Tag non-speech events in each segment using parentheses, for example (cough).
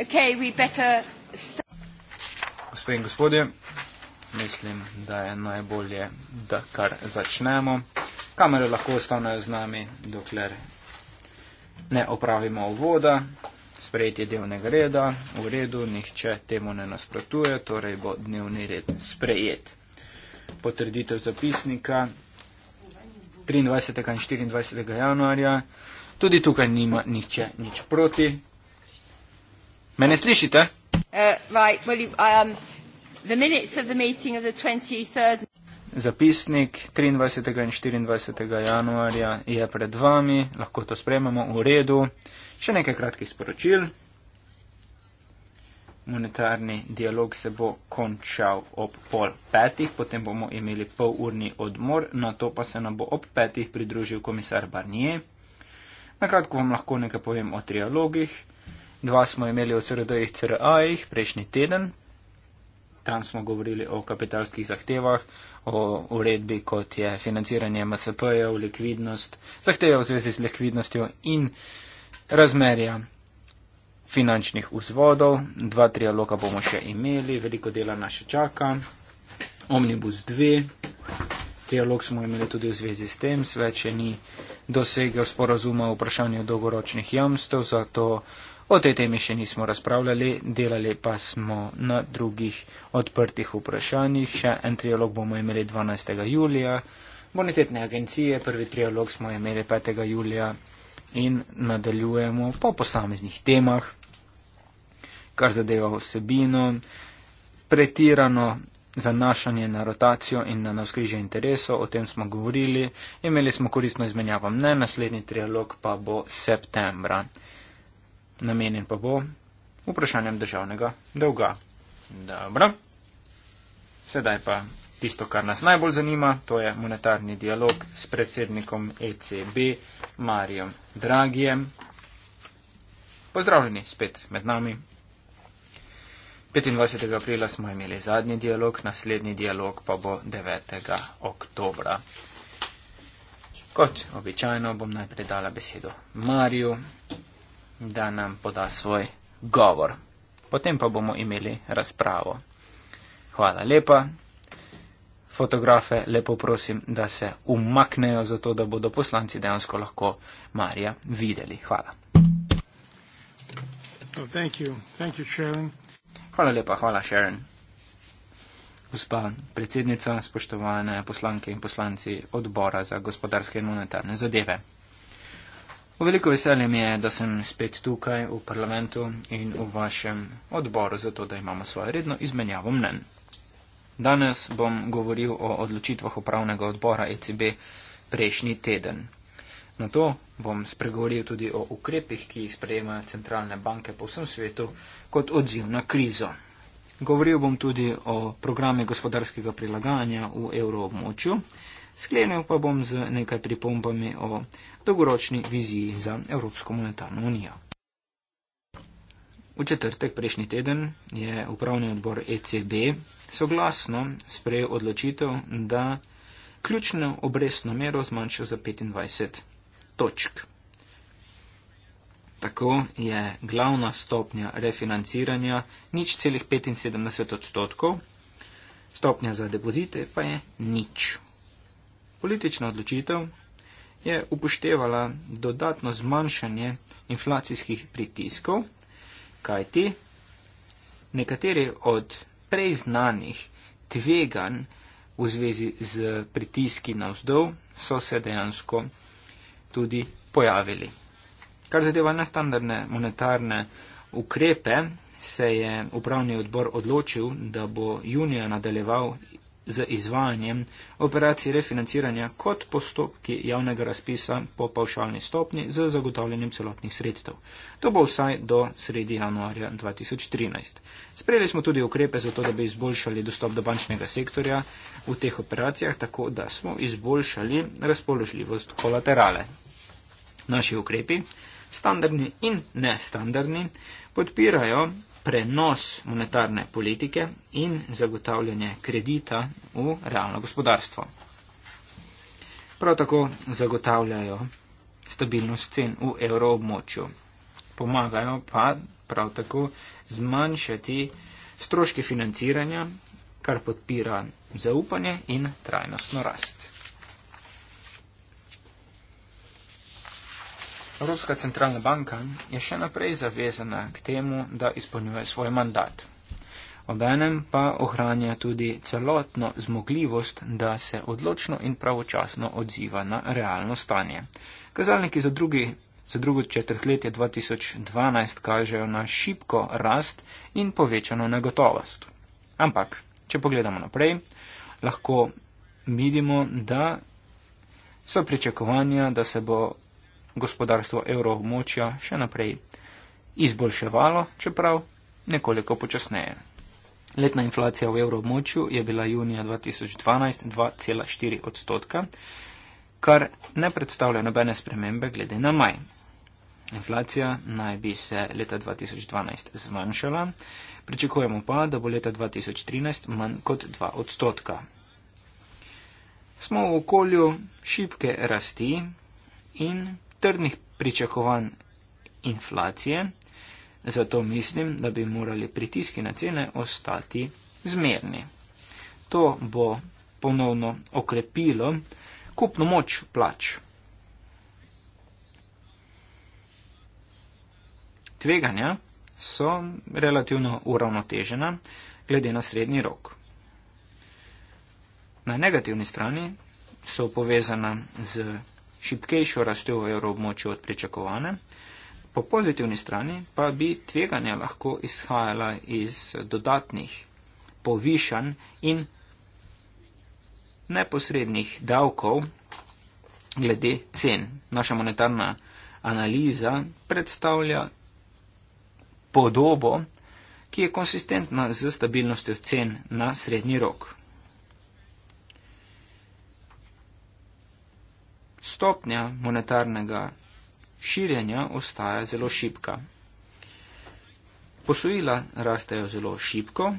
Okay, we better stop. Gospe in gospodje, mislim, da je najbolje, da kar začnemo. Kamere lahko ostanejo z nami, dokler ne opravimo voda. Sprejeti je dnevnega reda, v redu, nihče temu ne nasprotuje, torej bo dnevni red sprejet. Potrditev zapisnika 23. in 24. januarja. Tudi tukaj nima nihče nič proti, Me ne slišite? Uh, right, well, um, Zapisnik 23. in 24. januarja je pred vami, lahko to sprememo v redu. Še nekaj kratkih sporočil. Monetarni dialog se bo končal ob pol petih, potem bomo imeli pol urni odmor, na to pa se nam bo ob petih pridružil komisar Barnier. Na kratko vam lahko nekaj povem o trialogih. Dva smo imeli v CRD-jih, CRA-jih prejšnji teden. Tam smo govorili o kapitalskih zahtevah, o uredbi, kot je financiranje MSP-jev, likvidnost, zahteve v zvezi z likvidnostjo in razmerja finančnih vzvodov. Dva trialoga bomo še imeli, veliko dela nas še čaka. Omnibus 2, trialog smo imeli tudi v zvezi s tem, sveče ni dosegel sporazuma o vprašanju dolgoročnih jamstev, zato O tej temi še nismo razpravljali, delali pa smo na drugih odprtih vprašanjih. Še en trialog bomo imeli 12. julija. Bonitetne agencije, prvi trialog smo imeli 5. julija in nadaljujemo po posameznih temah, kar zadeva vsebino, pretirano zanašanje na rotacijo in na navskrižje interesov, o tem smo govorili, imeli smo koristno izmenjavo mnen, naslednji trialog pa bo septembra namenjen pa bo vprašanjem državnega dolga. Dobro. Sedaj pa tisto, kar nas najbolj zanima, to je monetarni dialog s predsednikom ECB Marijem Dragijem. Pozdravljeni spet med nami. 25. aprila smo imeli zadnji dialog, naslednji dialog pa bo 9. oktobra. Kot običajno bom najprej dala besedo Mariju, da nam poda svoj govor. Potem pa bomo imeli razpravo. Hvala lepa. Fotografe lepo prosim, da se umaknejo, zato da bodo poslanci dejansko lahko Marija videli. Hvala. Oh, thank you. Thank you, hvala lepa, hvala Sharon. Gospa predsednica, spoštovane poslanke in poslanci odbora za gospodarske in monetarne zadeve. V veliko veselje mi je, da sem spet tukaj v parlamentu in v vašem odboru, zato da imamo svojo redno izmenjavo mnen. Danes bom govoril o odločitvah upravnega odbora ECB prejšnji teden. Na to bom spregovoril tudi o ukrepih, ki jih sprejemajo centralne banke po vsem svetu kot odziv na krizo. Govoril bom tudi o programe gospodarskega prilagajanja v evroobmočju. Sklenil pa bom z nekaj pripombami o dolgoročni viziji za Evropsko monetarno unijo. V četrtek prejšnji teden je upravni odbor ECB soglasno sprejel odločitev, da ključno obrestno mero zmanjša za 25 točk. Tako je glavna stopnja refinanciranja nič celih 75 odstotkov, stopnja za depozite pa je nič politična odločitev je upoštevala dodatno zmanjšanje inflacijskih pritiskov, kajti nekateri od prej znanih tvegan v zvezi z pritiski na vzdolj so se dejansko tudi pojavili. Kar zadeva nestandardne monetarne ukrepe, se je upravni odbor odločil, da bo junija nadaljeval z izvajanjem operacij refinanciranja kot postopki javnega razpisa po pavšalni stopni z zagotavljanjem celotnih sredstev. To bo vsaj do sredi januarja 2013. Sprejeli smo tudi ukrepe za to, da bi izboljšali dostop do bančnega sektorja v teh operacijah, tako da smo izboljšali razpoložljivost kolaterale. Naši ukrepi, standardni in nestandardni, podpirajo prenos monetarne politike in zagotavljanje kredita v realno gospodarstvo. Prav tako zagotavljajo stabilnost cen v evroobmočju. Pomagajo pa prav tako zmanjšati stroške financiranja, kar podpira zaupanje in trajnostno rast. Ruska centralna banka je še naprej zavezana k temu, da izpolnjuje svoj mandat. Obenem pa ohranja tudi celotno zmogljivost, da se odločno in pravočasno odziva na realno stanje. Kazalniki za, drugi, za drugo četrtletje 2012 kažejo na šibko rast in povečano negotovost. Ampak, če pogledamo naprej, lahko vidimo, da so pričakovanja, da se bo gospodarstvo evroobmočja še naprej izboljševalo, čeprav nekoliko počasneje. Letna inflacija v evroobmočju je bila junija 2012 2,4 odstotka, kar ne predstavlja nobene spremembe glede na maj. Inflacija naj bi se leta 2012 zmanjšala, pričakujemo pa, da bo leta 2013 manj kot 2 odstotka. Smo v okolju šibke rasti in trdnih pričakovanj inflacije, zato mislim, da bi morali pritiski na cene ostati zmerni. To bo ponovno okrepilo kupno moč plač. Tveganja so relativno uravnotežena glede na srednji rok. Na negativni strani so povezana z šipkejšo rastjo v evroobmočju od pričakovane. Po pozitivni strani pa bi tveganja lahko izhajala iz dodatnih povišanj in neposrednih davkov glede cen. Naša monetarna analiza predstavlja podobo, ki je konsistentna z stabilnostjo cen na srednji rok. stopnja monetarnega širjenja ostaja zelo šipka. Posojila rastejo zelo šipko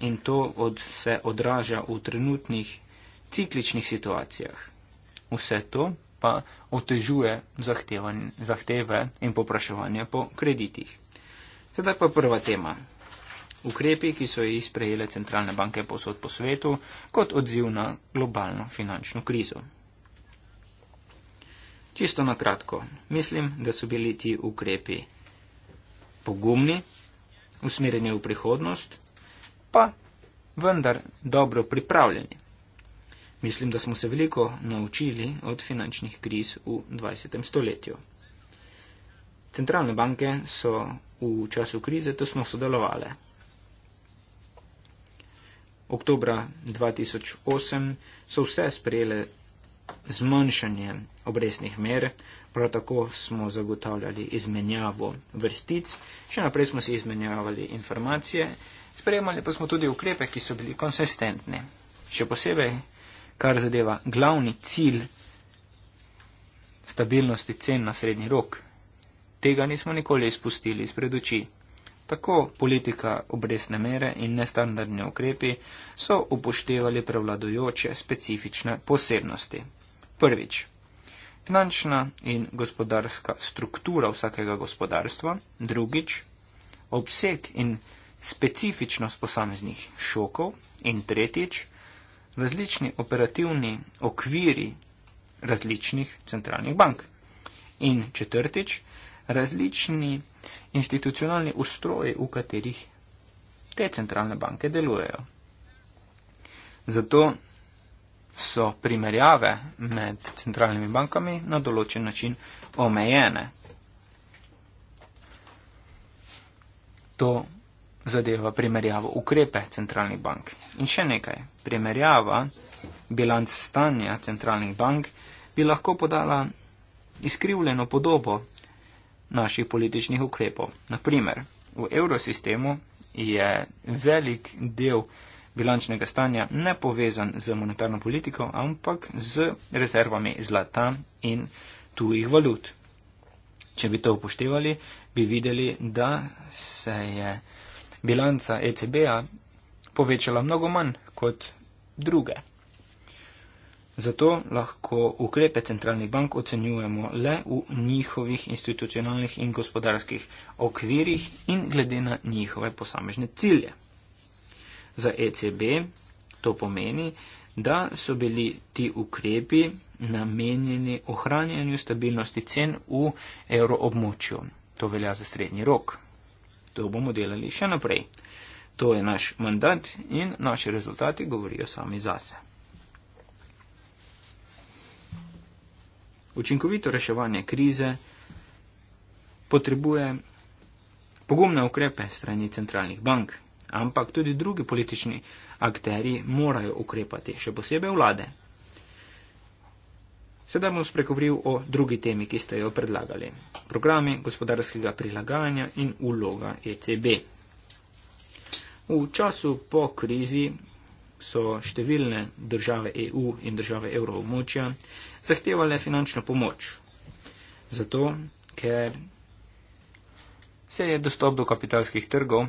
in to od, se odraža v trenutnih cikličnih situacijah. Vse to pa otežuje zahteve in popraševanje po kreditih. Sedaj pa prva tema. Ukrepi, ki so jih sprejele centralne banke posod po svetu kot odziv na globalno finančno krizo. Čisto na kratko, mislim, da so bili ti ukrepi pogumni, usmerjeni v prihodnost, pa vendar dobro pripravljeni. Mislim, da smo se veliko naučili od finančnih kriz v 20. stoletju. Centralne banke so v času krize tesno sodelovale. Oktobra 2008 so vse sprejele zmanjšanje obresnih mer, prav tako smo zagotavljali izmenjavo vrstic, še naprej smo si izmenjavali informacije, sprejemali pa smo tudi ukrepe, ki so bili konsistentni. Še posebej, kar zadeva glavni cilj stabilnosti cen na srednji rok, tega nismo nikoli izpustili izpred oči. Tako politika obresne mere in nestandardne ukrepi so upoštevali prevladojoče specifične posebnosti. Prvič, finančna in gospodarska struktura vsakega gospodarstva. Drugič, obseg in specifičnost posameznih šokov. In tretjič, različni operativni okviri različnih centralnih bank. In četrtič, različni institucionalni ustroji, v katerih te centralne banke delujejo. Zato so primerjave med centralnimi bankami na določen način omejene. To zadeva primerjavo ukrepe centralnih bank. In še nekaj, primerjava bilanc stanja centralnih bank bi lahko podala izkrivljeno podobo naših političnih ukrepov. Naprimer, v evrosistemu je velik del bilančnega stanja ne povezan z monetarno politiko, ampak z rezervami zlata in tujih valut. Če bi to upoštevali, bi videli, da se je bilanca ECB-a povečala mnogo manj kot druge. Zato lahko ukrepe centralnih bank ocenjujemo le v njihovih institucionalnih in gospodarskih okvirih in glede na njihove posamezne cilje za ECB, to pomeni, da so bili ti ukrepi namenjeni ohranjanju stabilnosti cen v evroobmočju. To velja za srednji rok. To bomo delali še naprej. To je naš mandat in naši rezultati govorijo sami zase. Učinkovito reševanje krize potrebuje pogumne ukrepe strani centralnih bank ampak tudi drugi politični akteri morajo ukrepati, še posebej vlade. Sedaj bom spregovoril o drugi temi, ki ste jo predlagali. Programi gospodarskega prilagajanja in uloga ECB. V času po krizi so številne države EU in države evroobmočja zahtevale finančno pomoč. Zato, ker se je dostop do kapitalskih trgov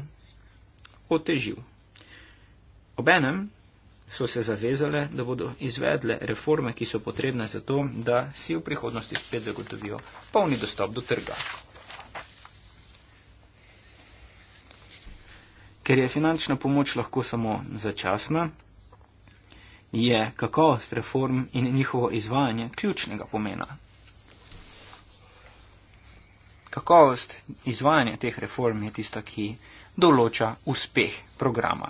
otežil. Obenem so se zavezale, da bodo izvedle reforme, ki so potrebne za to, da si v prihodnosti spet zagotovijo polni dostop do trga. Ker je finančna pomoč lahko samo začasna, je kakovost reform in njihovo izvajanje ključnega pomena. Kakovost izvajanja teh reform je tista, ki določa uspeh programa.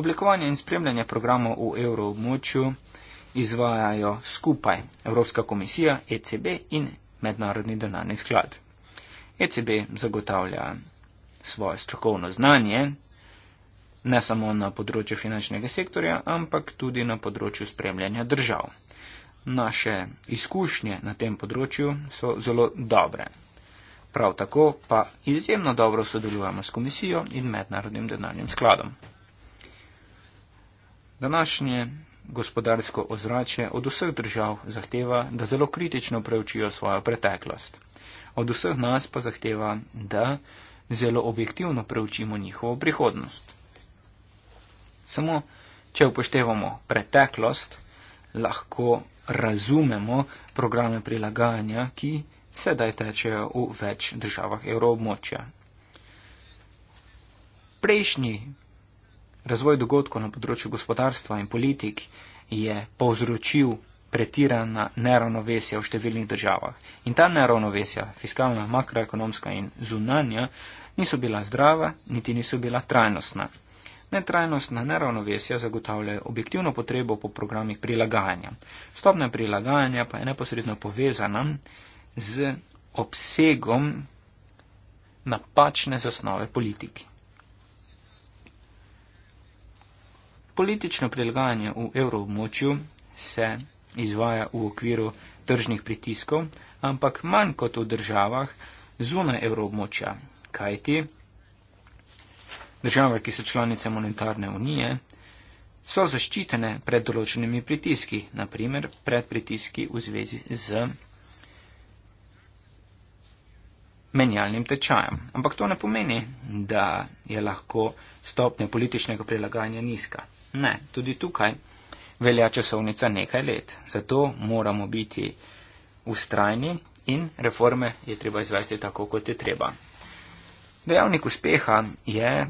Oblikovanje in spremljanje programov v evroobmočju izvajajo skupaj Evropska komisija, ECB in Mednarodni denarni sklad. ECB zagotavlja svoje strokovno znanje ne samo na področju finančnega sektorja, ampak tudi na področju spremljanja držav. Naše izkušnje na tem področju so zelo dobre. Prav tako pa izjemno dobro sodelujemo s komisijo in mednarodnim denarnim skladom. Današnje gospodarsko ozračje od vseh držav zahteva, da zelo kritično preučijo svojo preteklost. Od vseh nas pa zahteva, da zelo objektivno preučimo njihovo prihodnost. Samo, če upoštevamo preteklost, lahko razumemo programe prilagajanja, ki sedaj tečejo v več državah evroobmočja. Prejšnji razvoj dogodkov na področju gospodarstva in politik je povzročil pretirana neravnovesja v številnih državah. In ta neravnovesja, fiskalna, makroekonomska in zunanja, niso bila zdrava, niti niso bila trajnostna. Netrajnostna neravnovesja zagotavljajo objektivno potrebo po programih prilagajanja. Stopna prilagajanja pa je neposredno povezana z obsegom napačne zasnove politiki. Politično prilagajanje v evroobmočju se izvaja v okviru tržnih pritiskov, ampak manj kot v državah zunaj evroobmočja, kajti države, ki so članice monetarne unije, so zaščitene pred določenimi pritiski, naprimer pred pritiski v zvezi z menjalnim tečajem. Ampak to ne pomeni, da je lahko stopnja političnega prilagajanja nizka. Ne, tudi tukaj velja časovnica nekaj let. Zato moramo biti ustrajni in reforme je treba izvesti tako, kot je treba. Dejavnik uspeha je,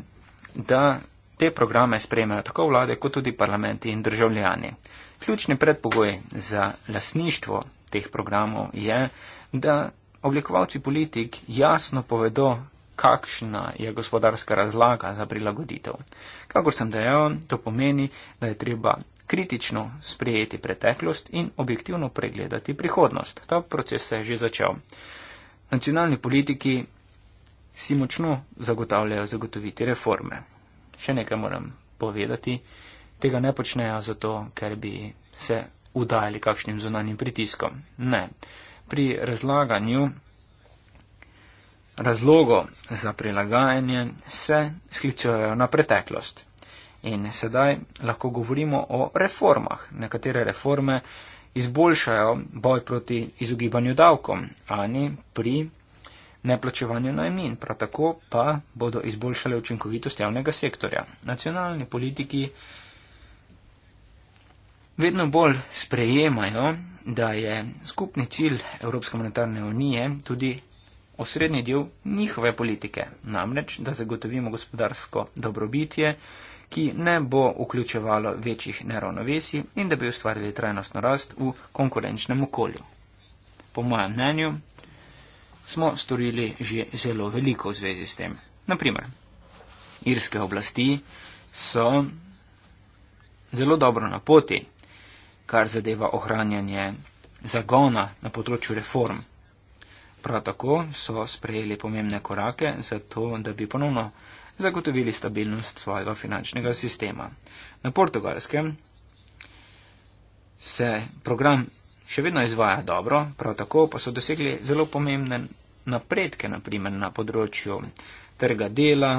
da te programe sprejmejo tako vlade, kot tudi parlamenti in državljani. Ključni predpogoj za lasništvo teh programov je, da oblikovalci politik jasno povedo, kakšna je gospodarska razlaga za prilagoditev. Kakor sem dejal, to pomeni, da je treba kritično sprejeti preteklost in objektivno pregledati prihodnost. Ta proces se je že začel. Nacionalni politiki si močno zagotavljajo zagotoviti reforme. Še nekaj moram povedati. Tega ne počnejo zato, ker bi se udajali kakšnim zunanjim pritiskom. Ne pri razlaganju razlogov za prilagajanje se skličujejo na preteklost. In sedaj lahko govorimo o reformah. Nekatere reforme izboljšajo boj proti izogibanju davkom ali pri neplačevanju najmin, prav tako pa bodo izboljšale učinkovitost javnega sektorja. Nacionalni politiki vedno bolj sprejemajo, da je skupni cilj Evropske monetarne unije tudi osrednji del njihove politike, namreč, da zagotovimo gospodarsko dobrobitje, ki ne bo vključevalo večjih neravnovesij in da bi ustvarili trajnostno rast v konkurenčnem okolju. Po mojem mnenju smo storili že zelo veliko v zvezi s tem. Naprimer, irske oblasti so zelo dobro na poti, kar zadeva ohranjanje zagona na področju reform. Prav tako so sprejeli pomembne korake za to, da bi ponovno zagotovili stabilnost svojega finančnega sistema. Na portugalskem se program še vedno izvaja dobro, prav tako pa so dosegli zelo pomembne napredke, naprimer na področju trga dela,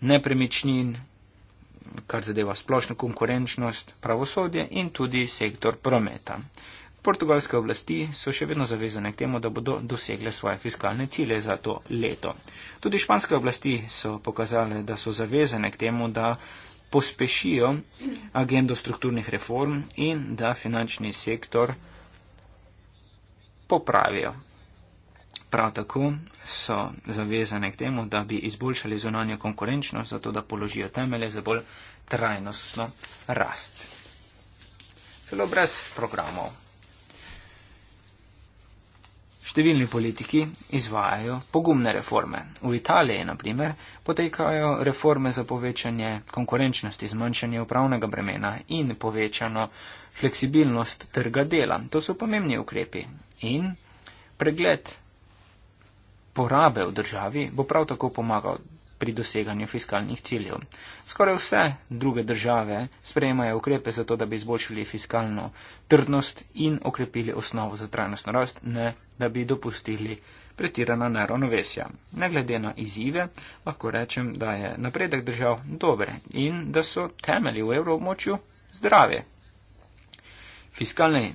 nepremičnin kar zadeva splošno konkurenčnost, pravosodje in tudi sektor prometa. Portugalske oblasti so še vedno zavezane k temu, da bodo dosegle svoje fiskalne cilje za to leto. Tudi španske oblasti so pokazale, da so zavezane k temu, da pospešijo agendo strukturnih reform in da finančni sektor popravijo. Prav tako so zavezane k temu, da bi izboljšali zunanjo konkurenčnost, zato da položijo temelje za bolj trajnostno rast. Celo brez programov. Številni politiki izvajajo pogumne reforme. V Italiji, na primer, potekajo reforme za povečanje konkurenčnosti, zmanjšanje upravnega bremena in povečano fleksibilnost trga dela. To so pomembni ukrepi. In pregled porabe v državi, bo prav tako pomagal pri doseganju fiskalnih ciljev. Skoraj vse druge države sprejemajo ukrepe za to, da bi izboljšali fiskalno trdnost in okrepili osnovo za trajnostno rast, ne da bi dopustili pretirana neravnovesja. Ne glede na izzive, lahko rečem, da je napredek držav dobre in da so temelji v evroobmočju zdravi. Fiskalni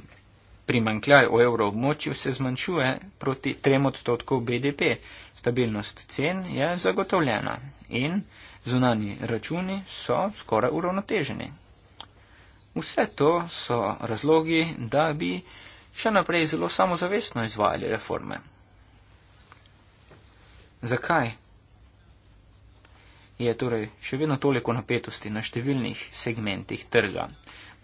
primankljaj v evroobmočju se zmanjšuje proti 3 odstotkov BDP. Stabilnost cen je zagotovljena in zunani računi so skoraj uravnoteženi. Vse to so razlogi, da bi še naprej zelo samozavestno izvajali reforme. Zakaj? Je torej še vedno toliko napetosti na številnih segmentih trga.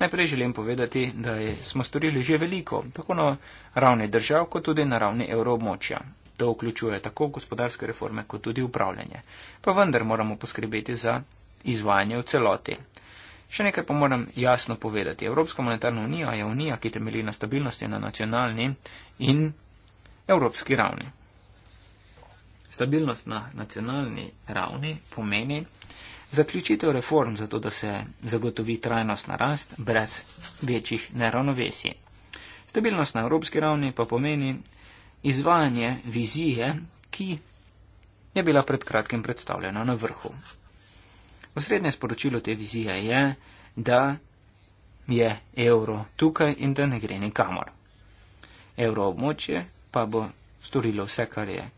Najprej želim povedati, da smo storili že veliko, tako na ravni držav, kot tudi na ravni evroobmočja. To vključuje tako gospodarske reforme, kot tudi upravljanje. Pa vendar moramo poskrbeti za izvajanje v celoti. Še nekaj pa moram jasno povedati. Evropska monetarna unija je unija, ki temelji na stabilnosti na nacionalni in evropski ravni. Stabilnost na nacionalni ravni pomeni, zaključitev reform, zato da se zagotovi trajnost na rast brez večjih neravnovesij. Stabilnost na evropski ravni pa pomeni izvajanje vizije, ki je bila pred kratkim predstavljena na vrhu. Osrednje sporočilo te vizije je, da je evro tukaj in da ne gre nikamor. Evro območje pa bo storilo vse, kar je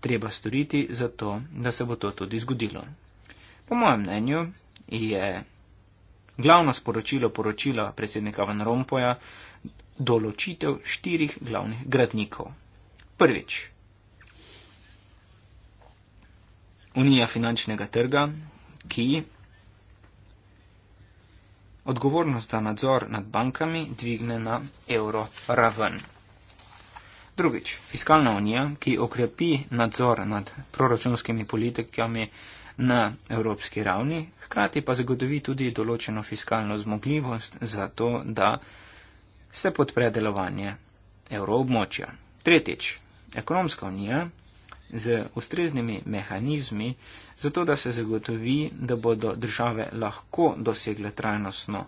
treba storiti, zato da se bo to tudi zgodilo. Po mojem mnenju je glavno sporočilo poročila predsednika Van Rompoja določitev štirih glavnih gradnikov. Prvič, Unija finančnega trga, ki odgovornost za nadzor nad bankami dvigne na evro raven. Drugič, fiskalna unija, ki okrepi nadzor nad proračunskimi politikami na evropski ravni, hkrati pa zagotovi tudi določeno fiskalno zmogljivost za to, da se podpre delovanje evroobmočja. Tretjič, ekonomska unija z ustreznimi mehanizmi, zato da se zagotovi, da bodo države lahko dosegle trajnostno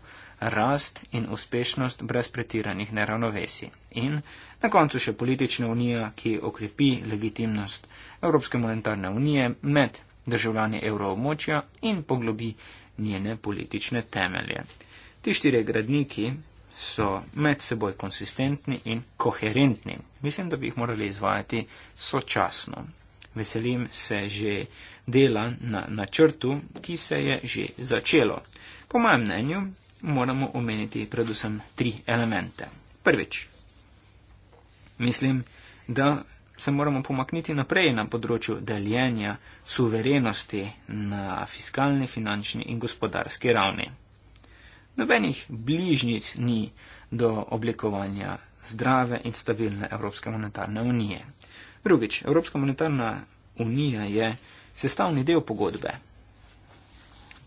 rast in uspešnost brez pretiranih neravnovesij. In na koncu še politična unija, ki okrepi legitimnost Evropske monetarne unije med državljani evroobmočja in poglobi njene politične temelje. Ti štiri gradniki so med seboj konsistentni in koherentni. Mislim, da bi jih morali izvajati sočasno. Veselim se že dela na načrtu, ki se je že začelo. Po mojem mnenju moramo omeniti predvsem tri elemente. Prvič, mislim, da se moramo pomakniti naprej na področju deljenja suverenosti na fiskalni, finančni in gospodarski ravni. Nobenih bližnic ni do oblikovanja zdrave in stabilne Evropske monetarne unije. Drugič, Evropska monetarna unija je sestavni del pogodbe.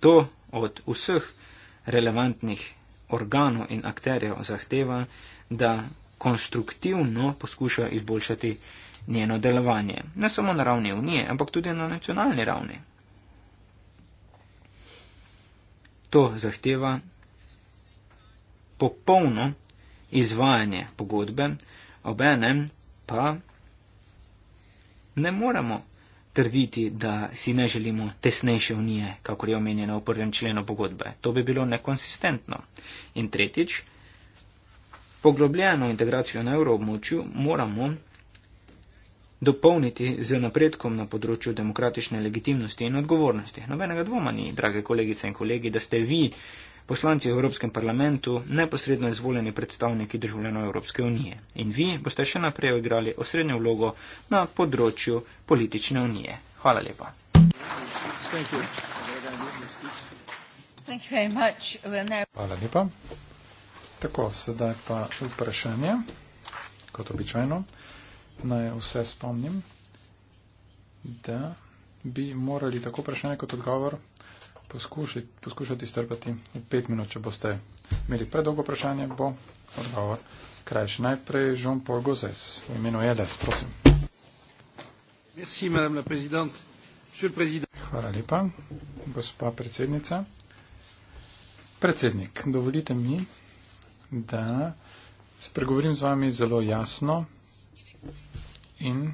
To od vseh relevantnih organov in akterjev zahteva, da konstruktivno poskušajo izboljšati njeno delovanje, ne samo na ravni unije, ampak tudi na nacionalni ravni. To zahteva popolno izvajanje pogodbe, obenem pa ne moremo trditi, da si ne želimo tesnejše unije, kakor je omenjeno v prvem členu pogodbe. To bi bilo nekonsistentno. In tretjič, poglobljeno integracijo na evroobmočju moramo dopolniti z napredkom na področju demokratične legitimnosti in odgovornosti. Nobenega dvoma ni, drage kolegice in kolegi, da ste vi, poslanci v Evropskem parlamentu, neposredno izvoljeni predstavniki državljanov Evropske unije. In vi boste še naprej odigrali osrednjo vlogo na področju politične unije. Hvala lepa. Hvala lepa. Tako, sedaj pa vprašanje, kot običajno naj vse spomnim, da bi morali tako vprašanje kot odgovor poskušati, poskušati strpati v pet minut, če boste imeli predolgo vprašanje, bo odgovor krajši. Najprej Jean-Paul Gozes, v imenu Eles, prosim. Merci, madame la présidente. Monsieur le président. Hvala lepa, gospa predsednica. Predsednik, dovolite mi, da spregovorim z vami zelo jasno in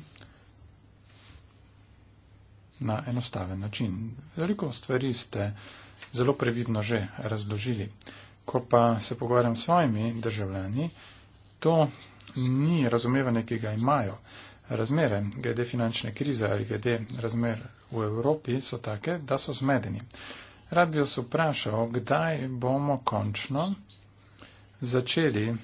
na enostaven način. Veliko stvari ste zelo previdno že razložili. Ko pa se pogovarjam s svojimi državljani, to ni razumevanje, ki ga imajo. Razmere glede finančne krize ali glede razmer v Evropi so take, da so zmedeni. Rad bi vas vprašal, kdaj bomo končno začeli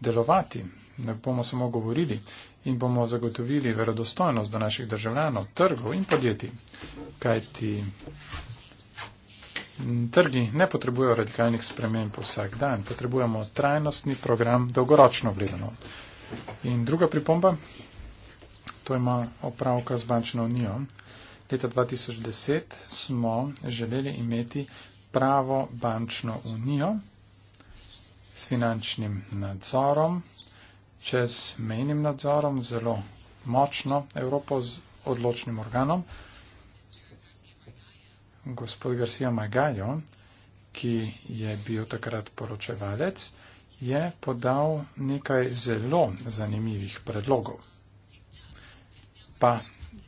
delovati ne bomo samo govorili in bomo zagotovili verodostojnost do naših državljanov, trgov in podjetij, kajti trgi ne potrebujejo radikalnih sprememb vsak dan, potrebujemo trajnostni program dolgoročno gledano. In druga pripomba, to ima opravka z bančno unijo. Leta 2010 smo želeli imeti pravo bančno unijo s finančnim nadzorom, čez mejnim nadzorom zelo močno Evropo z odločnim organom. Gospod Garcia Magajo, ki je bil takrat poročevalec, je podal nekaj zelo zanimivih predlogov. Pa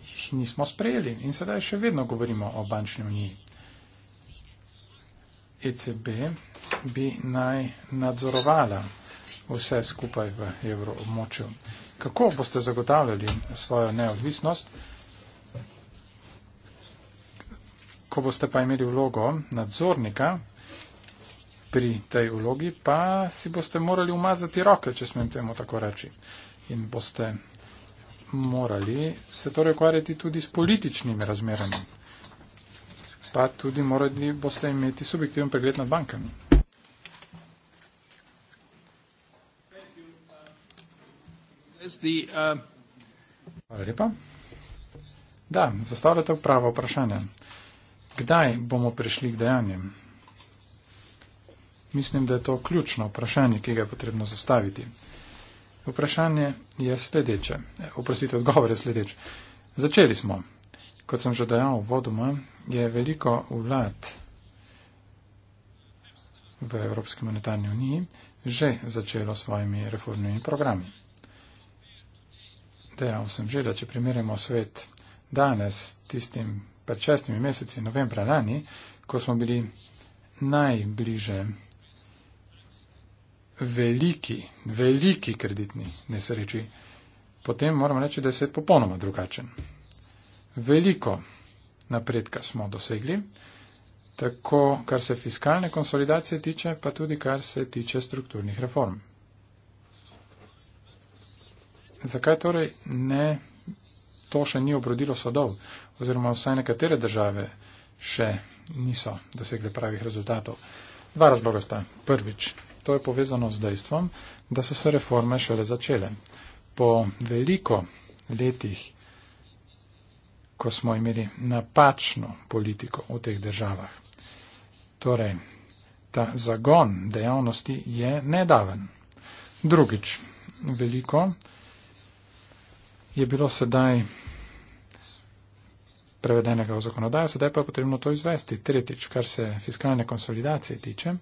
jih nismo sprejeli in sedaj še vedno govorimo o bančni uniji. ECB bi naj nadzorovala vse skupaj v evroobmočju. Kako boste zagotavljali svojo neodvisnost, ko boste pa imeli vlogo nadzornika pri tej vlogi, pa si boste morali umazati roke, če smem temu tako reči. In boste morali se torej ukvarjati tudi s političnimi razmerami. Pa tudi morali boste imeti subjektiven pregled nad bankami. Uh, Hvala lepa. Da, zastavljate pravo vprašanje. Kdaj bomo prišli k dejanjem? Mislim, da je to ključno vprašanje, ki ga je potrebno zastaviti. Vprašanje je sledeče. E, oprostite, odgovor je sledeč. Začeli smo. Kot sem že dejal v vodoma, je veliko vlad v Evropski monetarni uniji že začelo s svojimi reformnimi programi dejal sem že, da če primerjamo svet danes s tistim pred šestimi meseci novembra lani, ko smo bili najbliže veliki, veliki kreditni nesreči, potem moramo reči, da je svet popolnoma drugačen. Veliko napredka smo dosegli, tako kar se fiskalne konsolidacije tiče, pa tudi kar se tiče strukturnih reform. Zakaj torej ne, to še ni obrodilo sadov, oziroma vsaj nekatere države še niso dosegli pravih rezultatov? Dva razloga sta. Prvič, to je povezano z dejstvom, da so se reforme šele začele. Po veliko letih, ko smo imeli napačno politiko v teh državah, torej ta zagon dejavnosti je nedaven. Drugič, veliko, je bilo sedaj prevedenega v zakonodajo, sedaj pa je potrebno to izvesti. Tretjič, kar se fiskalne konsolidacije tiče,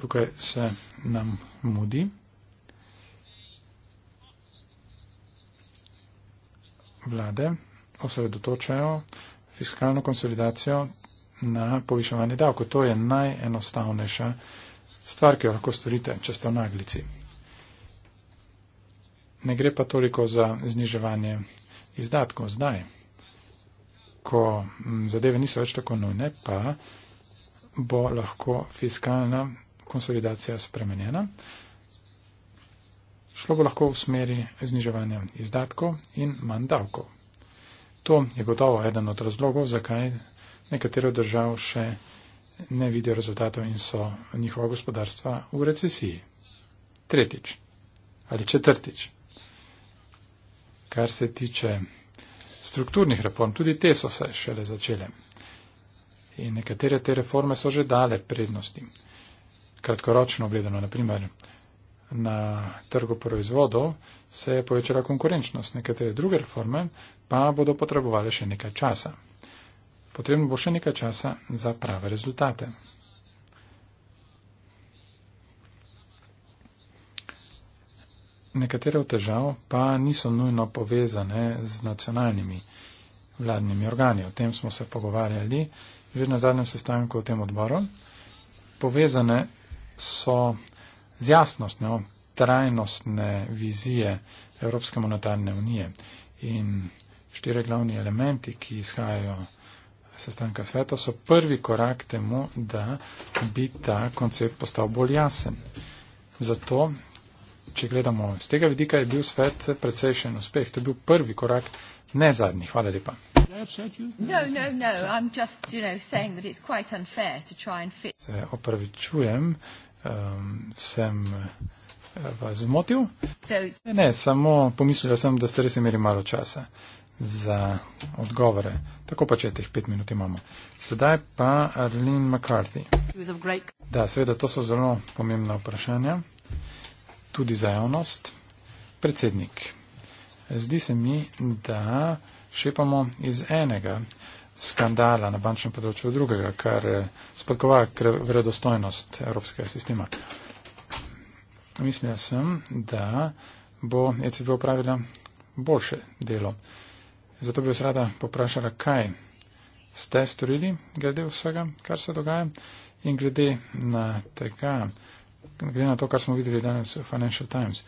tukaj se nam mudi. Vlade osredotočajo fiskalno konsolidacijo na povišovanje davko. To je najenostavnejša stvar, ki jo lahko storite, če ste v naglici ne gre pa toliko za zniževanje izdatkov zdaj, ko zadeve niso več tako nujne, pa bo lahko fiskalna konsolidacija spremenjena. Šlo bo lahko v smeri zniževanja izdatkov in manj davkov. To je gotovo eden od razlogov, zakaj nekatero držav še ne vidijo rezultatov in so njihova gospodarstva v recesiji. Tretjič ali četrtič kar se tiče strukturnih reform, tudi te so se šele začele. In nekatere te reforme so že dale prednosti. Kratkoročno gledano, naprimer, na trgu proizvodov se je povečala konkurenčnost, nekatere druge reforme pa bodo potrebovali še nekaj časa. Potrebno bo še nekaj časa za prave rezultate. Nekatere od težav pa niso nujno povezane z nacionalnimi vladnimi organi. O tem smo se pogovarjali že na zadnjem sestanku v tem odboru. Povezane so z jasnostjo trajnostne vizije Evropske monetarne unije in štiri glavni elementi, ki izhajajo sestanka sveta, so prvi korak temu, da bi ta koncept postal bolj jasen. Zato če gledamo z tega vidika, je bil svet precejšen uspeh. To je bil prvi korak, ne zadnji. Hvala lepa. No, no, no. Just, you know, se opravičujem, um, sem eh, vas zmotil. So, ne, ne, samo pomislil sem, da ste res imeli malo časa za odgovore. Tako pa če teh pet minut imamo. Sedaj pa Arlene McCarthy. Da, seveda, to so zelo pomembna vprašanja tudi za javnost. Predsednik, zdi se mi, da šepamo iz enega skandala na bančnem področju v drugega, kar eh, spodkova vredostojnost evropskega sistema. Mislila sem, da bo ECB upravila boljše delo. Zato bi vas rada poprašala, kaj ste storili glede vsega, kar se dogaja in glede na tega, gre na to, kar smo videli danes v Financial Times,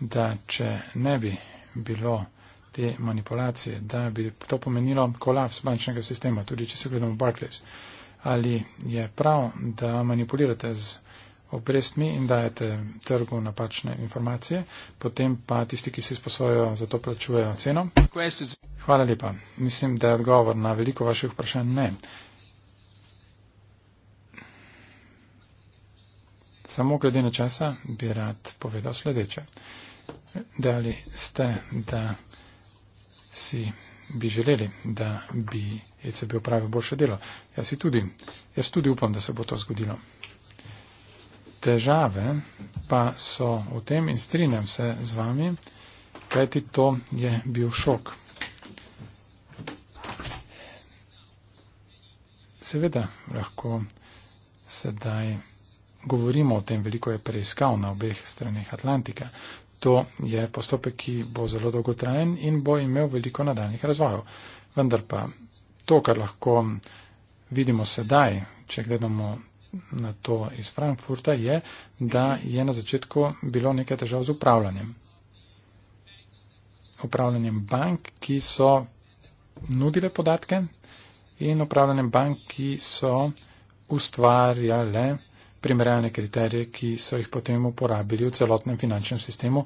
da če ne bi bilo te manipulacije, da bi to pomenilo kolaps bančnega sistema, tudi če se gledamo Barclays. Ali je prav, da manipulirate z obrestmi in dajete trgu napačne informacije, potem pa tisti, ki se izposojajo, za to plačujejo ceno? Hvala lepa. Mislim, da je odgovor na veliko vaših vprašanj ne. Samo glede na časa bi rad povedal sledeče. Dali ste, da si bi želeli, da bi ECB upravil boljše delo. Jaz tudi, jaz tudi upam, da se bo to zgodilo. Težave pa so v tem in strinjam se z vami, kajti to je bil šok. Seveda lahko sedaj govorimo o tem, veliko je preiskav na obeh straneh Atlantika. To je postopek, ki bo zelo dolgotrajen in bo imel veliko nadaljnih razvojev. Vendar pa to, kar lahko vidimo sedaj, če gledamo na to iz Frankfurta, je, da je na začetku bilo nekaj težav z upravljanjem. Upravljanjem bank, ki so nudile podatke in upravljanjem bank, ki so ustvarjale primerjalne kriterije, ki so jih potem uporabili v celotnem finančnem sistemu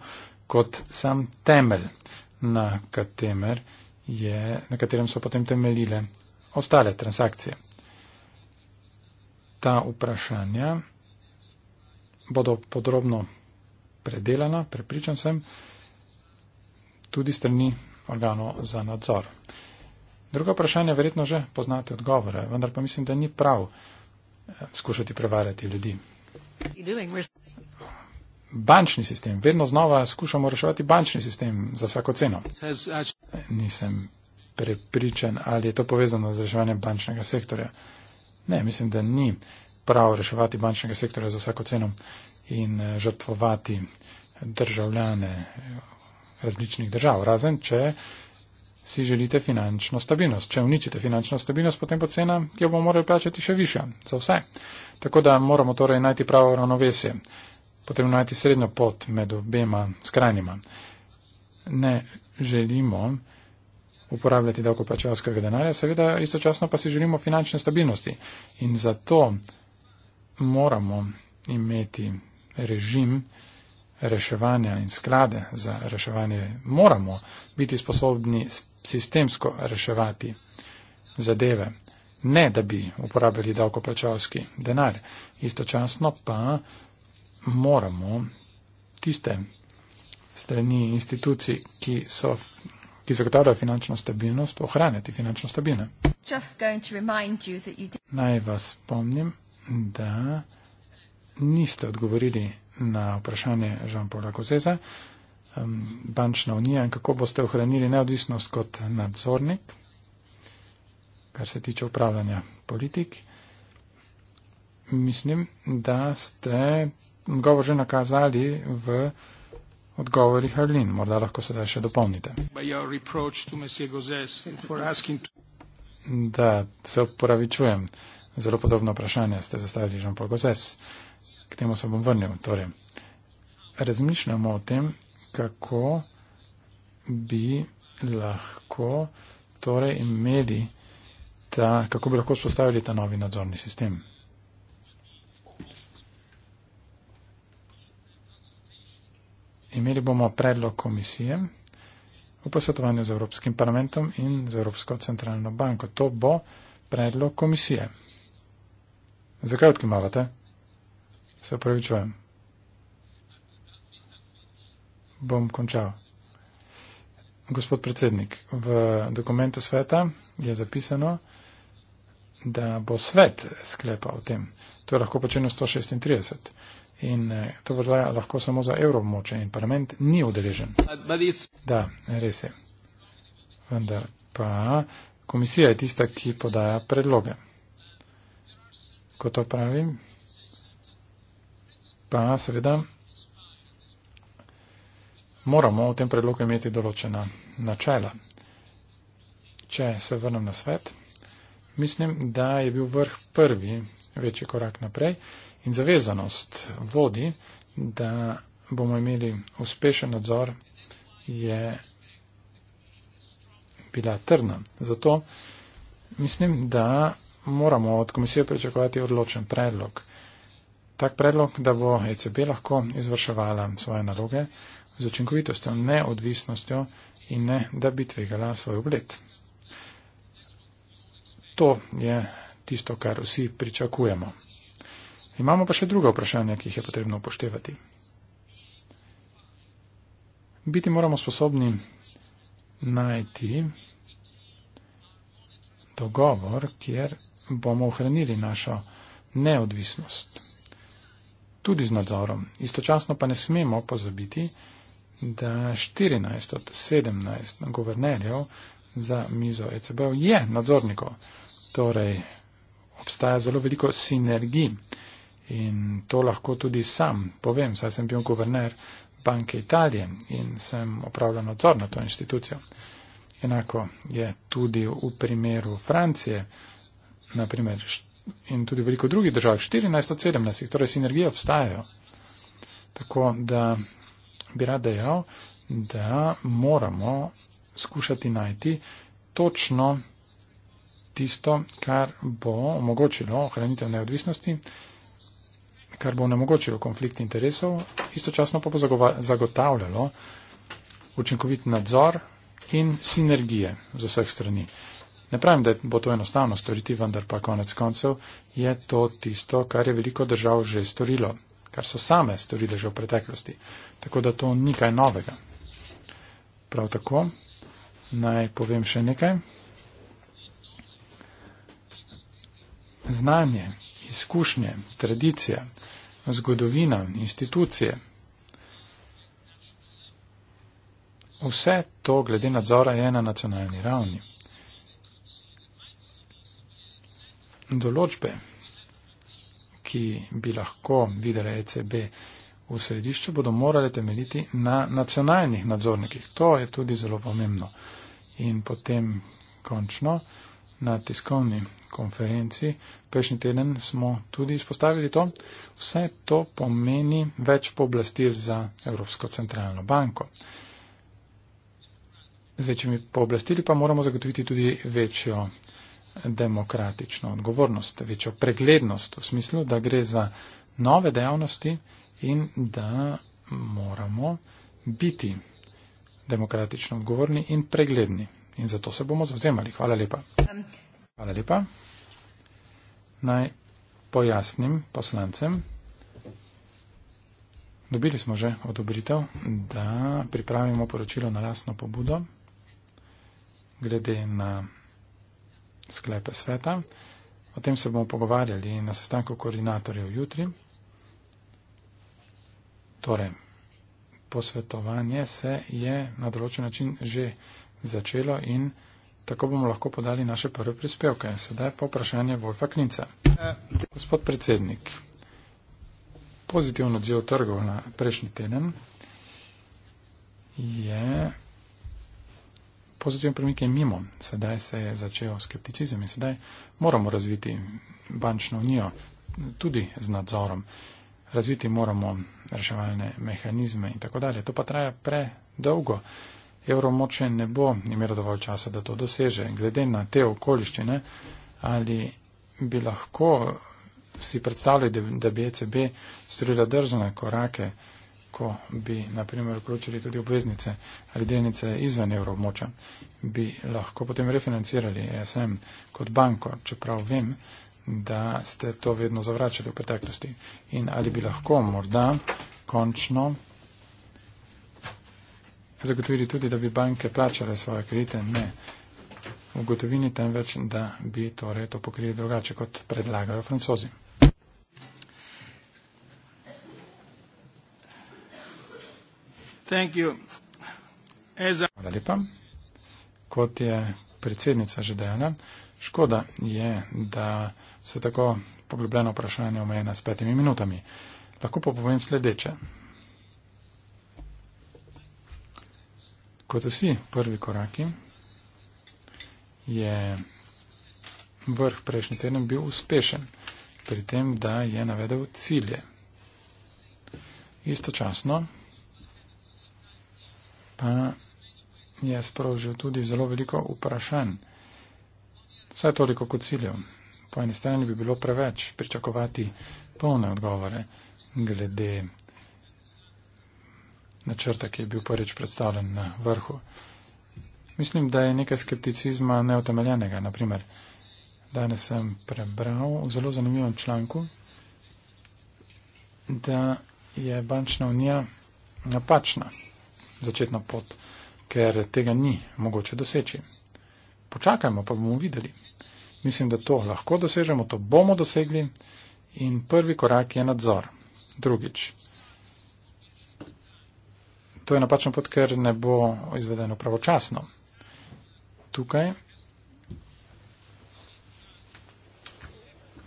kot sam temelj, na, katemer je, na katerem so potem temeljile ostale transakcije. Ta vprašanja bodo podrobno predelana, prepričan sem, tudi strani organov za nadzor. Druga vprašanja verjetno že poznate odgovore, vendar pa mislim, da ni prav, skušati prevarati ljudi. Bančni sistem. Vedno znova skušamo reševati bančni sistem za vsako ceno. Uh, Nisem prepričan, ali je to povezano z reševanjem bančnega sektorja. Ne, mislim, da ni prav reševati bančnega sektorja za vsako ceno in eh, žrtvovati državljane eh, različnih držav. Razen, če si želite finančno stabilnost. Če uničite finančno stabilnost, potem bo cena, ki jo bomo morali plačati, še višja za vse. Tako da moramo torej najti pravo ravnovesje, potem najti srednjo pot med obema skrajnima. Ne želimo uporabljati davkoplačevalskega denarja, seveda istočasno pa si želimo finančne stabilnosti in zato moramo imeti režim reševanja in sklade za reševanje. Moramo biti sposobni sistemsko reševati zadeve, ne da bi uporabljali davkoplačalski denar. Istočasno pa moramo tiste strani institucij, ki so ki zagotavlja finančno stabilnost, ohranjati finančno stabilnost. Naj vas spomnim, da niste odgovorili na vprašanje Žan Paula Kozeza, bančna unija in kako boste ohranili neodvisnost kot nadzornik, kar se tiče upravljanja politik. Mislim, da ste govor že nakazali v odgovorih Arlin. Morda lahko sedaj še dopolnite. Da, se upravičujem. Zelo podobno vprašanje ste zastavili že na Pogozes. K temu se bom vrnil. Torej, razmišljamo o tem, kako bi lahko torej imeli ta, kako bi lahko spostavili ta novi nadzorni sistem. Imeli bomo predlog komisije v posvetovanju z Evropskim parlamentom in z Evropsko centralno banko. To bo predlog komisije. Zakaj odkimavate? Se pravi, čujem bom končal. Gospod predsednik, v dokumentu sveta je zapisano, da bo svet sklepa o tem. To je lahko počeno 136. In eh, to velja lahko samo za evromoče in parlament ni udeležen. Da, res je. Vendar pa komisija je tista, ki podaja predloge. Ko to pravim, pa seveda moramo v tem predlogu imeti določena načela. Če se vrnem na svet, mislim, da je bil vrh prvi večji korak naprej in zavezanost vodi, da bomo imeli uspešen nadzor, je bila trdna. Zato mislim, da moramo od komisije pričakovati odločen predlog tak predlog, da bo ECB lahko izvrševala svoje naloge z učinkovitostjo, neodvisnostjo in ne, da bi tvegala svoj ugled. To je tisto, kar vsi pričakujemo. Imamo pa še druga vprašanja, ki jih je potrebno upoštevati. Biti moramo sposobni najti dogovor, kjer bomo ohranili našo neodvisnost tudi z nadzorom. Istočasno pa ne smemo pozabiti, da 14 od 17 guvernerjev za mizo ECB je nadzornikov. Torej, obstaja zelo veliko sinergij in to lahko tudi sam povem, saj sem bil guverner Banke Italije in sem opravljal nadzor na to institucijo. Enako je tudi v primeru Francije, naprimer in tudi veliko drugih držav, 14 od 17, torej sinergije obstajajo. Tako da bi rad dejal, da moramo skušati najti točno tisto, kar bo omogočilo ohranitev neodvisnosti, kar bo onemogočilo konflikt interesov, istočasno pa bo zagotavljalo učinkovit nadzor in sinergije z vseh strani. Ne pravim, da bo to enostavno storiti, vendar pa konec koncev je to tisto, kar je veliko držav že storilo, kar so same storile že v preteklosti. Tako da to ni kaj novega. Prav tako naj povem še nekaj. Znanje, izkušnje, tradicija, zgodovina, institucije. Vse to glede nadzora je na nacionalni ravni. določbe, ki bi lahko videle ECB v središču, bodo morale temeljiti na nacionalnih nadzornikih. To je tudi zelo pomembno. In potem končno na tiskovni konferenci prejšnji teden smo tudi izpostavili to. Vse to pomeni več pooblastil za Evropsko centralno banko. Z večjimi pooblastili pa moramo zagotoviti tudi večjo demokratično odgovornost, večjo preglednost v smislu, da gre za nove dejavnosti in da moramo biti demokratično odgovorni in pregledni. In zato se bomo zavzemali. Hvala lepa. Hvala lepa. Naj pojasnim poslancem. Dobili smo že odobritev, da pripravimo poročilo na lasno pobudo glede na sklepe sveta. O tem se bomo pogovarjali na sestanku koordinatorjev jutri. Torej, posvetovanje se je na določen način že začelo in tako bomo lahko podali naše prve prispevke. Sedaj pa vprašanje Wolfa Klinca. Gospod predsednik, pozitivno odziv trgov na prejšnji teden je pozitiven premik je mimo. Sedaj se je začel skepticizem in sedaj moramo razviti bančno unijo tudi z nadzorom. Razviti moramo reševalne mehanizme in tako dalje. To pa traja predolgo. Evromoče ne bo imelo dovolj časa, da to doseže. Glede na te okoliščine, ali bi lahko si predstavljali, da bi ECB storila drzne korake, lahko bi, naprimer, vključili tudi obveznice ali delnice izven evroobmoča, bi lahko potem refinancirali ESM kot banko, čeprav vem, da ste to vedno zavračali v preteklosti. In ali bi lahko morda končno zagotovili tudi, da bi banke plačale svoje kredite? Ne. V gotovini temveč, da bi torej to pokrili drugače, kot predlagajo francozi. Hvala lepa. Kot je predsednica že dejala, škoda je, da so tako poglobljeno vprašanje omejena s petimi minutami. Lahko pa povem sledeče. Kot vsi prvi koraki je vrh prejšnji teden bil uspešen pri tem, da je navedel cilje. Istočasno pa je sprožil tudi zelo veliko vprašanj. Vse toliko kot ciljev. Po eni strani bi bilo preveč pričakovati polne odgovore glede načrta, ki je bil prvič predstavljen na vrhu. Mislim, da je nekaj skepticizma neotemeljenega. Naprimer, danes sem prebral v zelo zanimivem članku, da je bančna unija napačna začetna pot, ker tega ni mogoče doseči. Počakajmo, pa bomo videli. Mislim, da to lahko dosežemo, to bomo dosegli in prvi korak je nadzor. Drugič. To je napačno pot, ker ne bo izvedeno pravočasno. Tukaj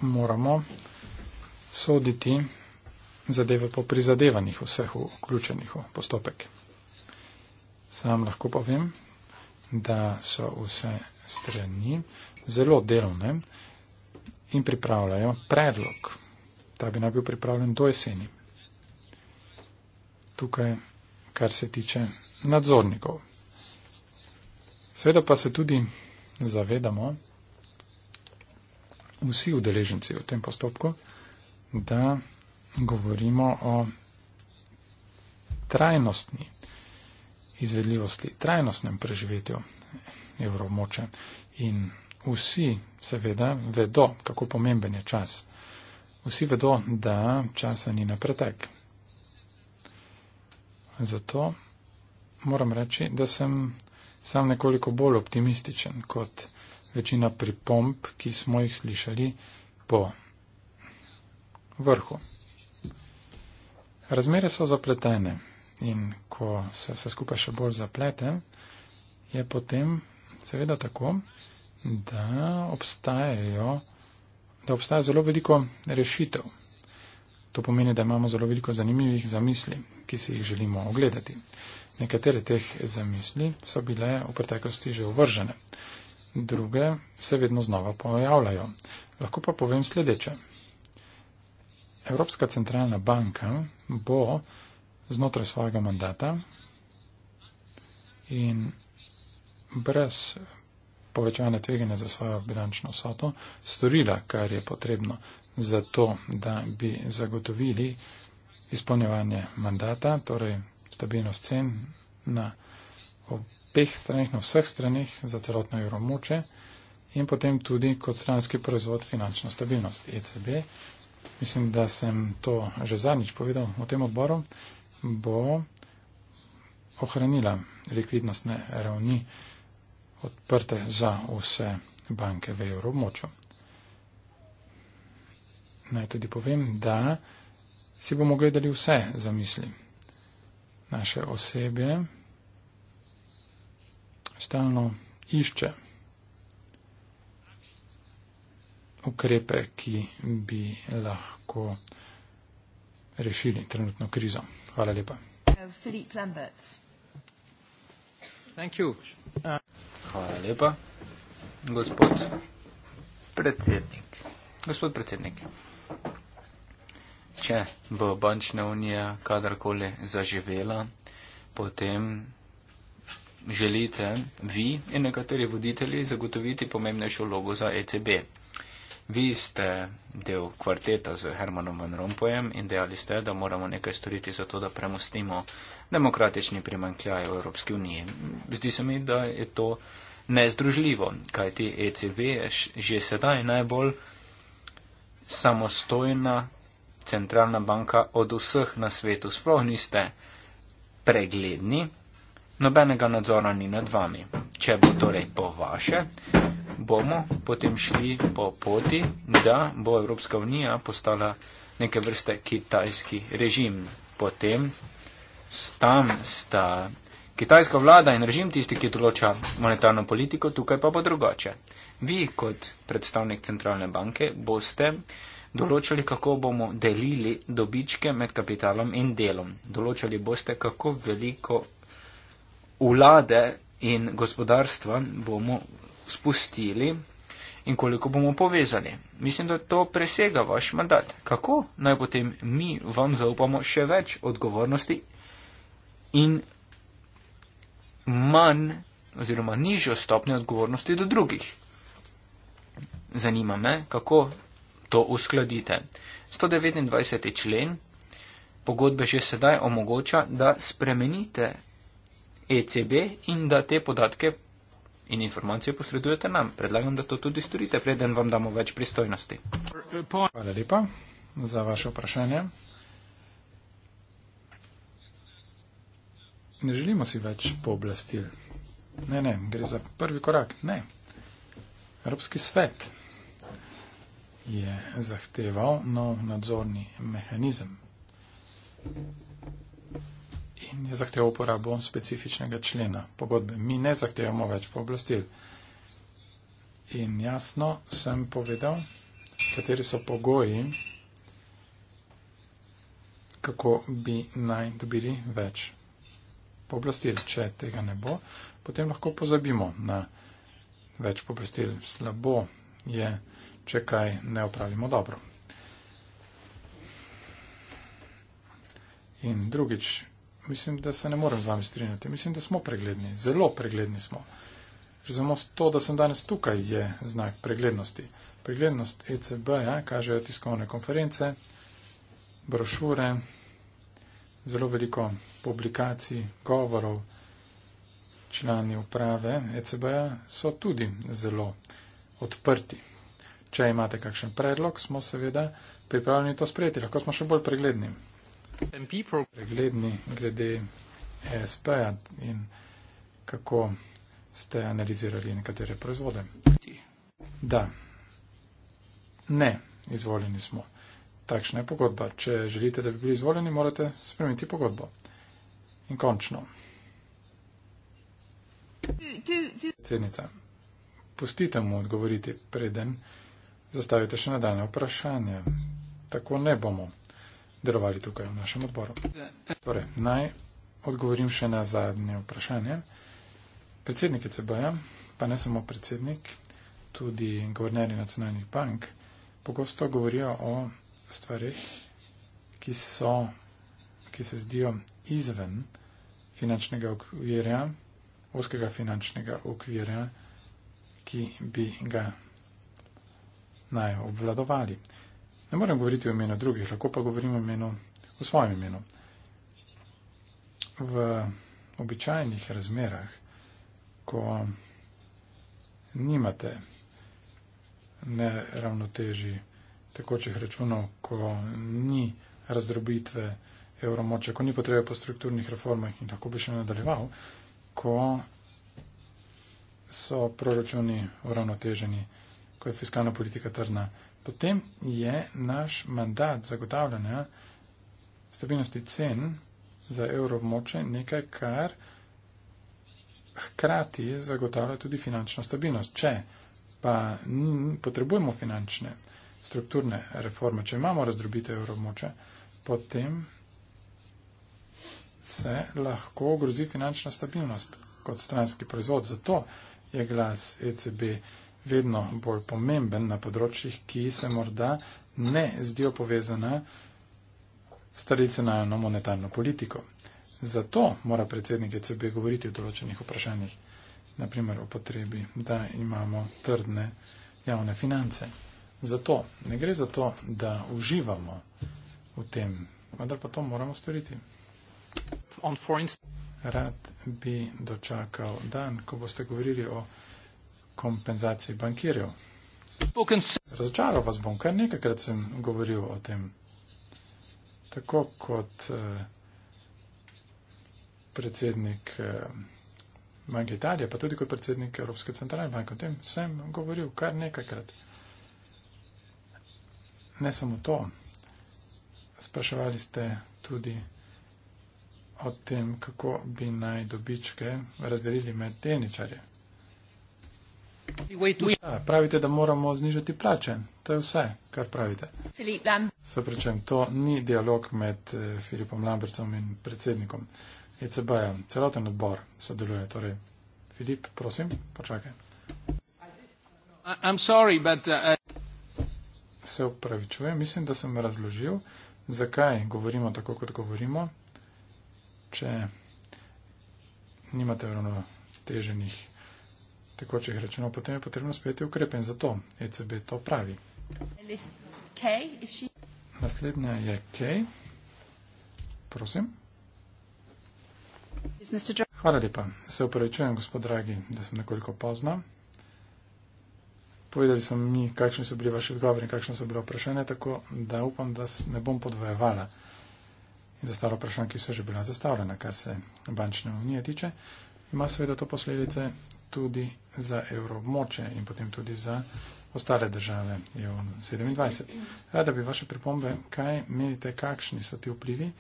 moramo soditi zadeve po prizadevanjih vseh vključenih v postopek. Sam lahko povem, da so vse strani zelo delovne in pripravljajo predlog. Ta bi naj bil pripravljen do jeseni. Tukaj, kar se tiče nadzornikov. Seveda pa se tudi zavedamo, vsi udeleženci v tem postopku, da govorimo o trajnostni izvedljivosti, trajnostnem preživetju evromoče. In vsi seveda vedo, kako pomemben je čas. Vsi vedo, da časa ni na pretek. Zato moram reči, da sem sam nekoliko bolj optimističen kot večina pripomp, ki smo jih slišali po vrhu. Razmere so zapletene. In ko se vse skupaj še bolj zaplete, je potem seveda tako, da, da obstaja zelo veliko rešitev. To pomeni, da imamo zelo veliko zanimivih zamisli, ki si jih želimo ogledati. Nekatere teh zamisli so bile v preteklosti že uvržene, druge se vedno znova pojavljajo. Lahko pa povem sledeče. Evropska centralna banka bo znotraj svojega mandata in brez povečevanja tveganja za svojo bilančno soto storila, kar je potrebno za to, da bi zagotovili izpolnjevanje mandata, torej stabilnost cen na obeh stranih, na vseh stranih za celotno evromoče in potem tudi kot stranski proizvod finančna stabilnost ECB. Mislim, da sem to že zadnjič povedal v tem odboru bo ohranila likvidnostne ravni odprte za vse banke v evroobmočju. Naj tudi povem, da si bomo gledali vse zamisli naše osebe, stalno išče ukrepe, ki bi lahko rešili trenutno krizo. Hvala lepa. Hvala lepa. Gospod predsednik. Gospod predsednik. Če bo bančna unija kadarkoli zaživela, potem želite vi in nekateri voditelji zagotoviti pomembnejšo vlogo za ECB vi ste del kvarteta z Hermanom Van Rompojem in dejali ste, da moramo nekaj storiti za to, da premostimo demokratični primankljaj v Evropski uniji. Zdi se mi, da je to nezdružljivo, kaj ti ECV je že sedaj najbolj samostojna centralna banka od vseh na svetu. Sploh niste pregledni, nobenega nadzora ni nad vami. Če bo torej po vaše, bomo potem šli po poti, da bo Evropska unija postala neke vrste kitajski režim. Potem tam sta kitajska vlada in režim tisti, ki določa monetarno politiko, tukaj pa bo drugače. Vi kot predstavnik centralne banke boste določali, kako bomo delili dobičke med kapitalom in delom. Določali boste, kako veliko vlade in gospodarstva bomo spustili in koliko bomo povezali. Mislim, da to presega vaš mandat. Kako naj potem mi vam zaupamo še več odgovornosti in manj oziroma nižjo stopnjo odgovornosti do drugih? Zanima me, kako to uskladite. 129. člen pogodbe že sedaj omogoča, da spremenite ECB in da te podatke in informacije posredujete nam. Predlagam, da to tudi storite, preden vam damo več pristojnosti. Hvala lepa za vaše vprašanje. Ne želimo si več pooblastil. Ne, ne, gre za prvi korak. Ne. Evropski svet je zahteval nov nadzorni mehanizem je zahteval uporabo specifičnega člena pogodbe. Mi ne zahtevamo več pooblastil. In jasno sem povedal, kateri so pogoji, kako bi naj dobili več pooblastil. Če tega ne bo, potem lahko pozabimo na več pooblastil. Slabo je, če kaj ne opravimo dobro. In drugič, mislim, da se ne morem z vami strinjati. Mislim, da smo pregledni, zelo pregledni smo. Že samo to, da sem danes tukaj, je znak preglednosti. Preglednost ECB, ja, kažejo tiskovne konference, brošure, zelo veliko publikacij, govorov, člani uprave ECB -ja so tudi zelo odprti. Če imate kakšen predlog, smo seveda pripravljeni to sprejeti, lahko smo še bolj pregledni pregledni glede ESP -ja in kako ste analizirali nekatere proizvode. Da. Ne, izvoljeni smo. Takšna je pogodba. Če želite, da bi bili izvoljeni, morate spremeniti pogodbo. In končno. Predsednica, pustite mu odgovoriti, preden zastavite še nadaljne vprašanje. Tako ne bomo delovali tukaj v našem odboru. Torej, naj odgovorim še na zadnje vprašanje. Predsednik ECB-ja, pa ne samo predsednik, tudi guvernerji nacionalnih bank, pogosto govorijo o stvarih, ki, so, ki se zdijo izven finančnega okvirja, oskega finančnega okvirja, ki bi ga naj obvladovali ne morem govoriti v imenu drugih, lahko pa govorim v, imenu, v svojem imenu. V običajnih razmerah, ko nimate neravnoteži tekočih računov, ko ni razdrobitve evromoče, ko ni potrebe po strukturnih reformah in tako bi še nadaljeval, ko so proračuni uravnoteženi, ko je fiskalna politika trdna, Potem je naš mandat zagotavljanja stabilnosti cen za evroobmoče nekaj, kar hkrati zagotavlja tudi finančno stabilnost. Če pa potrebujemo finančne strukturne reforme, če imamo razdrobite evroobmoče, potem se lahko grozi finančna stabilnost kot stranski proizvod. Zato je glas ECB vedno bolj pomemben na področjih, ki se morda ne zdijo povezana s tradicionalno monetarno politiko. Zato mora predsednik ECB govoriti o določenih vprašanjih, naprimer o potrebi, da imamo trdne javne finance. Zato ne gre za to, da uživamo v tem, vendar pa to moramo storiti. Rad bi dočakal dan, ko boste govorili o kompenzaciji bankirjev. Razočaral vas bom, kar nekajkrat sem govoril o tem. Tako kot eh, predsednik eh, Banke Italije, pa tudi kot predsednik Evropske centralne banke, o tem sem govoril kar nekajkrat. Ne samo to, spraševali ste tudi o tem, kako bi naj dobičke razdelili med delničarje. Ja, pravite, da moramo znižati plače. To je vse, kar pravite. Se pričem, to ni dialog med eh, Filipom Lambercom in predsednikom ECB-ja. Celoten odbor sodeluje. Torej, Filip, prosim, počakaj. Sorry, but, uh... Se upravičujem, mislim, da sem razložil, zakaj govorimo tako, kot govorimo, če nimate ravno teženih tekočih računov, potem je potrebno spet je ukrepen za to. ECB to pravi. K, Naslednja je K. Prosim. Hvala lepa. Se upravičujem, gospod dragi, da sem nekoliko pozna. Povedali so mi, kakšni so bili vaši odgovori in kakšne so bile vprašanja, tako da upam, da ne bom podvojevala in zastavila vprašanja, ki so že bila zastavljena, kar se bančne unije tiče. Ima seveda to posledice tudi za evroobmoče in potem tudi za ostale države EU27. Rada bi vaše pripombe, kaj menite, kakšni so ti vplivi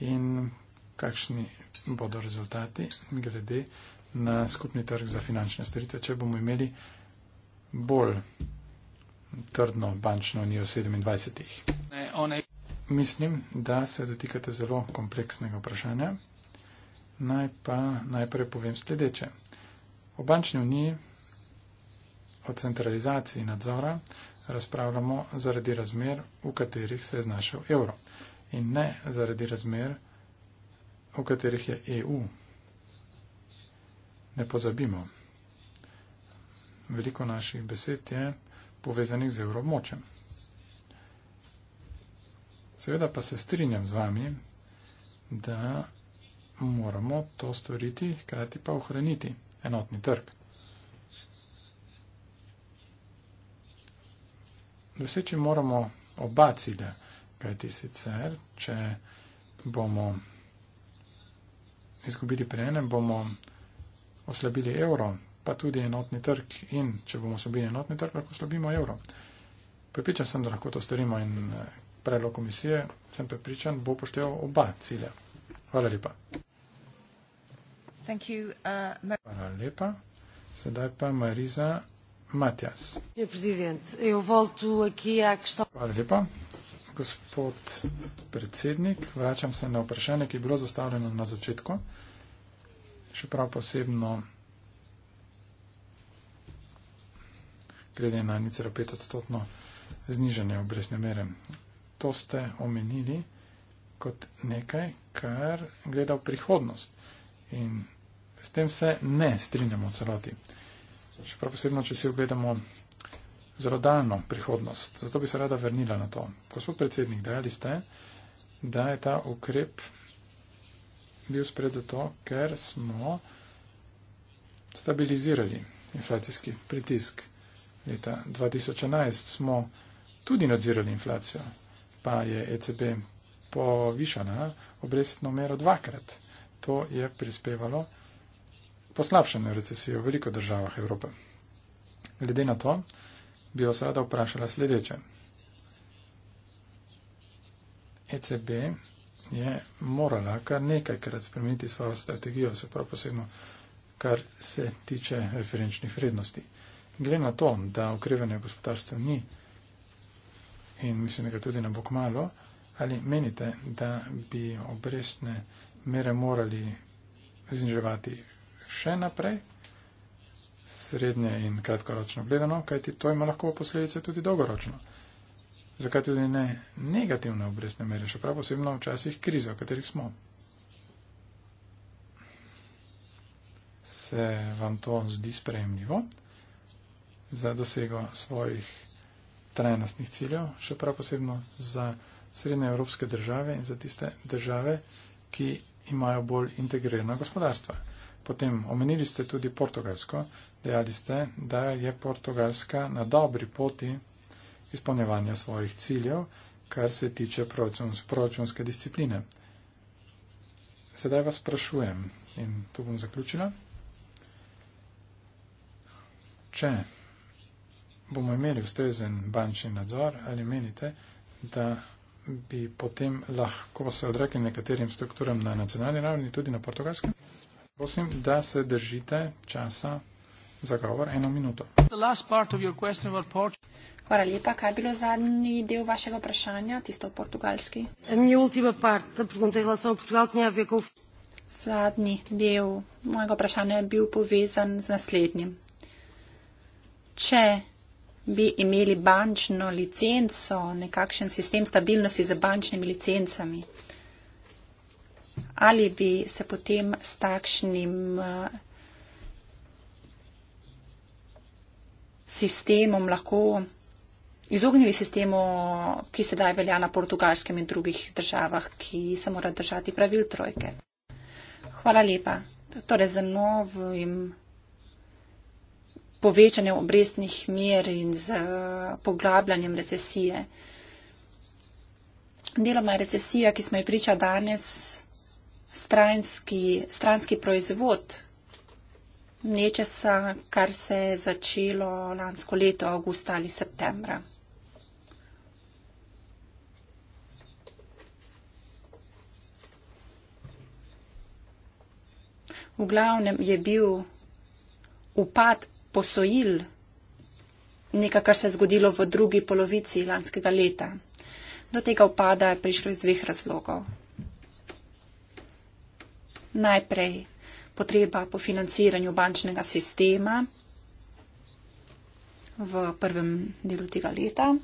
in kakšni bodo rezultati glede na skupni trg za finančne storitve, če bomo imeli bolj trdno bančno unijo 27. Ne, one... Mislim, da se dotikate zelo kompleksnega vprašanja. Naj pa najprej povem sledeče. V bančni uniji o centralizaciji nadzora razpravljamo zaradi razmer, v katerih se je znašel evro in ne zaradi razmer, v katerih je EU. Ne pozabimo. Veliko naših besed je povezanih z evromočem. Seveda pa se strinjam z vami, da moramo to storiti, hkrati pa ohraniti enotni trg. Doseči moramo oba cilja, kajti sicer, če bomo izgubili pri enem, bomo oslabili evro, pa tudi enotni trg in če bomo oslabili enotni trg, lahko oslabimo evro. Pripričan sem, da lahko to storimo in eh, predlog komisije, sem pripričan, bo pošteval oba cilja. Hvala lepa. Thank you, uh, Mar- Hvala lepa. Sedaj pa Mariza Matjas. Eu volto aqui à questão... Hvala lepa. Gospod predsednik, vračam se na vprašanje, ki je bilo zastavljeno na začetku. Še prav posebno glede na 0,5 odstotno znižanje obresne mere. To ste omenili kot nekaj, kar gleda v prihodnost. In S tem se ne strinjamo v celoti. Še prav posebno, če si ogledamo zelo daljno prihodnost. Zato bi se rada vrnila na to. Gospod predsednik, dejali ste, da je ta ukrep bil spred zato, ker smo stabilizirali inflacijski pritisk. Leta 2011 smo tudi nadzirali inflacijo, pa je ECB povišala obrestno mero dvakrat. To je prispevalo poslabšanju recesije v veliko državah Evrope. Glede na to bi vas rada vprašala sledeče. ECB je morala kar nekajkrat spremeniti svojo strategijo, se prav posebno, kar se tiče referenčnih vrednosti. Glede na to, da okrevanje gospodarstva ni in mislim, da ga tudi ne bo kmalo, ali menite, da bi obrestne mere morali zniževati še naprej, srednje in kratkoročno gledano, kajti to ima lahko posledice tudi dolgoročno. Zakaj tudi ne negativne obrestne mere, še prav posebno v časih krize, v katerih smo? Se vam to zdi sprejemljivo za dosego svojih trajnostnih ciljev, še prav posebno za srednje evropske države in za tiste države, ki imajo bolj integrirano gospodarstvo. Potem omenili ste tudi portugalsko, dejali ste, da je portugalska na dobri poti izpolnjevanja svojih ciljev, kar se tiče proračunske discipline. Sedaj vas sprašujem in tu bom zaključila. Če bomo imeli ustrezen bančni nadzor, ali menite, da bi potem lahko se odrekli nekaterim strukturam na nacionalni ravni, tudi na portugalskem? prosim, da se držite časa za govor eno minuto. Hvala lepa. Kaj je bilo zadnji del vašega vprašanja, tisto v portugalski? Zadnji del mojega vprašanja je bil povezan z naslednjim. Če bi imeli bančno licenco, nekakšen sistem stabilnosti z bančnimi licencami, ali bi se potem s takšnim eh, sistemom lahko izognili sistemu, ki sedaj velja na portugalskem in drugih državah, ki se mora držati pravil trojke. Hvala lepa. Torej, z novim povečanjem obrestnih mer in z eh, poglabljanjem recesije. Deloma je recesija, ki smo jo priča danes, stranski, stranski proizvod nečesa, kar se je začelo lansko leto, avgusta ali septembra. V glavnem je bil upad posojil, nekaj, kar se je zgodilo v drugi polovici lanskega leta. Do tega upada je prišlo iz dveh razlogov najprej potreba po financiranju bančnega sistema v prvem delu tega leta.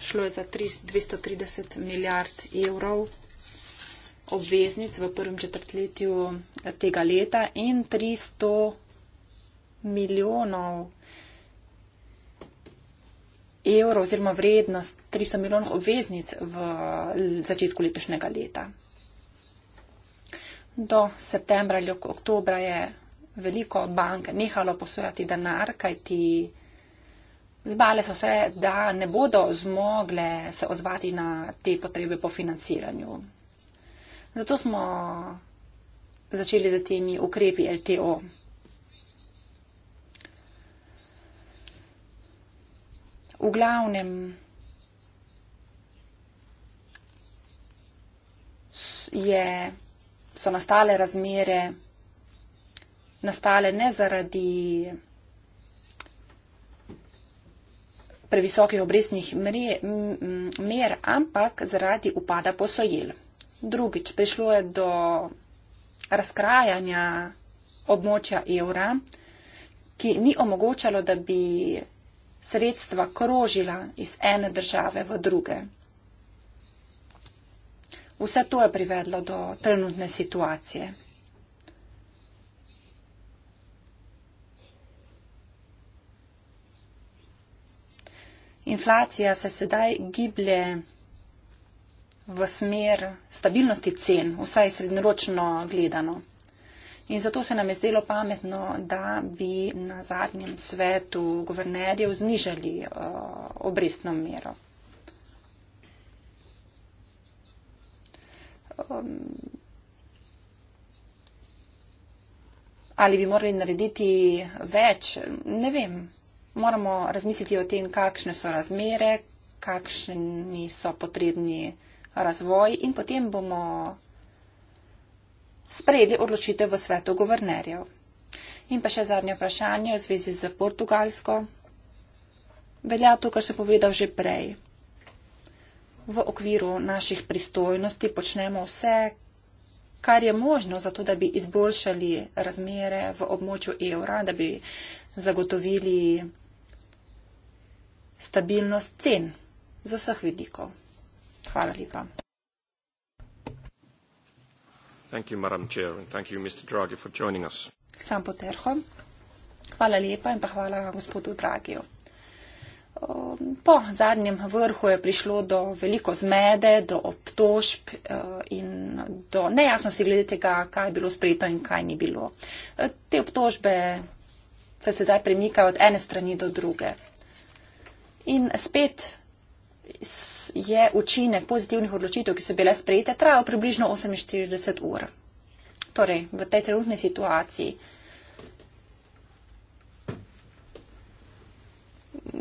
Šlo je za 230 milijard evrov obveznic v prvem četrtletju eh, tega leta in 300 milijonov evrov oziroma vrednost 300 milijonov obveznic v začetku letošnjega leta do septembra ali oktobra je veliko bank nehalo posojati denar, kajti zbale so se, da ne bodo zmogle se odzvati na te potrebe po financiranju. Zato smo začeli z temi ukrepi LTO. V glavnem je so nastale razmere, nastale ne zaradi previsokih obrestnih mer, ampak zaradi upada posojil. Drugič, prišlo je do razkrajanja območja evra, ki ni omogočalo, da bi sredstva krožila iz ene države v druge. Vse to je privedlo do trenutne situacije. Inflacija se sedaj giblje v smer stabilnosti cen, vsaj srednjeročno gledano. In zato se nam je zdelo pametno, da bi na zadnjem svetu guvernerjev znižali uh, obrestno mero. Um, ali bi morali narediti več, ne vem. Moramo razmisliti o tem, kakšne so razmere, kakšni so potrebni razvoj in potem bomo sprejeli odločitev v svetu guvernerjev. In pa še zadnje vprašanje v zvezi z Portugalsko. Velja to, kar sem povedal že prej v okviru naših pristojnosti počnemo vse, kar je možno za to, da bi izboljšali razmere v območju evra, da bi zagotovili stabilnost cen za vseh vidikov. Hvala lepa. Thank you, Madam Chair, and thank you, Mr. Draghi, for joining us. Sam poterho. Hvala lepa in pa hvala gospodu Dragiju. Um, po zadnjem vrhu je prišlo do veliko zmede, do obtožb uh, in do nejasnosti glede tega, kaj je bilo sprejeto in kaj ni bilo. Uh, te obtožbe se sedaj premikajo od ene strani do druge. In spet je učinek pozitivnih odločitev, ki so bile sprejete, trajal približno 48 ur. Torej, v tej trenutni situaciji.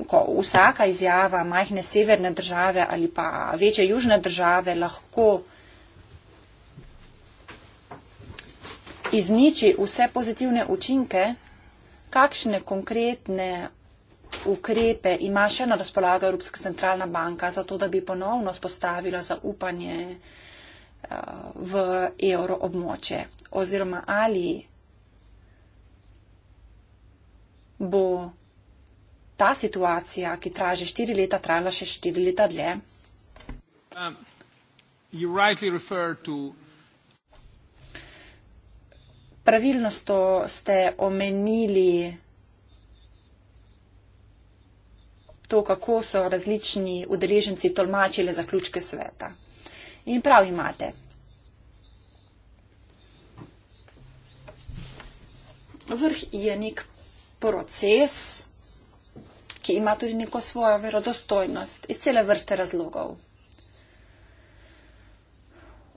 ko vsaka izjava majhne severne države ali pa večje južne države lahko izniči vse pozitivne učinke, kakšne konkretne ukrepe ima še na razpolago Evropska centralna banka za to, da bi ponovno spostavila zaupanje eh, v evro območje? Oziroma ali bo ta situacija, ki traja že štiri leta, trajala še štiri leta dlje. Um, Pravilno ste omenili to, kako so različni udeleženci tolmačili zaključke sveta. In prav imate. Vrh je nek proces, ki ima tudi neko svojo verodostojnost iz cele vrste razlogov.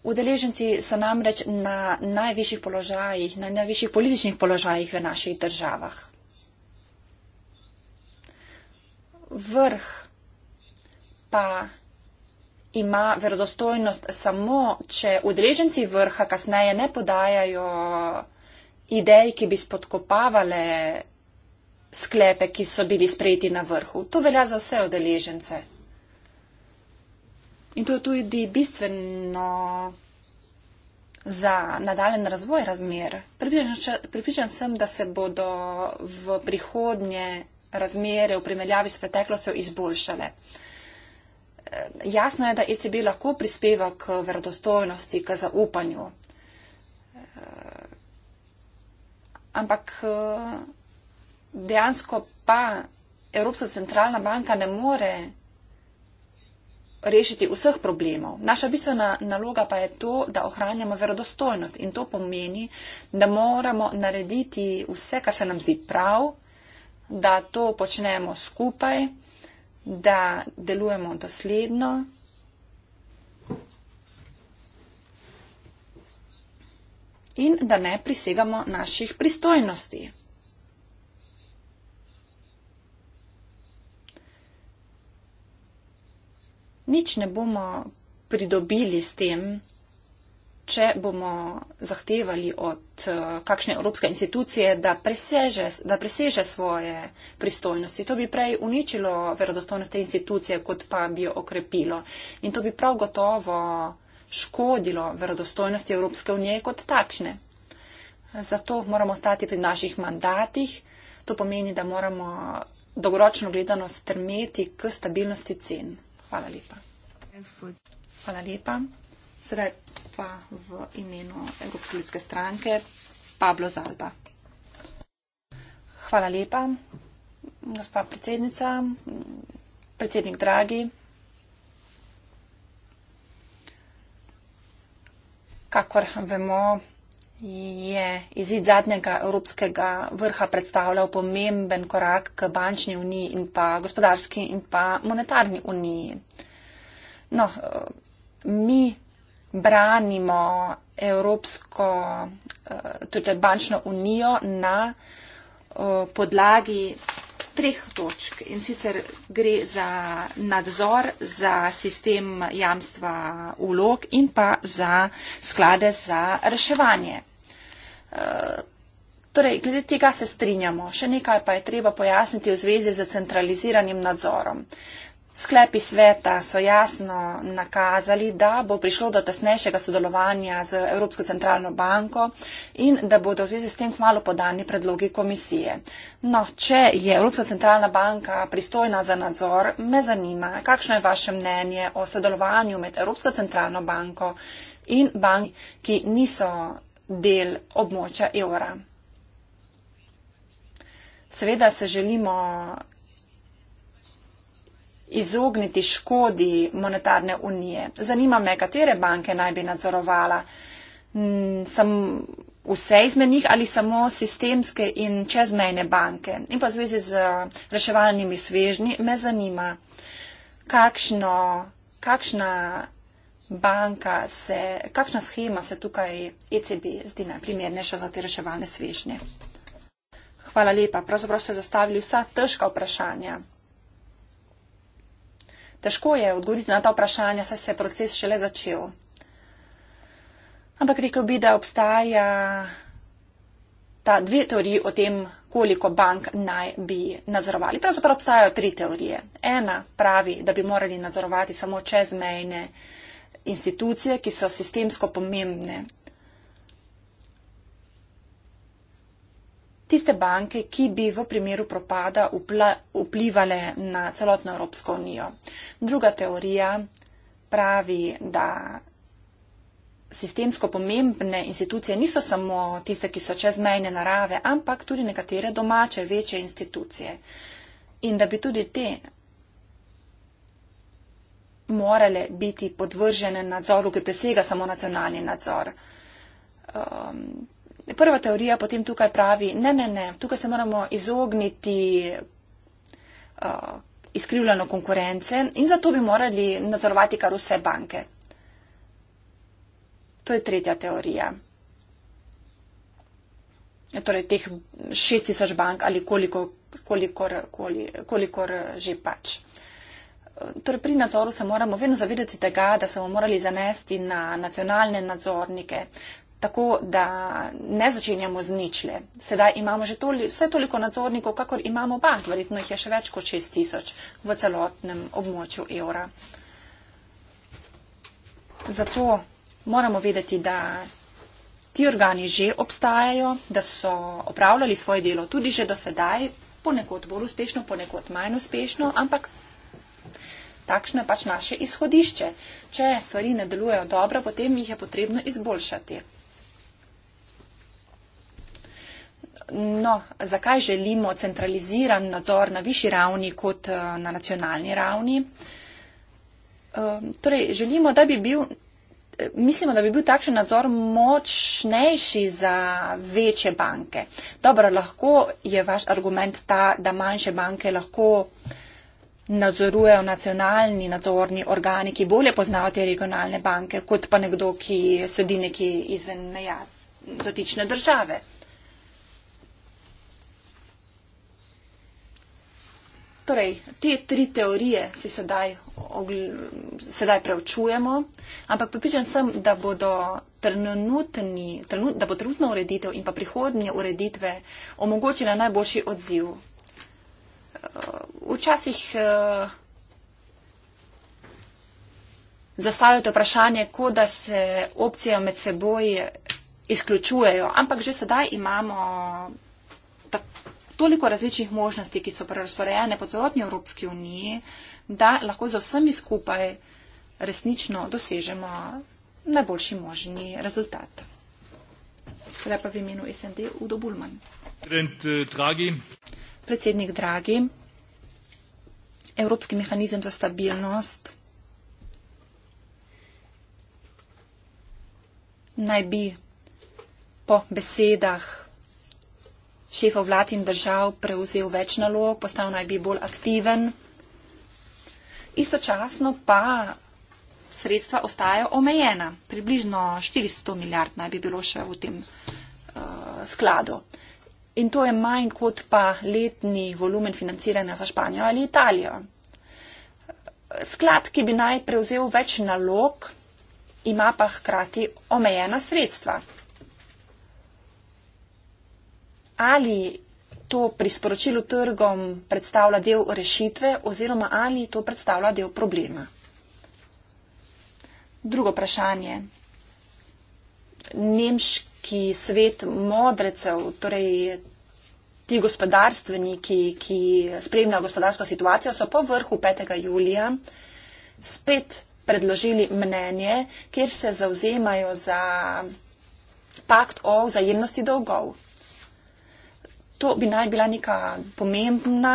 Udeleženci so namreč na najvišjih položajih, na najvišjih političnih položajih v naših državah. Vrh pa ima verodostojnost samo, če udeleženci vrha kasneje ne podajajo idej, ki bi spodkopavale sklepe, ki so bili sprejeti na vrhu. To velja za vse odeležence. In to je tudi bistveno za nadaljen razvoj razmer. Pripričan sem, da se bodo v prihodnje razmere v primerjavi s preteklostjo izboljšale. Eh, jasno je, da ECB lahko prispeva k verodostojnosti, k zaupanju. Eh, ampak eh, dejansko pa Evropska centralna banka ne more rešiti vseh problemov. Naša bistvena naloga pa je to, da ohranjamo verodostojnost in to pomeni, da moramo narediti vse, kar se nam zdi prav, da to počnemo skupaj, da delujemo dosledno. In da ne prisegamo naših pristojnosti. nič ne bomo pridobili s tem, če bomo zahtevali od eh, kakšne evropske institucije, da preseže, da preseže svoje pristojnosti. To bi prej uničilo verodostojnost te institucije, kot pa bi jo okrepilo. In to bi prav gotovo škodilo verodostojnosti Evropske unije kot takšne. Zato moramo ostati pri naših mandatih. To pomeni, da moramo dolgoročno gledano strmeti k stabilnosti cen. Hvala lepa. Hvala lepa. Sedaj pa v imenu Evropske ljudske stranke Pablo Zalba. Hvala lepa, gospa predsednica, predsednik Dragi. Kakor vemo, je izid zadnjega evropskega vrha predstavljal pomemben korak k bančni uniji in pa gospodarski in pa monetarni uniji. No, mi branimo Evropsko eh, torej bančno unijo na eh, podlagi treh točk in sicer gre za nadzor, za sistem jamstva vlog in pa za sklade za reševanje. Eh, torej, glede tega se strinjamo. Še nekaj pa je treba pojasniti v zvezi z centraliziranim nadzorom. Sklepi sveta so jasno nakazali, da bo prišlo do tesnejšega sodelovanja z Evropsko centralno banko in da bodo v zvezi s tem kmalo podani predlogi komisije. No, če je Evropska centralna banka pristojna za nadzor, me zanima, kakšno je vaše mnenje o sodelovanju med Evropsko centralno banko in banki, ki niso del območja evra. Seveda se želimo izogniti škodi monetarne unije. Zanima me, katere banke naj bi nadzorovala. Sem mm, vse izmed njih ali samo sistemske in čezmejne banke. In pa v zvezi z eh, reševalnimi svežnji me zanima, kakšno, kakšna banka se, kakšna schema se tukaj ECB zdi najprimernejša za te reševalne svežnje? Hvala lepa. Pravzaprav ste zastavili vsa težka vprašanja. Težko je odgovoriti na ta vprašanja, saj se je proces šele začel. Ampak rekel bi, da obstaja ta dve teoriji o tem, koliko bank naj bi nadzorovali. Pravzaprav obstajajo tri teorije. Ena pravi, da bi morali nadzorovati samo čezmejne institucije, ki so sistemsko pomembne. Tiste banke, ki bi v primeru propada vplivale na celotno Evropsko unijo. Druga teorija pravi, da sistemsko pomembne institucije niso samo tiste, ki so čezmejne narave, ampak tudi nekatere domače večje institucije. In da bi tudi te morale biti podvržene nadzoru, ki presega samo nacionalni nadzor. Um, prva teorija potem tukaj pravi, ne, ne, ne, tukaj se moramo izogniti uh, izkrivljeno konkurence in zato bi morali nadzorovati kar vse banke. To je tretja teorija. Torej, teh 6000 bank ali kolikor, kolikor, kolikor, kolikor že pač. Torej, pri nadzoru se moramo vedno zavedati tega, da se bomo morali zanesti na nacionalne nadzornike, tako da ne začenjamo z ničle. Sedaj imamo že toli, vse toliko nadzornikov, kakor imamo bank, verjetno jih je še več kot 6 tisoč v celotnem območju evra. Zato moramo vedeti, da ti organi že obstajajo, da so opravljali svoje delo tudi že do sedaj, ponekod bolj uspešno, ponekod manj uspešno, ampak Takšno je pač naše izhodišče. Če stvari ne delujejo dobro, potem jih je potrebno izboljšati. No, zakaj želimo centraliziran nadzor na višji ravni kot eh, na nacionalni ravni? Eh, torej, želimo, da bi bil, eh, mislimo, da bi bil takšen nadzor močnejši za večje banke. Dobro, lahko je vaš argument ta, da manjše banke lahko nadzorujejo nacionalni nadzorni organi, ki bolje poznajo te regionalne banke, kot pa nekdo, ki sedi nekje izven meja dotične države. Torej, te tri teorije si sedaj, sedaj preučujemo, ampak pripričan sem, da, trenut, da bo trenutna ureditev in pa prihodnje ureditve omogočila najboljši odziv včasih eh, zastavljate vprašanje, ko da se opcije med seboj izključujejo, ampak že sedaj imamo toliko različnih možnosti, ki so prerasporejene po celotni Evropski uniji, da lahko za vsemi skupaj resnično dosežemo najboljši možni rezultat. Sedaj pa v imenu SND Udo Bulman. Trend, uh, eh, predsednik Dragi, Evropski mehanizem za stabilnost naj bi po besedah šefov vlad in držav prevzel več nalog, postal naj bi bolj aktiven. Istočasno pa sredstva ostajajo omejena. Približno 400 milijard naj bi bilo še v tem uh, skladu. Uh, In to je manj kot pa letni volumen financiranja za Španijo ali Italijo. Sklad, ki bi naj prevzel več nalog, ima pa hkrati omejena sredstva. Ali to prisporočilo trgom predstavlja del rešitve oziroma ali to predstavlja del problema? Drugo vprašanje. Nemški ki svet modrecev, torej ti gospodarstveniki, ki spremljajo gospodarsko situacijo, so po vrhu 5. julija spet predložili mnenje, kjer se zauzemajo za pakt o vzajemnosti dolgov. To bi naj bila neka pomembna,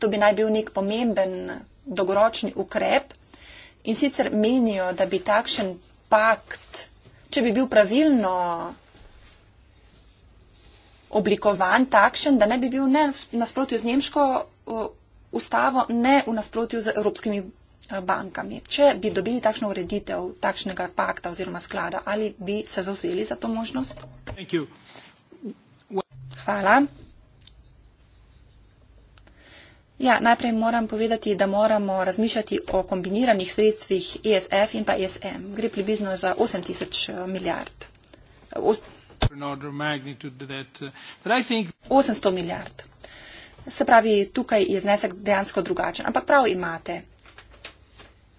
to bi naj bil nek pomemben dolgoročni ukrep in sicer menijo, da bi takšen pakt, če bi bil pravilno oblikovan takšen, da ne bi bil ne v nasprotju z nemško ustavo, ne v nasprotju z evropskimi e, bankami. Če bi dobili takšno ureditev takšnega pakta oziroma sklada, ali bi se zauzeli za to možnost? Hvala. Ja, najprej moram povedati, da moramo razmišljati o kombiniranih sredstvih ESF in pa ESM. Gre približno za 8 tisoč e, milijard. 800 uh, milijard. Se pravi, tukaj je znesek dejansko drugačen, ampak prav imate.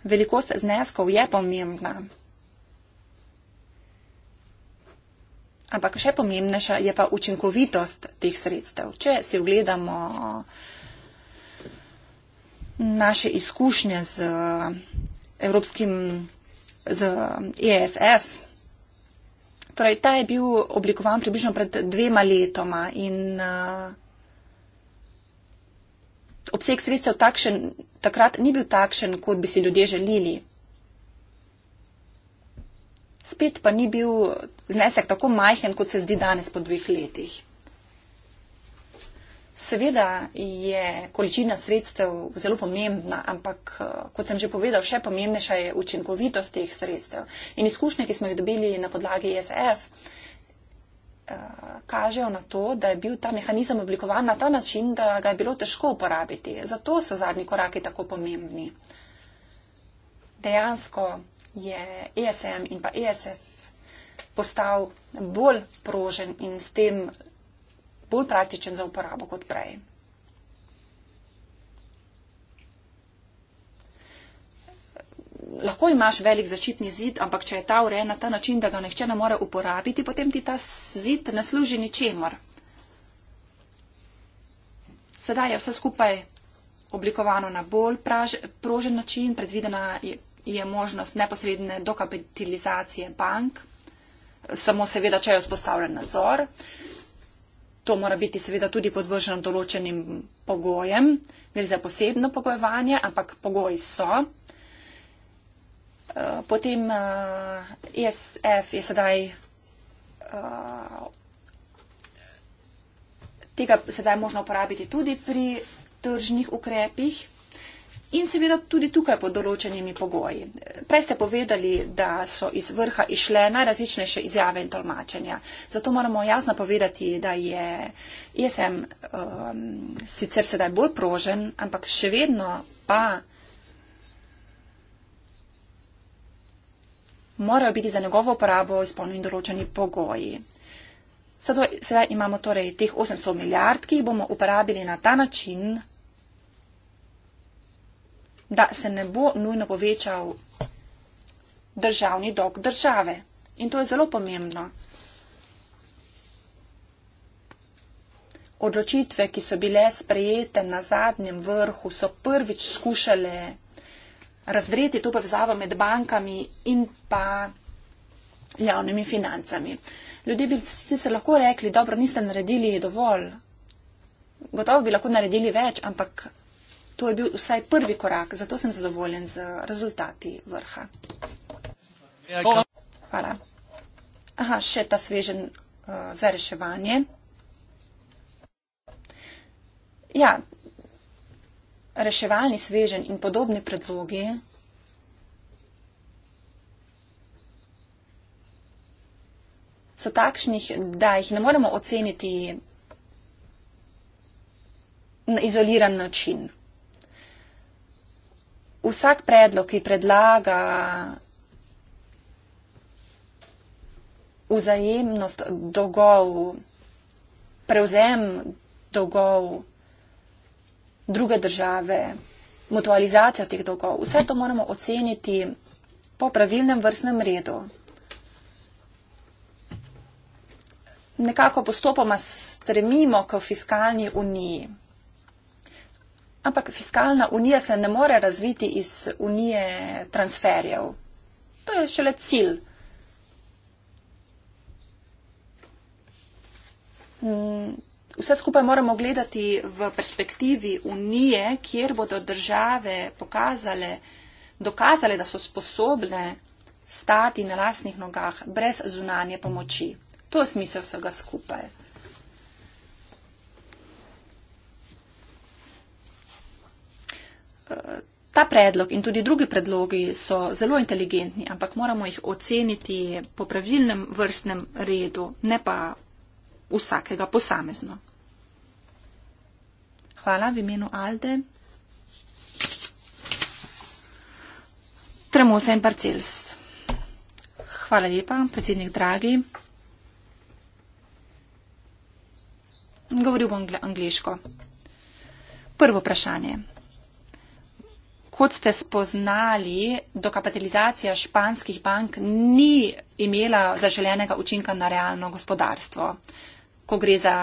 Velikost zneskov je pomembna. Ampak še pomembnejša je pa učinkovitost teh sredstev. Če si ogledamo naše izkušnje z, evropskim, z ESF, Torej, ta je bil oblikovan približno pred dvema letoma in uh, obseg sredstev takšen, takrat ni bil takšen, kot bi si ljudje želeli. Spet pa ni bil znesek tako majhen, kot se zdi danes po dveh letih. Seveda je količina sredstev zelo pomembna, ampak eh, kot sem že povedal, še pomembnejša je učinkovitost teh sredstev. In izkušnje, ki smo jih dobili na podlagi ESF, eh, kažejo na to, da je bil ta mehanizem oblikovan na ta način, da ga je bilo težko uporabiti. Zato so zadnji koraki tako pomembni. Dejansko je ESM in pa ESF postal bolj prožen in s tem bolj praktičen za uporabo kot prej. Lahko imaš velik začitni zid, ampak če je ta urejen na ta način, da ga nihče ne more uporabiti, potem ti ta zid ne služi ničemor. Sedaj je vse skupaj oblikovano na bolj praž, prožen način, predvidena je, je možnost neposredne dokapitalizacije bank, samo seveda, če je vzpostavljen nadzor. Uh, to mora biti seveda tudi podvrženo določenim pogojem, gre za posebno pogojevanje, ampak pogoji so. Eh, potem ESF eh, e je sedaj, eh, tega sedaj možno uporabiti tudi pri tržnih ukrepih, in seveda tudi tukaj pod določenimi pogoji. Prej ste povedali, da so iz vrha išle najrazličnejše izjave in tolmačenja. Zato moramo jasno povedati, da je ISM e um, sicer sedaj bolj prožen, ampak še vedno pa morajo biti za njegovo uporabo izpolnjeni določeni pogoji. Sedaj imamo torej teh 800 milijard, ki jih bomo uporabili na ta način, da se ne bo nujno povečal državni dolg države. In to je zelo pomembno. Odločitve, ki so bile sprejete na zadnjem vrhu, so prvič skušale razdreti to povezavo med bankami in pa javnimi financami. Ljudje bi sicer lahko rekli, dobro, niste naredili dovolj. Gotovo bi lahko naredili več, ampak to je bil vsaj prvi korak, zato sem zadovoljen z rezultati vrha. Hvala. Aha, še ta svežen uh, za reševanje. Ja, reševalni svežen in podobne predloge. so takšnih, da jih ne moremo oceniti na izoliran način vsak predlog, ki predlaga vzajemnost dolgov, prevzem dolgov druge države, mutualizacijo teh dolgov, vse to moramo oceniti po pravilnem vrstnem redu. Nekako postopoma stremimo k fiskalni uniji. Ampak fiskalna unija se ne more razviti iz unije transferjev. To je šele cilj. Mm, vse skupaj moramo gledati v perspektivi unije, kjer bodo države pokazale, dokazale, da so sposobne stati na lasnih nogah brez zunanje pomoči. To je smisel vsega skupaj. ta predlog in tudi drugi predlogi so zelo inteligentni, ampak moramo jih oceniti po pravilnem vrstnem redu, ne pa vsakega posamezno. Hvala v imenu Alde. Tremosa in Parcels. Hvala lepa, predsednik Dragi. Govoril bom angliško. Prvo vprašanje kot ste spoznali, dokapitalizacija španskih bank ni imela zaželenega učinka na realno gospodarstvo, ko gre za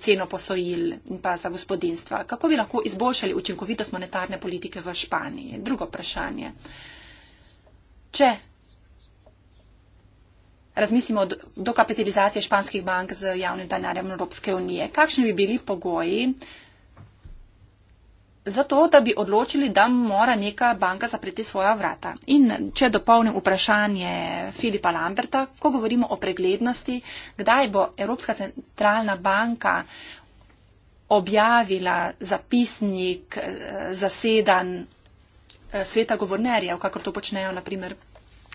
ceno posojil in pa za gospodinstva. Kako bi lahko izboljšali učinkovitost monetarne politike v Španiji? Drugo vprašanje. Če razmislimo o dokapitalizaciji španskih bank z javnim denarjem Evropske unije, kakšni bi bili pogoji, zato, da bi odločili, da mora neka banka zapreti svoja vrata. In če dopolnim vprašanje Filipa Lamberta, ko govorimo o preglednosti, kdaj bo Evropska centralna banka objavila zapisnik eh, zasedan eh, sveta guvernerjev, kako to počnejo naprimer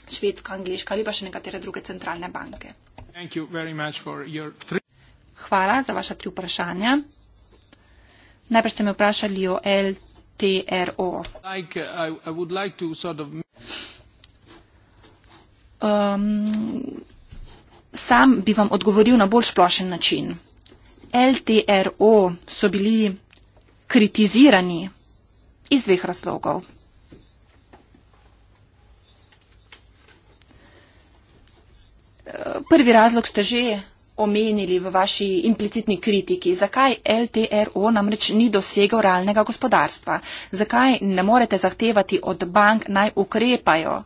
Švedska, Angliška ali pa še nekatere druge centralne banke. Hvala za vaša tri vprašanja najprej ste me vprašali o LTRO. Like, I, I sort of... um, sam bi vam odgovoril na bolj splošen način. LTRO so bili kritizirani iz dveh razlogov. Prvi razlog ste že omenili v vaši implicitni kritiki, zakaj LTRO namreč ni dosegel realnega gospodarstva, zakaj ne morete zahtevati od bank naj ukrepajo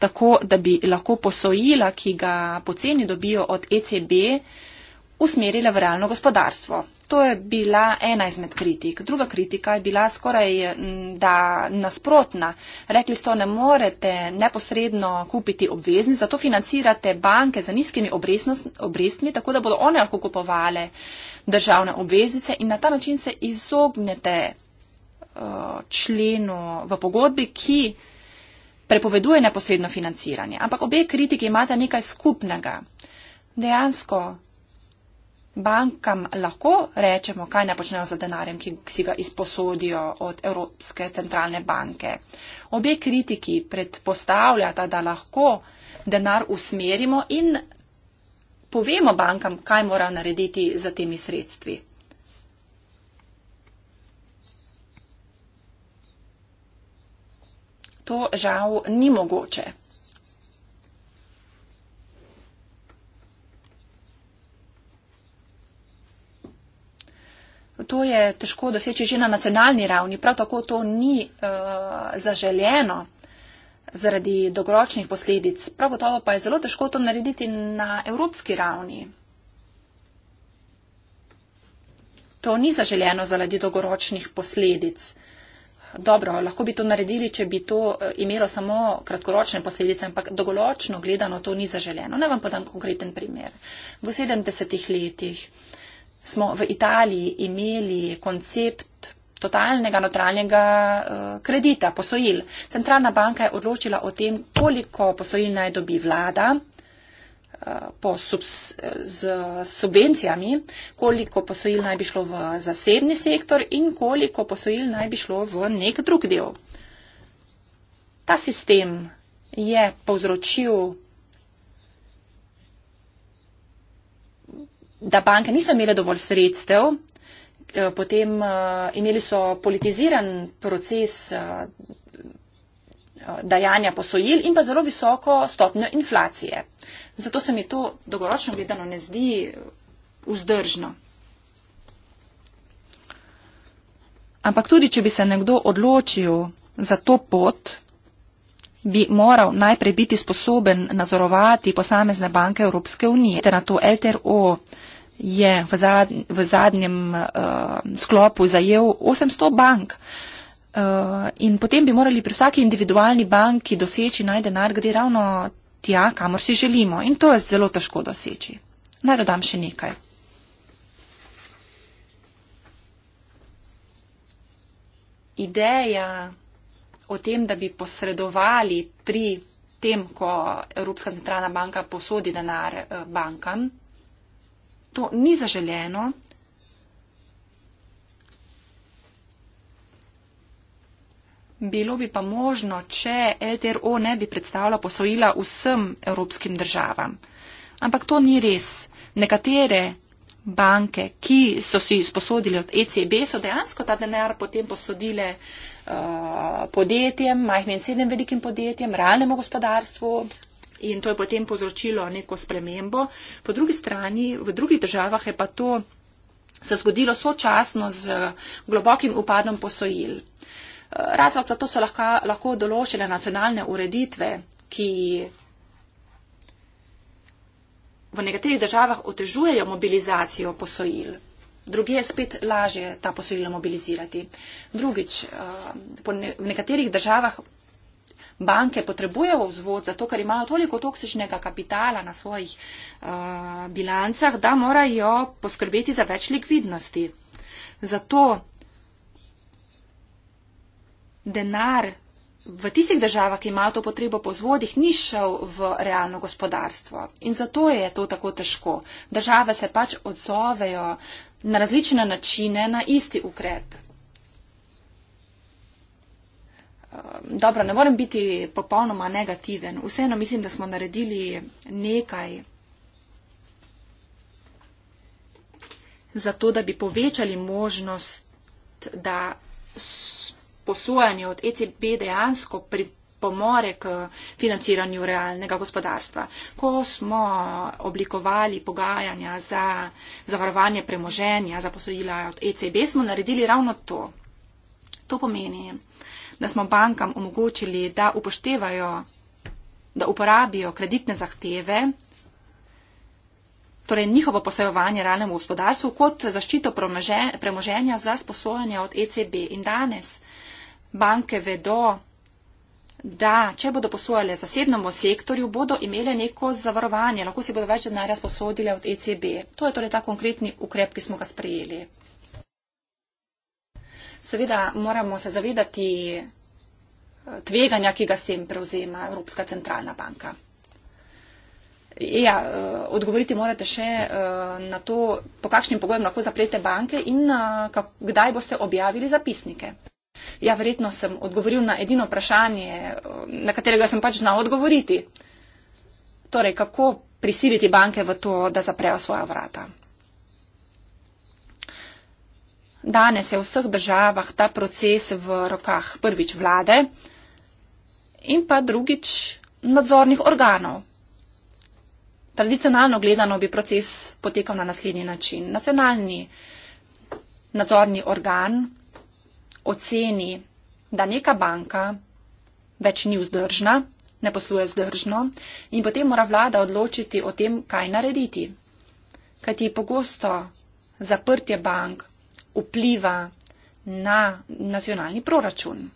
tako, da bi lahko posojila, ki ga poceni dobijo od ECB, eh, usmerile v realno gospodarstvo. To je bila ena izmed kritik. Druga kritika je bila skoraj da nasprotna. Rekli ste, ne morete neposredno kupiti obvezni, zato financirate banke za nizkimi obrestmi, tako da bodo one lahko kupovale državne obveznice in na ta način se izognete uh, členu v pogodbi, ki prepoveduje neposredno financiranje. Ampak obe kritiki imata nekaj skupnega. Dejansko bankam lahko rečemo, kaj ne počnejo z denarjem, ki si ga izposodijo od Evropske centralne banke. Obe kritiki predpostavljata, da lahko denar usmerimo in povemo bankam, kaj mora narediti z temi sredstvi. To žal ni mogoče. to je težko doseči že na nacionalni ravni, prav tako to ni uh, zaželjeno zaradi dogoročnih posledic. Prav gotovo pa je zelo težko to narediti na evropski ravni. To ni zaželjeno zaradi dogoročnih posledic. Dobro, lahko bi to naredili, če bi to eh, imelo samo kratkoročne posledice, ampak dogoločno gledano to ni zaželjeno. Naj vam podam konkreten primer. V 70-ih letih uh, smo v Italiji imeli koncept totalnega notranjega uh, kredita, posojil. Centralna banka je odločila o tem, koliko posojil naj dobi vlada uh, po subs, z subvencijami, koliko posojil naj bi šlo v zasebni sektor in koliko posojil naj bi šlo v nek drug del. Ta sistem je povzročil da banke niso imele dovolj sredstev, eh, potem eh, imeli so politiziran proces eh, dajanja posojil in pa zelo visoko stopnjo inflacije. Zato se mi to dolgoročno gledano ne zdi vzdržno. Ampak tudi, če bi se nekdo odločil za to pot, bi moral najprej biti sposoben nadzorovati posamezne banke Evropske unije. Na to LTRO je v, zadn, v zadnjem uh, sklopu zajel 800 bank. Uh, in potem bi morali pri vsaki individualni banki doseči naj denar, gre ravno tja, kamor si želimo. In to je zelo težko doseči. Naj dodam še nekaj. Ideja o tem, da bi posredovali pri tem, ko Evropska centralna banka posodi denar eh, bankam, to ni zaželjeno, bilo bi pa možno, če LTRO ne bi predstavila posojila vsem evropskim državam. Ampak to ni res. Nekatere banke, ki so si sposodili od ECB, so dejansko ta denar potem posodile uh, podjetjem, majhnim in srednjim velikim podjetjem, realnemu gospodarstvu, in to je potem povzročilo neko spremembo. Po drugi strani, v drugih državah je pa to se zgodilo sočasno z globokim upadom posojil. Razlog za to so lahko, lahko določene nacionalne ureditve, ki v nekaterih državah otežujejo mobilizacijo posojil. Drugi je spet lažje ta posojila mobilizirati. Drugič, eh, v nekaterih državah banke potrebujejo vzvod zato, ker imajo toliko toksičnega kapitala na svojih uh, bilancah, da morajo poskrbeti za več likvidnosti. Zato denar v tistih državah, ki imajo to potrebo po vzvodih, ni šel v realno gospodarstvo. In zato je to tako težko. Države se pač odzovejo na različne načine na isti ukrep dobro, ne morem biti popolnoma negativen. Vseeno mislim, da smo naredili nekaj za to, da bi povečali možnost, da posojanje od ECB dejansko pripomore k financiranju realnega gospodarstva. Ko smo oblikovali pogajanja za zavarovanje premoženja, za posojila od ECB, smo naredili ravno to. To pomeni, da smo bankam omogočili, da upoštevajo, da uporabijo kreditne zahteve, torej njihovo posojevanje realnemu gospodarstvu, kot zaščito premoženja za sposojanje od ECB. In danes banke vedo, da če bodo posojale zasebnemu sektorju, bodo imele neko zavarovanje, lahko si bodo več denarja sposodile od ECB. To je torej ta konkretni ukrep, ki smo ga sprejeli. Seveda moramo se zavedati eh, tveganja, ki ga s tem prevzema Evropska centralna banka. Ja, eh, odgovoriti morate še eh, na to, po kakšnim pogojem lahko zaprete banke in kdaj boste objavili zapisnike. Ja, verjetno sem odgovoril na edino vprašanje, na katerega sem pač znal odgovoriti. Torej, kako prisiliti banke v to, da zaprejo svoja vrata? Danes je v vseh državah ta proces v rokah prvič vlade in pa drugič nadzornih organov. Tradicionalno gledano bi proces potekal na naslednji način. Nacionalni nadzorni organ oceni, da neka banka več ni vzdržna, ne posluje vzdržno in potem mora vlada odločiti o tem, kaj narediti. Kajti pogosto zaprtje bank vpliva na nacionalni proračun.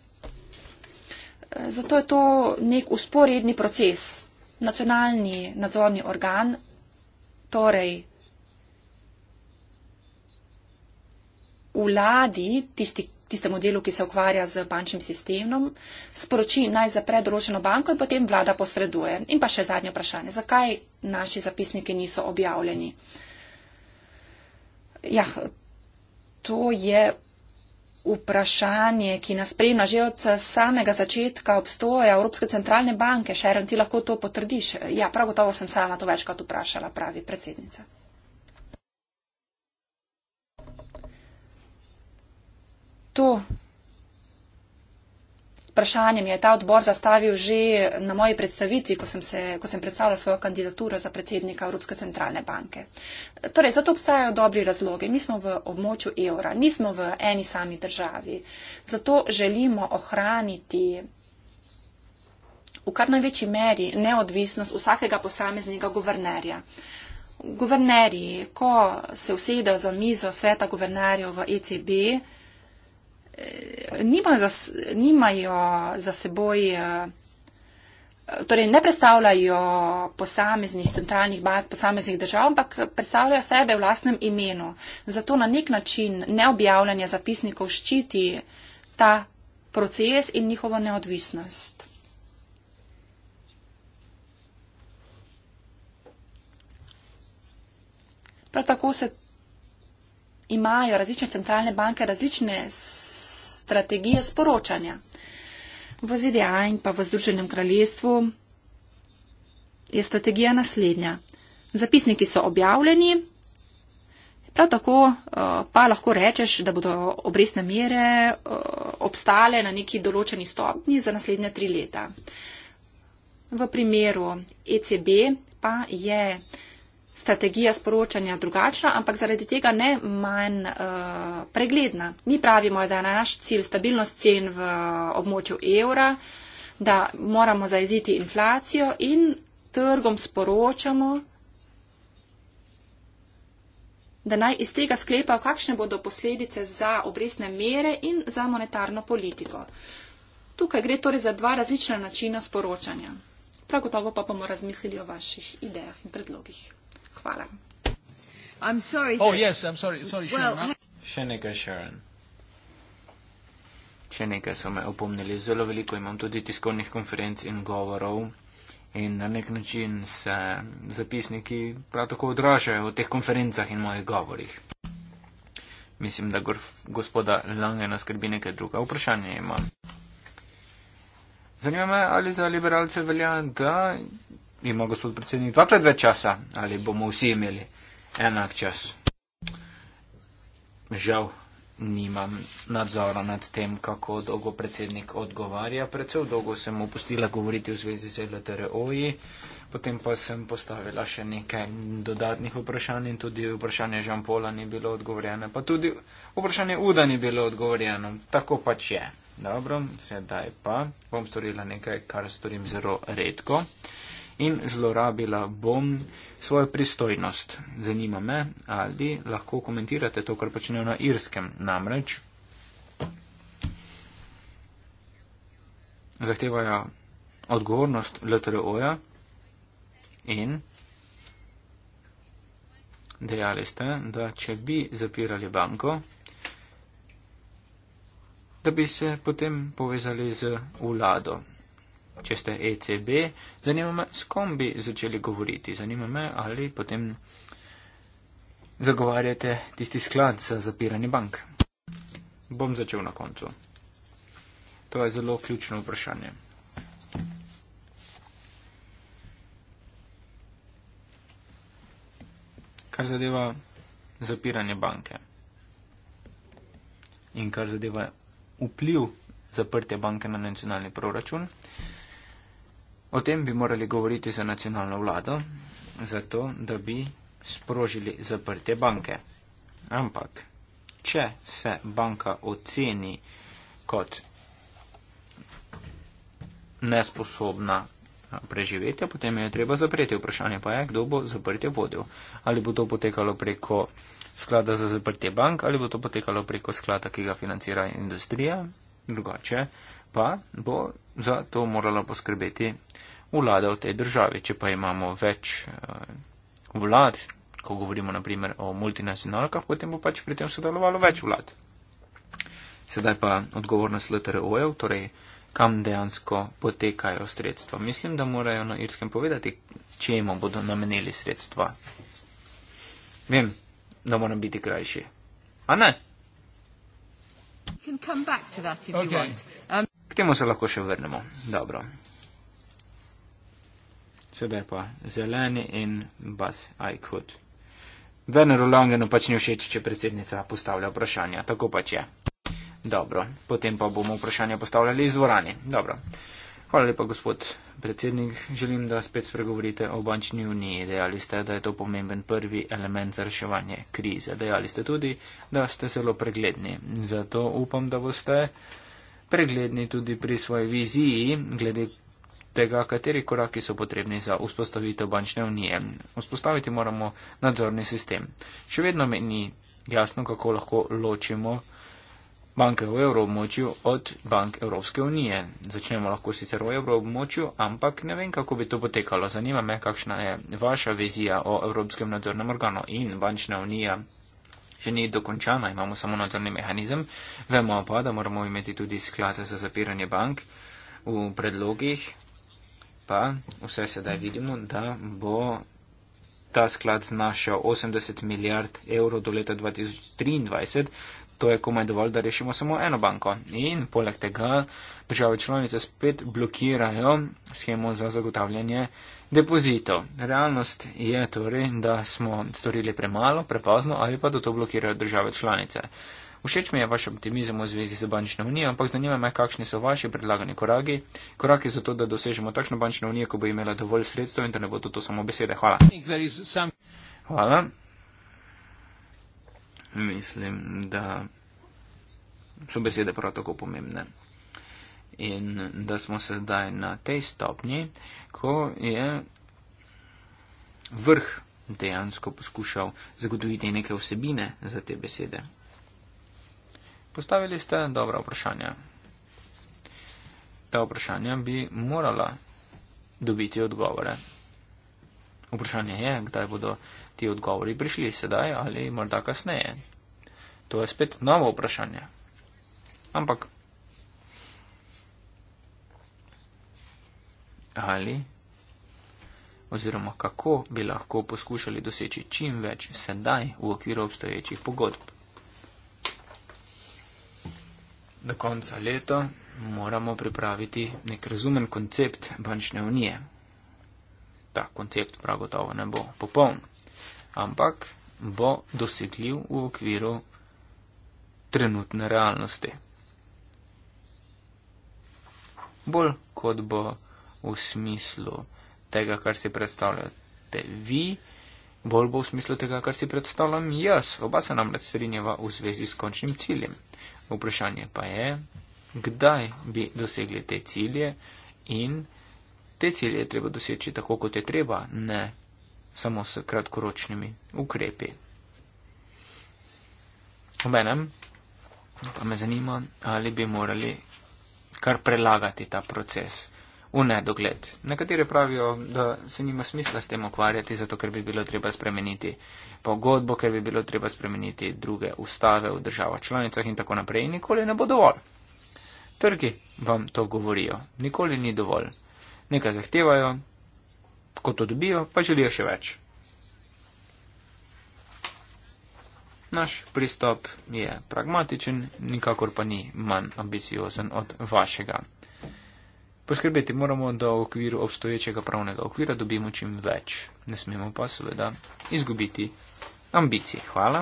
Zato je to nek usporedni proces. Nacionalni nadzorni organ torej vladi, tisti, tistemu delu, ki se ukvarja z bančnim sistemom, sporoči naj zapre določeno banko in potem vlada posreduje. In pa še zadnje vprašanje, zakaj naši zapisniki niso objavljeni? Ja, to je vprašanje, ki nas spremlja že od samega začetka obstoja Evropske centralne banke. Šeren, ti lahko to potrdiš? Ja, prav gotovo sem sama to večkrat vprašala, pravi predsednica. To vprašanje mi je ta odbor zastavil že na moji predstavitvi, ko sem, se, ko sem predstavila svojo kandidaturo za predsednika Evropske centralne banke. Torej, zato obstajajo dobri razloge. Mi smo v območju evra, nismo v eni sami državi. Zato želimo ohraniti v kar največji meri neodvisnost vsakega posameznega guvernerja. Guvernerji, ko se usedejo za mizo sveta guvernerjev v ECB, nimajo za, nimajo za seboj, eh, torej ne predstavljajo posameznih centralnih bank, posameznih držav, ampak predstavljajo sebe v lastnem imenu. Zato na nek način neobjavljanje zapisnikov ščiti ta proces in njihovo neodvisnost. Prav tako se imajo različne centralne banke različne strategije sporočanja. V ZDA in pa v Združenem kraljestvu je strategija naslednja. Zapisniki so objavljeni, prav tako eh, pa lahko rečeš, da bodo obresne mere eh, obstale na neki določeni stopni za naslednja tri leta. V primeru ECB pa je strategija sporočanja drugačna, ampak zaradi tega ne manj uh, pregledna. Mi pravimo, da je na naš cilj stabilnost cen v eh, območju evra, da moramo zaeziti inflacijo in trgom sporočamo, da naj iz tega sklepajo, kakšne bodo posledice za obresne mere in za monetarno politiko. Tukaj gre torej za dva različna načina sporočanja. Prav gotovo pa bomo razmislili o vaših idejah in predlogih hvala. Oh, yes, sorry, sorry, well, še nekaj, Sharon. Še nekaj so me opomnili. Zelo veliko imam tudi tiskovnih konferenc in govorov. In na nek način se zapisniki prav tako odražajo v teh konferencah in mojih govorih. Mislim, da gospoda Lange nas skrbi nekaj druga. Vprašanje ima. Zanima me, ali za liberalce velja, da ima gospod predsednik dvakrat več časa ali bomo vsi imeli enak čas. Žal nimam nadzora nad tem, kako dolgo predsednik odgovarja. Predvsem dolgo sem opustila govoriti v zvezi z LTRO-ji, potem pa sem postavila še nekaj dodatnih vprašanj in tudi vprašanje Žampola ni bilo odgovorjeno, pa tudi vprašanje Uda ni bilo odgovorjeno. Tako pač je. Dobro, sedaj pa bom storila nekaj, kar storim zelo redko in zlorabila bom svojo pristojnost. Zanima me, ali lahko komentirate to, kar počnejo na irskem. Namreč zahtevajo odgovornost LTO-ja in dejali ste, da če bi zapirali banko, da bi se potem povezali z vlado če ste ECB, zanima me, s kom bi začeli govoriti. Zanima me, ali potem zagovarjate tisti sklad za zapiranje bank. Bom začel na koncu. To je zelo ključno vprašanje. Kar zadeva zapiranje banke in kar zadeva vpliv zaprtja banke na nacionalni proračun, O tem bi morali govoriti za nacionalno vlado, zato da bi sprožili zaprte banke. Ampak, če se banka oceni kot nesposobna preživeti, potem je treba zapreti. Vprašanje pa je, kdo bo zaprte vodil. Ali bo to potekalo preko sklada za zaprte bank, ali bo to potekalo preko sklada, ki ga financira industrija, drugače pa bo za to moralo poskrbeti vlada v tej državi. Če pa imamo več eh, vlad, ko govorimo naprimer o multinacionalkah, potem bo pač pri tem sodelovalo več vlad. Sedaj pa odgovornost LTRO-jev, torej kam dejansko potekajo sredstva. Mislim, da morajo na irskem povedati, čemu bodo namenili sredstva. Vem, da moram biti krajši. A ne? Um, K temu se lahko še vrnemo. Dobro sebe pa zeleni in bas ajkud. Werner Langenu pač ni všeč, če predsednica postavlja vprašanja, tako pač je. Dobro, potem pa bomo vprašanja postavljali iz dvorani. Dobro. Hvala lepa, gospod predsednik. Želim, da spet spregovorite o bančni uniji. Dejali ste, da je to pomemben prvi element za reševanje krize. Dejali ste tudi, da ste zelo pregledni. Zato upam, da boste pregledni tudi pri svoji viziji glede tega, kateri koraki so potrebni za vzpostavitev bančne unije. Vzpostaviti moramo nadzorni sistem. Še vedno mi ni jasno, kako lahko ločimo banke v evroobmočju od bank Evropske unije. Začnemo lahko sicer v evroobmočju, ampak ne vem, kako bi to potekalo. Zanima me, kakšna je vaša vizija o Evropskem nadzornem organu in bančna unija. Če ni dokončana, imamo samo nadzorni mehanizem, vemo pa, da moramo imeti tudi sklad za zapiranje bank. V predlogih pa vse sedaj vidimo, da bo ta sklad znašal 80 milijard evrov do leta 2023. To je komaj dovolj, da rešimo samo eno banko. In poleg tega države članice spet blokirajo schemo za zagotavljanje depozitov. Realnost je torej, da smo storili premalo, prepozno ali pa da to blokirajo države članice. Všeč mi je vaš optimizem v zvezi z bančno unijo, ampak zanima me, kakšni so vaši predlagani koragi, koraki za to, da dosežemo takšno bančno unijo, ko bo imela dovolj sredstev in da ne bo to samo besede. Hvala. Hvala. Mislim, da so besede prav tako pomembne. In da smo sedaj na tej stopnji, ko je vrh dejansko poskušal zagotoviti neke vsebine za te besede. Postavili ste dobra vprašanja. Ta vprašanja bi morala dobiti odgovore. Vprašanje je, kdaj bodo ti odgovori prišli sedaj ali morda kasneje. To je spet novo vprašanje. Ampak ali oziroma kako bi lahko poskušali doseči čim več sedaj v okviru obstoječih pogodb. do konca leta moramo pripraviti nek razumen koncept bančne unije. Ta koncept prav gotovo ne bo popoln, ampak bo dosegljiv v okviru trenutne realnosti. Bolj kot bo v smislu tega, kar si predstavljate vi, bolj bo v smislu tega, kar si predstavljam jaz. Oba se namreč strinjava v zvezi s končnim ciljem. Vprašanje pa je, kdaj bi dosegli te cilje in te cilje je treba doseči tako, kot je treba, ne samo s kratkoročnimi ukrepi. Obenem pa me zanima, ali bi morali kar prelagati ta proces v nedogled. Nekateri pravijo, da se nima smisla s tem ukvarjati, zato ker bi bilo treba spremeniti pogodbo, ker bi bilo treba spremeniti druge ustave v državah članicah in tako naprej. In nikoli ne bo dovolj. Trgi vam to govorijo. Nikoli ni dovolj. Nekaj zahtevajo, ko to dobijo, pa želijo še več. Naš pristop je pragmatičen, nikakor pa ni manj ambiciozen od vašega. Poskrbeti moramo, da v okviru obstoječega pravnega okvira dobimo čim več. Ne smemo pa seveda izgubiti ambicij. Hvala.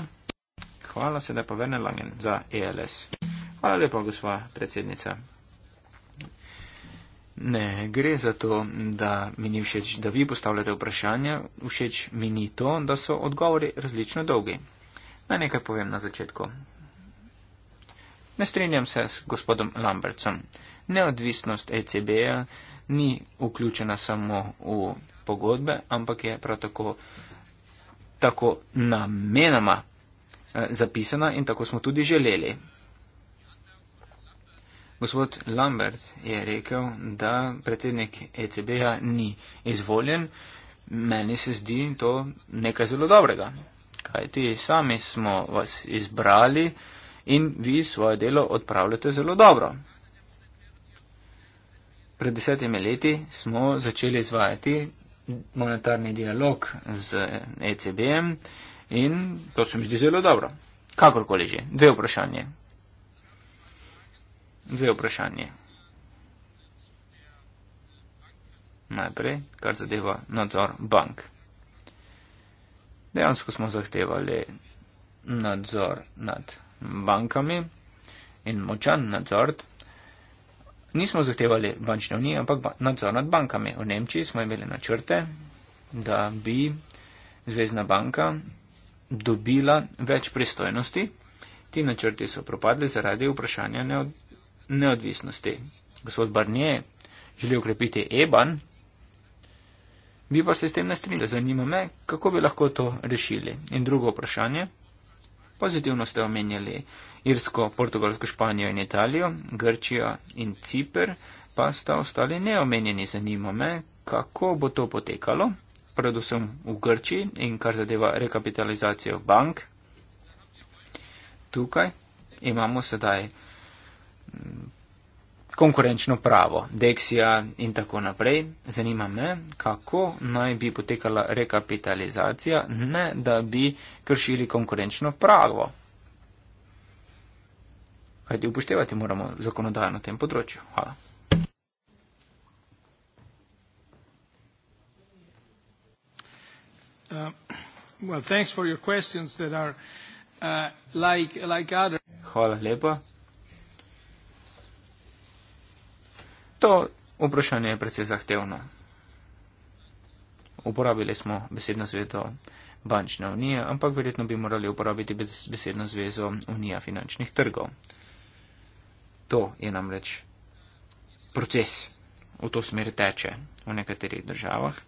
Hvala sedaj pa Verne Langen za ELS. Hvala lepa, gospa predsednica. Ne, gre za to, da mi ni všeč, da vi postavljate vprašanja. Všeč mi ni to, da so odgovori različno dolgi. Naj nekaj povem na začetku. Ne strinjam se s gospodom Lambertsom. Neodvisnost ECB-ja ni vključena samo v pogodbe, ampak je prav tako, tako namenoma eh, zapisana in tako smo tudi želeli. Gospod Lambert je rekel, da predsednik ECB-ja ni izvoljen. Meni se zdi to nekaj zelo dobrega, kajti sami smo vas izbrali in vi svoje delo odpravljate zelo dobro. Pred desetimi leti smo začeli izvajati monetarni dialog z ECB-em in to se mi zdi zelo dobro. Kakorkoli že, dve vprašanje. Dve vprašanje. Najprej, kar zadeva nadzor bank. Dejansko smo zahtevali nadzor nad bankami in močan nadzor. Nismo zahtevali bančne unije, ampak nadzor nad bankami. V Nemčiji smo imeli načrte, da bi Zvezdna banka dobila več pristojnosti. Ti načrti so propadli zaradi vprašanja neod neodvisnosti. Gospod Barnier želi ukrepiti EBAN, bi pa se s tem ne strinjal. Zanima me, kako bi lahko to rešili. In drugo vprašanje pozitivno ste omenjali Irsko, Portugalsko, Španijo in Italijo, Grčijo in Cipr, pa sta ostali neomenjeni. Zanima me, kako bo to potekalo, predvsem v Grčiji in kar zadeva rekapitalizacijo bank. Tukaj imamo sedaj konkurenčno pravo, deksija in tako naprej. Zanima me, kako naj bi potekala rekapitalizacija, ne da bi kršili konkurenčno pravo. Kajti upoštevati moramo zakonodajo na tem področju. Hvala. Uh, well, are, uh, like, like other... Hvala lepa to vprašanje je precej zahtevno. Uporabili smo besedno zvezo bančne unije, ampak verjetno bi morali uporabiti besedno zvezo unija finančnih trgov. To je namreč proces, v to smer teče v nekaterih državah.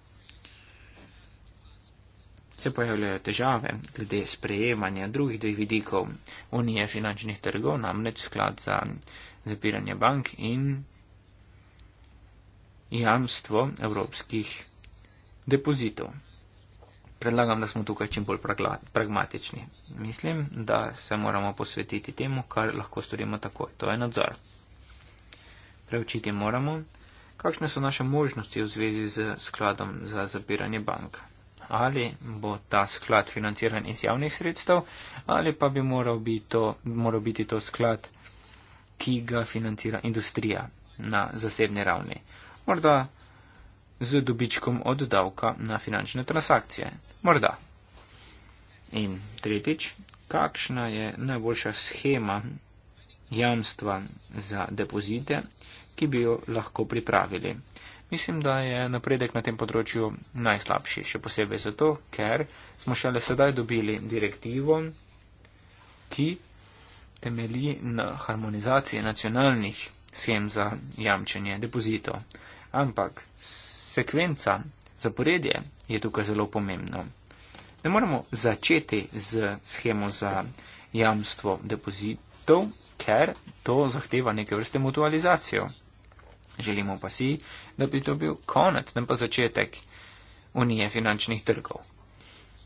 Se pojavljajo težave glede sprejemanja drugih dveh vidikov unije finančnih trgov, namreč sklad za zapiranje bank in jamstvo evropskih depozitov. Predlagam, da smo tukaj čim bolj pragmatični. Mislim, da se moramo posvetiti temu, kar lahko storimo takoj. To je nadzor. Preučiti moramo, kakšne so naše možnosti v zvezi z skladom za zapiranje bank. Ali bo ta sklad financiran iz javnih sredstev, ali pa bi moral biti to, moral biti to sklad, ki ga financira industrija na zasebni ravni morda z dobičkom od davka na finančne transakcije. Morda. In tretjič, kakšna je najboljša schema jamstva za depozite, ki bi jo lahko pripravili. Mislim, da je napredek na tem področju najslabši, še posebej zato, ker smo šele sedaj dobili direktivo, ki temelji na harmonizaciji nacionalnih schem za jamčenje depozitov ampak sekvenca, zaporedje je tukaj zelo pomembno. Ne moramo začeti z schemo za jamstvo depozitov, ker to zahteva neke vrste mutualizacijo. Želimo pa si, da bi to bil konec, ne pa začetek unije finančnih trgov.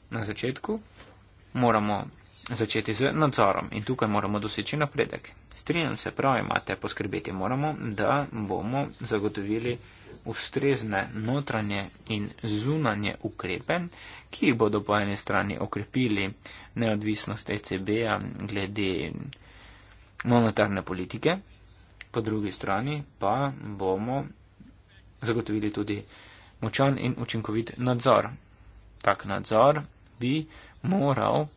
Na začetku moramo začeti z nadzorom in tukaj moramo doseči napredek. Strinjam se, prav imate, poskrbeti moramo, da bomo zagotovili ustrezne notranje in zunanje ukrepe, ki bodo po eni strani okrepili neodvisnost ECB-ja glede monetarne politike, po drugi strani pa bomo zagotovili tudi močan in učinkovit nadzor. Tak nadzor bi moral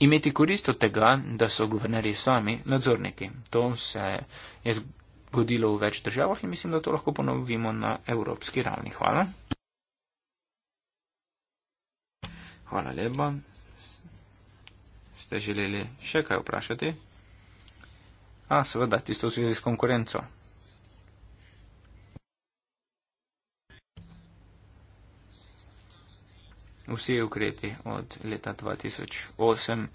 imeti korist od tega, da so guvernerji sami nadzorniki. To se je godilo v več državah in mislim, da to lahko ponovimo na evropski ravni. Hvala. Hvala lepa. Ste želeli še kaj vprašati? A, seveda, tisto v zvezi s konkurenco. Vsi ukrepi od leta 2008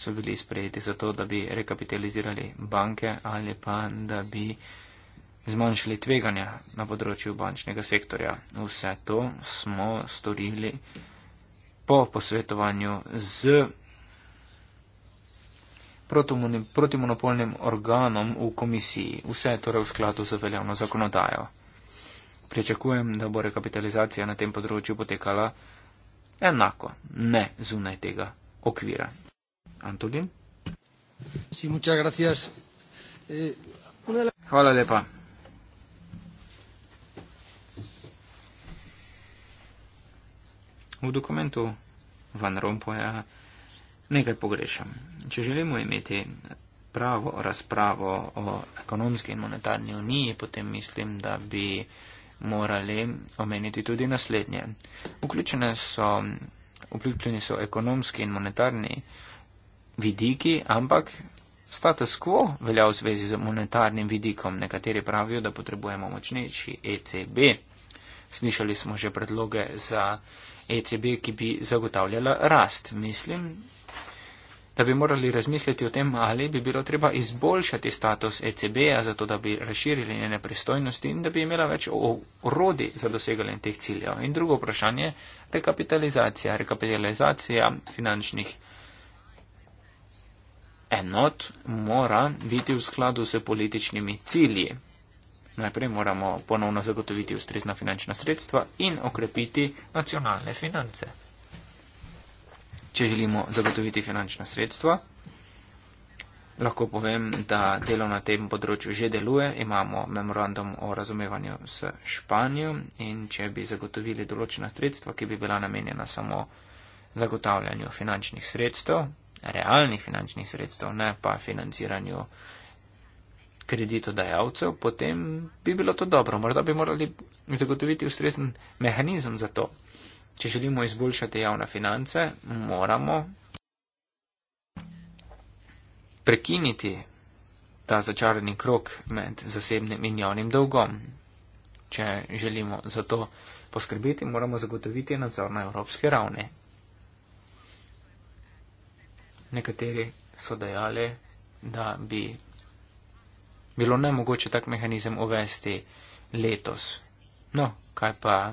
so bili sprejeti zato, da bi rekapitalizirali banke ali pa da bi zmanjšali tveganja na področju bančnega sektorja. Vse to smo storili po posvetovanju z protimonopolnim organom v komisiji. Vse je torej v skladu z veljavno zakonodajo. Pričakujem, da bo rekapitalizacija na tem področju potekala enako, ne zunaj tega okvira. Antolin. Sí, muchas gracias. Eh, una de la... Hvala lepa. V dokumentu Van Rompuya nekaj pogrešam. Če želimo imeti pravo razpravo o ekonomski in monetarni uniji, potem mislim, da bi morali omeniti tudi naslednje. Vključeni so, so ekonomski in monetarni vidiki, ampak status quo velja v zvezi z monetarnim vidikom. Nekateri pravijo, da potrebujemo močnejši ECB. Slišali smo že predloge za ECB, ki bi zagotavljala rast. Mislim, da bi morali razmisliti o tem, ali bi bilo treba izboljšati status ECB-ja, zato da bi razširili njene pristojnosti in da bi imela več orodi za doseganje teh ciljev. In drugo vprašanje, rekapitalizacija, rekapitalizacija finančnih enot mora biti v skladu s političnimi cilji. Najprej moramo ponovno zagotoviti ustrezna finančna sredstva in okrepiti nacionalne finance. Če želimo zagotoviti finančna sredstva, lahko povem, da delo na tem področju že deluje. Imamo memorandum o razumevanju s Španijo in če bi zagotovili določena sredstva, ki bi bila namenjena samo zagotavljanju finančnih sredstev, realnih finančnih sredstev, ne pa financiranju kreditodajalcev, potem bi bilo to dobro. Morda bi morali zagotoviti ustrezen mehanizem za to. Če želimo izboljšati javne finance, moramo prekiniti ta začarani krok med zasebnim in javnim dolgom. Če želimo za to poskrbiti, moramo zagotoviti nadzor na evropski ravni nekateri so dejali, da bi bilo nemogoče tak mehanizem uvesti letos. No, kaj pa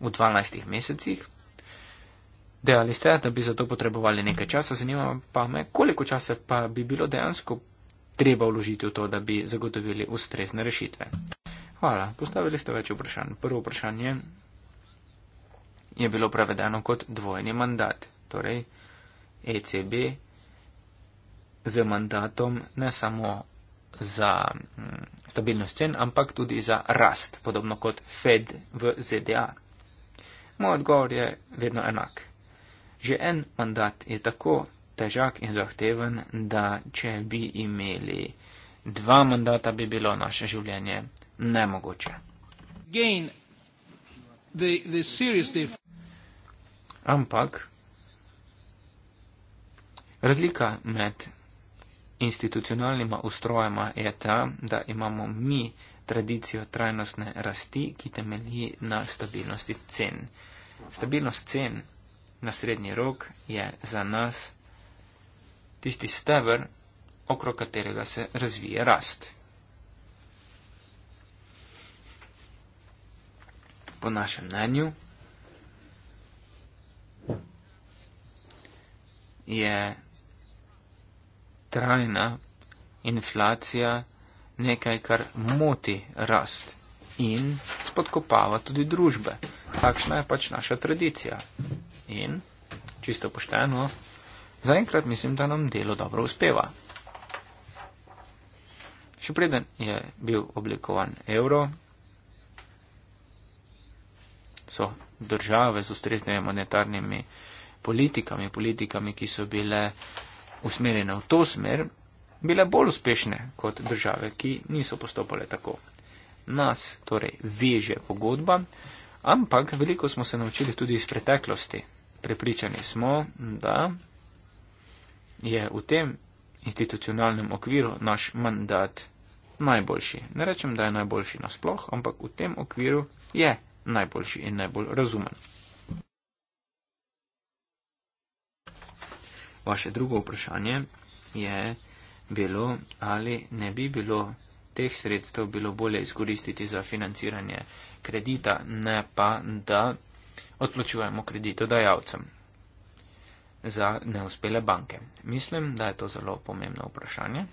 v 12 mesecih? Dejali ste, da bi za to potrebovali nekaj časa, zanima pa me, koliko časa pa bi bilo dejansko treba vložiti v to, da bi zagotovili ustrezne rešitve. Hvala, postavili ste več vprašanj. Prvo vprašanje je bilo prevedeno kot dvojni mandat, torej ECB z mandatom ne samo za mm, stabilnost cen, ampak tudi za rast, podobno kot Fed v ZDA. Moj odgovor je vedno enak. Že en mandat je tako težak in zahteven, da če bi imeli dva mandata, bi bilo naše življenje nemogoče. Ampak Razlika med institucionalnima ustrojema je ta, da imamo mi tradicijo trajnostne rasti, ki temelji na stabilnosti cen. Stabilnost cen na srednji rok je za nas tisti stebr, okrog katerega se razvije rast. Po našem mnenju je trajna inflacija nekaj, kar moti rast in spodkopava tudi družbe. Takšna je pač naša tradicija. In, čisto pošteno, zaenkrat mislim, da nam delo dobro uspeva. Še preden je bil oblikovan evro, so države z ustreznimi monetarnimi politikami, politikami, ki so bile usmerjene v to smer, bile bolj uspešne kot države, ki niso postopale tako. Nas torej veže pogodba, ampak veliko smo se naučili tudi iz preteklosti. Prepričani smo, da je v tem institucionalnem okviru naš mandat najboljši. Ne rečem, da je najboljši nasploh, ampak v tem okviru je najboljši in najbolj razumen. Vaše drugo vprašanje je bilo, ali ne bi bilo teh sredstev bilo bolje izkoristiti za financiranje kredita, ne pa, da odplačujemo kreditodajalcem za neuspele banke. Mislim, da je to zelo pomembno vprašanje.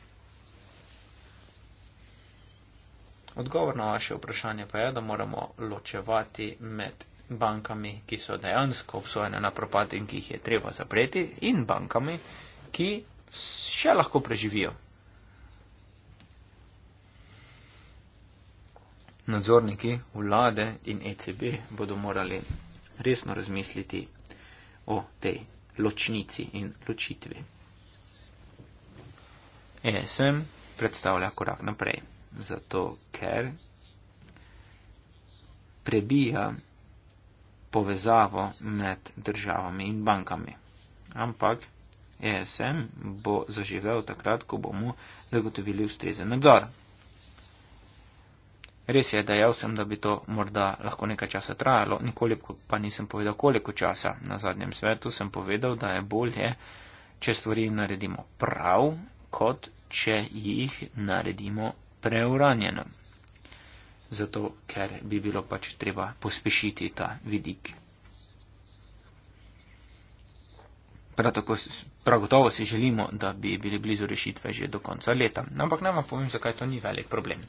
Odgovor na vaše vprašanje pa je, da moramo ločevati med bankami, ki so dejansko obsojene na propad in ki jih je treba zapreti, in bankami, ki še lahko preživijo. Nadzorniki vlade in ECB bodo morali resno razmisliti o tej ločnici in ločitvi. ESM predstavlja korak naprej, zato ker prebija povezavo med državami in bankami. Ampak ESM bo zaživel takrat, ko bomo zagotovili ustrezen nadzor. Res je, dejal sem, da bi to morda lahko nekaj časa trajalo, nikoli pa nisem povedal, koliko časa. Na zadnjem svetu sem povedal, da je bolje, če stvari naredimo prav, kot če jih naredimo preuranjeno zato ker bi bilo pač treba pospešiti ta vidik. Prav tako, prav gotovo si želimo, da bi bili blizu rešitve že do konca leta. Ampak naj vam povem, zakaj to ni velik problem.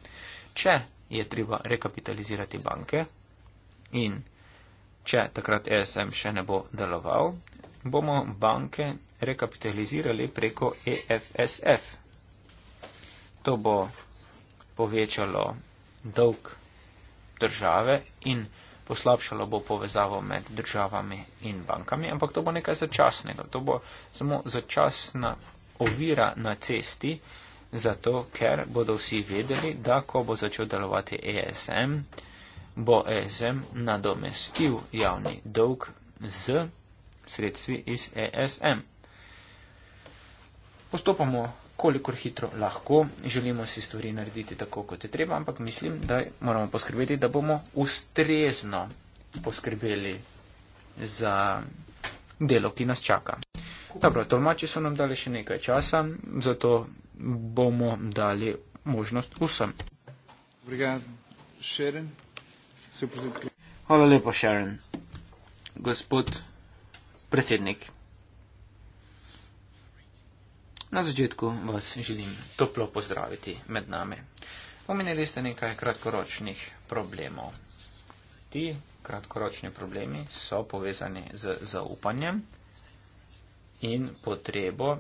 Če je treba rekapitalizirati banke in če takrat ESM še ne bo deloval, bomo banke rekapitalizirali preko EFSF. To bo povečalo dolg države in poslabšalo bo povezavo med državami in bankami, ampak to bo nekaj začasnega. To bo samo začasna ovira na cesti, zato ker bodo vsi vedeli, da ko bo začel delovati ESM, bo ESM nadomestil javni dolg z sredstvi iz ESM. Postopamo kolikor hitro lahko, želimo si stvari narediti tako, kot je treba, ampak mislim, da moramo poskrbeti, da bomo ustrezno poskrbeli za delo, ki nas čaka. Dobro, tolmači so nam dali še nekaj časa, zato bomo dali možnost vsem. Hvala lepa, Sharon. Gospod predsednik. Na začetku vas želim toplo pozdraviti med nami. Omenili ste nekaj kratkoročnih problemov. Ti kratkoročni problemi so povezani z zaupanjem in potrebo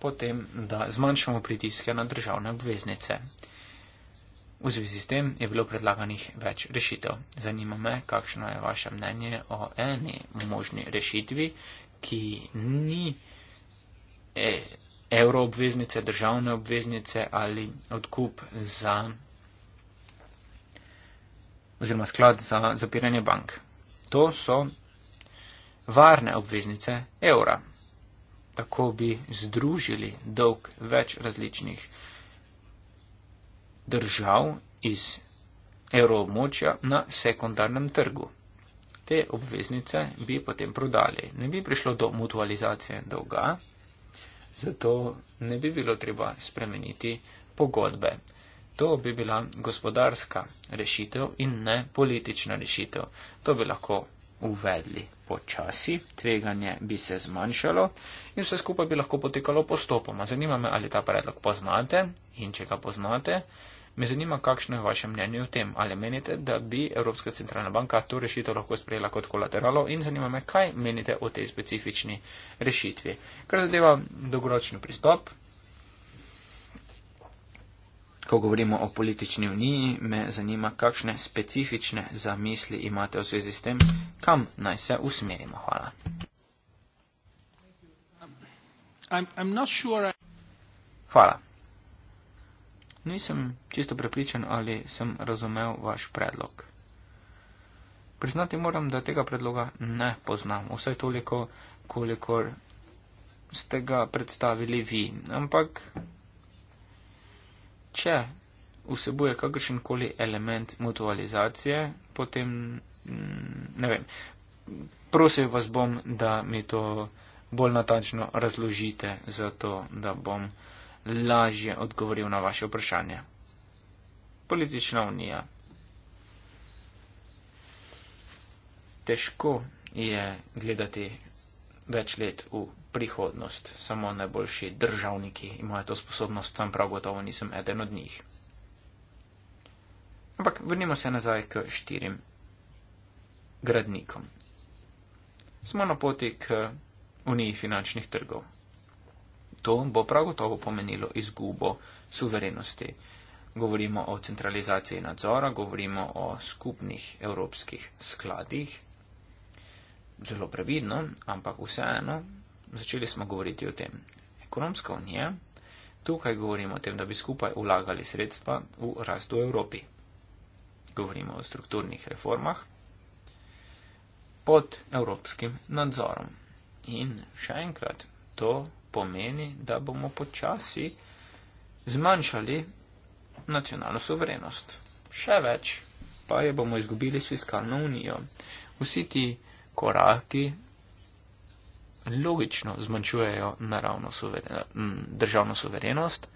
potem, da zmanjšamo pritiske na državne obveznice. V zvezi s tem je bilo predlaganih več rešitev. Zanima me, kakšno je vaše mnenje o eni možni rešitvi, ki ni. E, evroobveznice, državne obveznice ali odkup za oziroma sklad za zapiranje bank. To so varne obveznice evra. Tako bi združili dolg več različnih držav iz evroobmočja na sekundarnem trgu. Te obveznice bi potem prodali. Ne bi prišlo do mutualizacije dolga, zato ne bi bilo treba spremeniti pogodbe. To bi bila gospodarska rešitev in ne politična rešitev. To bi lahko uvedli počasi, tveganje bi se zmanjšalo in vse skupaj bi lahko potekalo postopoma. Zanima me, ali ta predlog poznate in če ga poznate, Me zanima, kakšno je vaše mnenje o tem. Ali menite, da bi Evropska centralna banka to rešitev lahko sprejela kot kolateralo in zanima me, kaj menite o tej specifični rešitvi. Kar zadeva dolgoročni pristop, ko govorimo o politični uniji, me zanima, kakšne specifične zamisli imate v zvezi s tem, kam naj se usmerimo. Hvala. I'm, I'm sure I... Hvala. Nisem čisto prepričan, ali sem razumel vaš predlog. Priznati moram, da tega predloga ne poznam, vsaj toliko, kolikor ste ga predstavili vi. Ampak, če vsebuje kakršenkoli element mutualizacije, potem mm, ne vem. Prosil vas bom, da mi to bolj natančno razložite, zato da bom lažje odgovoril na vaše vprašanje. Politična unija. Težko je gledati več let v prihodnost, samo najboljši državniki imajo to sposobnost, sam prav gotovo nisem eden od njih. Ampak vrnimo se nazaj k štirim gradnikom. Smo na poti k uniji finančnih trgov. To bo prav gotovo pomenilo izgubo suverenosti. Govorimo o centralizaciji nadzora, govorimo o skupnih evropskih skladih. Zelo previdno, ampak vseeno začeli smo govoriti o tem. Ekonomska unija, tukaj govorimo o tem, da bi skupaj ulagali sredstva v rast v Evropi. Govorimo o strukturnih reformah pod evropskim nadzorom. In še enkrat, to pomeni, da bomo počasi zmanjšali nacionalno soverenost. Še več pa je bomo izgubili s fiskalno unijo. Vsi ti koraki logično zmanjšujejo naravno soverenost, državno soverenost,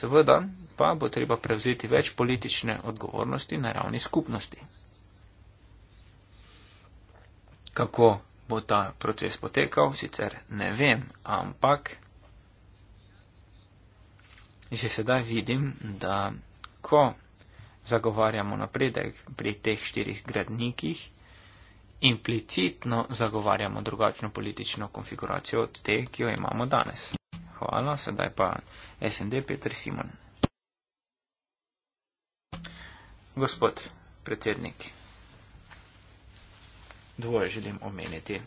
seveda pa bo treba prevzeti več politične odgovornosti na ravni skupnosti. Kako bo ta proces potekal, sicer ne vem, ampak že sedaj vidim, da ko zagovarjamo napredek pri teh štirih gradnikih, implicitno zagovarjamo drugačno politično konfiguracijo od te, ki jo imamo danes. Hvala, sedaj pa SND Petr Simon. Gospod predsednik, dvoje želim omeniti.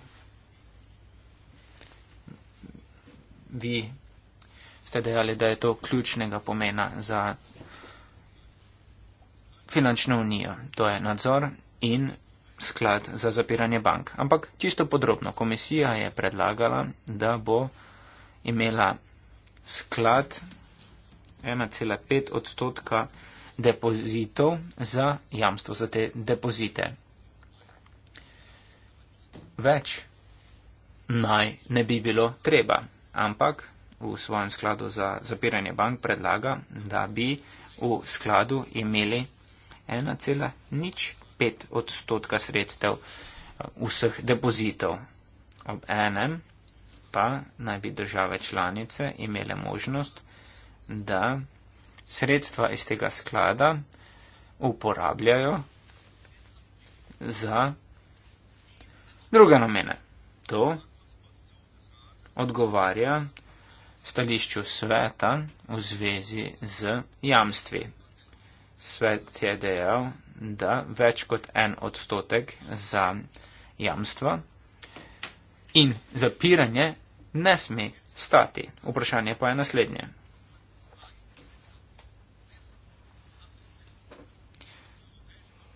Vi ste dejali, da je to ključnega pomena za finančno unijo. To je nadzor in sklad za zapiranje bank. Ampak čisto podrobno, komisija je predlagala, da bo imela sklad 1,5 odstotka depozitov za jamstvo za te depozite več naj ne bi bilo treba, ampak v svojem skladu za zapiranje bank predlaga, da bi v skladu imeli 1,05 odstotka sredstev eh, vseh depozitov. Ob enem pa naj bi države članice imele možnost, da sredstva iz tega sklada uporabljajo za druge namene. To odgovarja stališču sveta v zvezi z jamstvi. Svet je dejal, da več kot en odstotek za jamstva in zapiranje ne sme stati. Vprašanje pa je naslednje.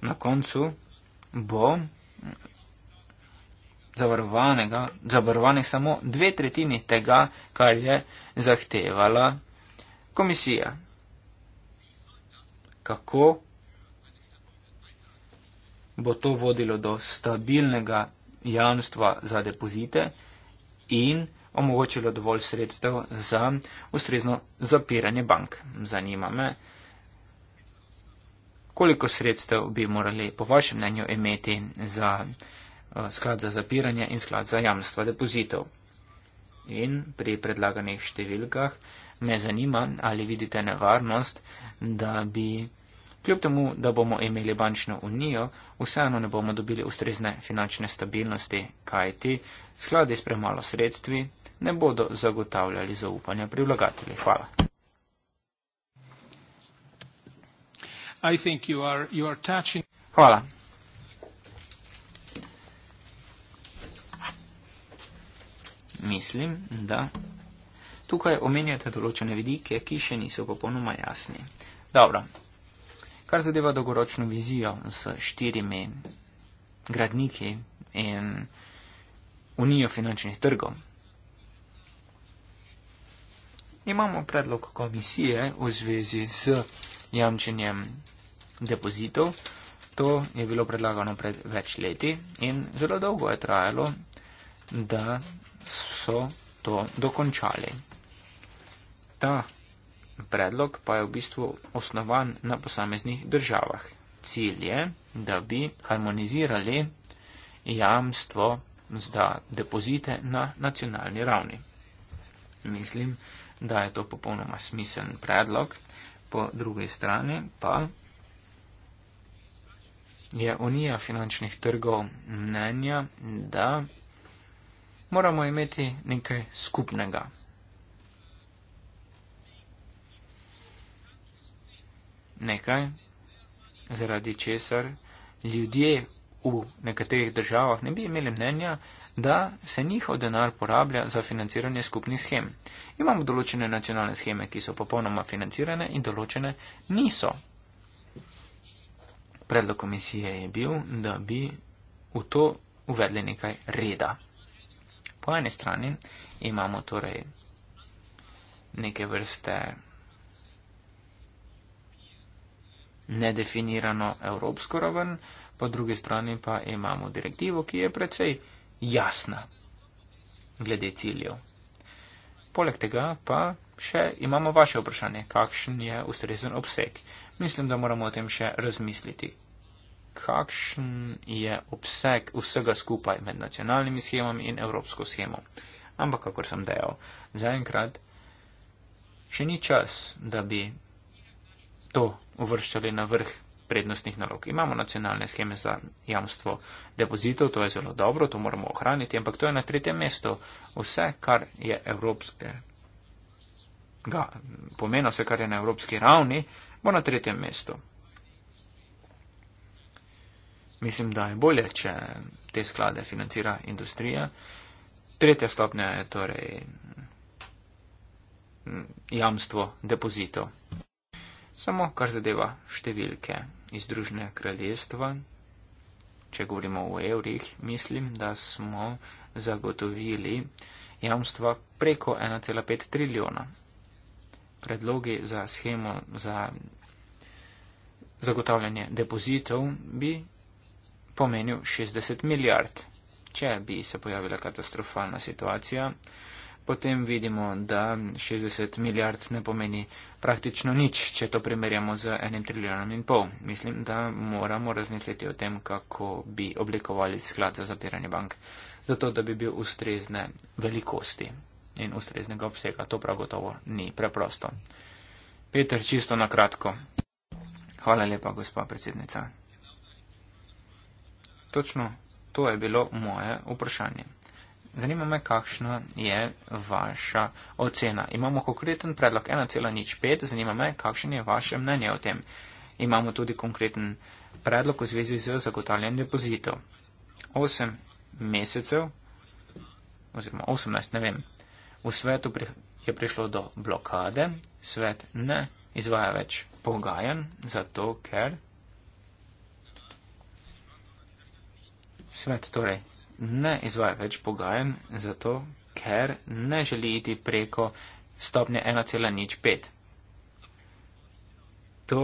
Na koncu bo zavarovanega, zavarovanih samo dve tretjini tega, kar je zahtevala komisija. Kako bo to vodilo do stabilnega jamstva za depozite in omogočilo dovolj sredstev za ustrezno zapiranje bank. Zanima me, koliko sredstev bi morali po vašem mnenju imeti za Eh, sklad za zapiranje in sklad za jamstva depozitov. In pri predlaganih številkah me zanima, ali vidite nevarnost, da bi, kljub temu, da bomo imeli bančno unijo, vseeno ne bomo dobili ustrezne finančne stabilnosti, kajti skladi s premalo sredstvi ne bodo zagotavljali zaupanja pri vlagatelji. Hvala. Hvala. mislim, da tukaj omenjate določene vidike, ki še niso popolnoma jasni. Dobro, kar zadeva dolgoročno vizijo s štirimi gradniki in unijo finančnih trgov. Imamo predlog komisije v zvezi z jamčenjem depozitov. To je bilo predlagano pred več leti in zelo dolgo je trajalo, da so to dokončali. Ta predlog pa je v bistvu osnovan na posameznih državah. Cilj je, da bi harmonizirali jamstvo za depozite na nacionalni ravni. Mislim, da je to popolnoma smiseln predlog, po drugi strani pa je Unija finančnih trgov mnenja, da moramo imeti nekaj skupnega. Nekaj, zaradi česar ljudje v nekaterih državah ne bi imeli mnenja, da se njihov denar porablja za financiranje skupnih schem. Imamo določene nacionalne scheme, ki so popolnoma financirane in določene niso. Predlog komisije je bil, da bi v to uvedli nekaj reda po eni strani imamo torej neke vrste nedefinirano evropsko raven, po drugi strani pa imamo direktivo, ki je precej jasna glede ciljev. Poleg tega pa še imamo vaše vprašanje, kakšen je ustrezen obseg. Mislim, da moramo o tem še razmisliti, kakšen je obseg vsega skupaj med nacionalnimi schemami in evropsko schemo. Ampak, kakor sem dejal, zaenkrat še ni čas, da bi to uvrščali na vrh prednostnih nalog. Imamo nacionalne scheme za jamstvo depozitov, to je zelo dobro, to moramo ohraniti, ampak to je na tretjem mestu. Vse, kar je evropske. Ga, pomena se, kar je na evropski ravni, bo na tretjem mestu. Mislim, da je bolje, če te sklade financira industrija. Tretja stopnja je torej mm, jamstvo depozitov. Samo kar zadeva številke iz Združene kraljestva, če govorimo o evrih, mislim, da smo zagotovili jamstva preko 1,5 trilijona. Predlogi za schemo za zagotavljanje depozitov bi pomenil 60 milijard. Če bi se pojavila katastrofalna situacija, potem vidimo, da 60 milijard ne pomeni praktično nič, če to primerjamo z enim trilijonom in pol. Mislim, da moramo razmisliti o tem, kako bi oblikovali sklad za zapiranje bank, zato da bi bil ustrezne velikosti in ustreznega obsega. To prav gotovo ni preprosto. Peter, čisto na kratko. Hvala lepa, gospa predsednica. Točno to je bilo moje vprašanje. Zanima me, kakšna je vaša ocena. Imamo konkreten predlog 1,05, zanima me, kakšno je vaše mnenje o tem. Imamo tudi konkreten predlog v zvezi z zagotavljanjem depozitov. 8 mesecev, oziroma 18, ne vem, v svetu je prišlo do blokade, svet ne izvaja več pogajanj, zato ker Svet torej ne izvaja več pogajen, zato ker ne želi iti preko stopnje 1,05. To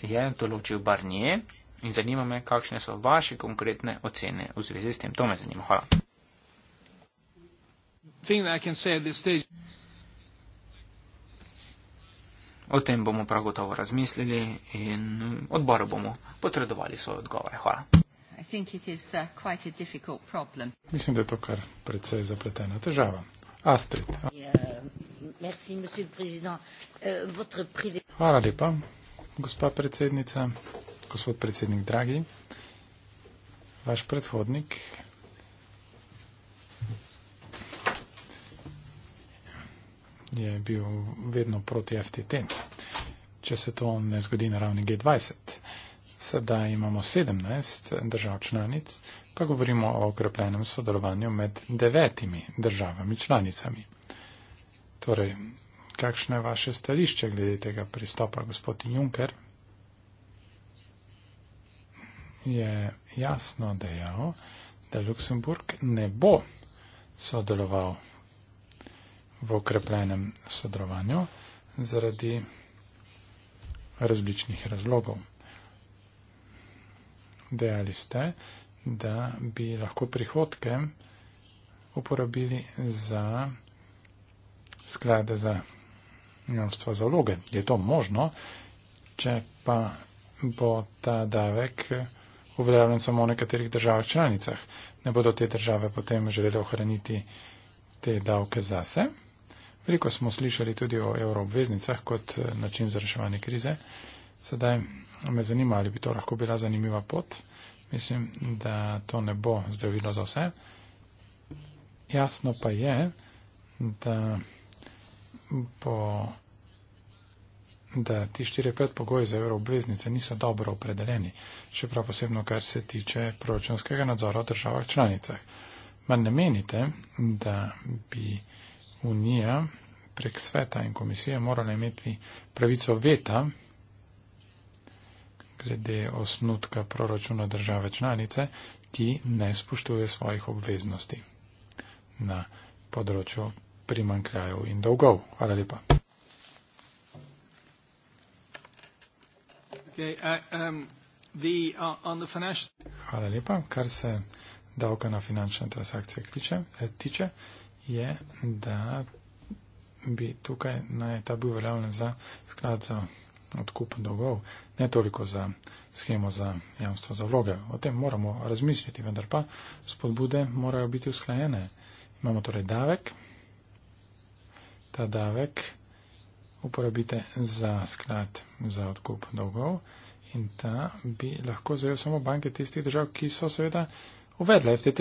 je določil Barnier in zanima me, kakšne so vaše konkretne ocene v zvezi s tem. To me zanima. Hvala. O tem bomo prav gotovo razmislili in odboru bomo potredovali svoje odgovore. Hvala. Uh, Mislim, da je to kar predvsej zapletena težava. Astrid. Ja, euh, Hvala lepa, gospa predsednica, gospod predsednik Dragi. Vaš predhodnik je bil vedno proti FTT, če se to ne zgodi na ravni G20. Sedaj imamo 17 držav članic, pa govorimo o okrepljenem sodelovanju med devetimi državami članicami. Torej, kakšno je vaše stališče glede tega pristopa, gospod Juncker? Je jasno dejal, da Luksemburg ne bo sodeloval v okrepljenem sodelovanju zaradi različnih razlogov dejali ste, da bi lahko prihodke uporabili za sklade za jamstva za vloge. Je to možno, če pa bo ta davek uveljavljen samo v nekaterih državah članicah. Ne bodo te države potem želele ohraniti te davke zase. Veliko smo slišali tudi o evroobveznicah kot način za reševanje krize. Sedaj me zanima, ali bi to lahko bila zanimiva pot. Mislim, da to ne bo zdravilo za vse. Jasno pa je, da, bo, da ti štiri pet pogoji za euroobveznice niso dobro opredeljeni, še prav posebno, kar se tiče proračunskega nadzora v državah članicah. Manj ne menite, da bi Unija prek sveta in komisije morala imeti pravico veta glede osnutka proračuna države članice, ki ne spoštuje svojih obveznosti na področju primankljajev in dolgov. Hvala lepa. Okay, uh, um, the, uh, financial... Hvala lepa. Kar se davka na finančne transakcije kliče, eh, tiče, je, da bi tukaj naj ta bil veljavljen za sklad za odkup dolgov, ne toliko za schemo za jamstvo za vloge. O tem moramo razmisliti, vendar pa spodbude morajo biti usklajene. Imamo torej davek. Ta davek uporabite za sklad za odkup dolgov in ta bi lahko zajel samo banke tistih držav, ki so seveda uvedle FTT.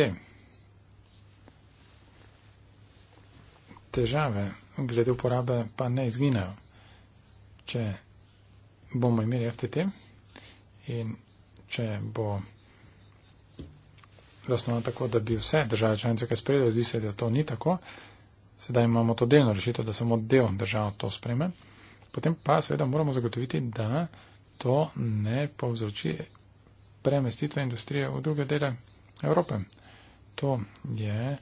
Težave glede uporabe pa ne izginejo. Če bomo imeli FTT in če bo zasnovan tako, da bi vse države članice kaj sprejeli, zdi se, da to ni tako, sedaj imamo to delno rešitev, da samo del držav to spreme, potem pa seveda moramo zagotoviti, da to ne povzroči premestitve industrije v druge dele Evrope. To je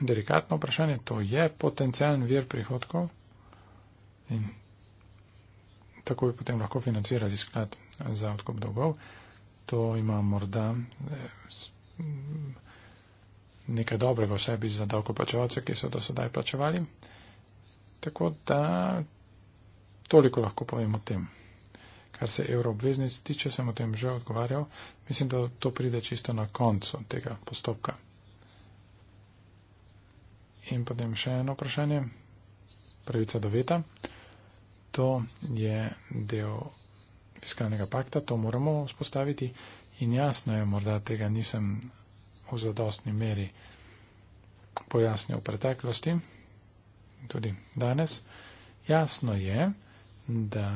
delikatno vprašanje, to je potencijalen vir prihodkov in tako bi potem lahko financirali sklad za odkop dolgov. To ima morda eh, nekaj dobrega v sebi za davkoplačevalce, ki so do sedaj plačevali. Tako da toliko lahko povem o tem. Kar se evroobveznic tiče, sem o tem že odgovarjal. Mislim, da to pride čisto na koncu tega postopka. In potem še eno vprašanje. Pravica do veta to je del fiskalnega pakta, to moramo spostaviti in jasno je, morda tega nisem v zadostni meri pojasnil v preteklosti, tudi danes. Jasno je, da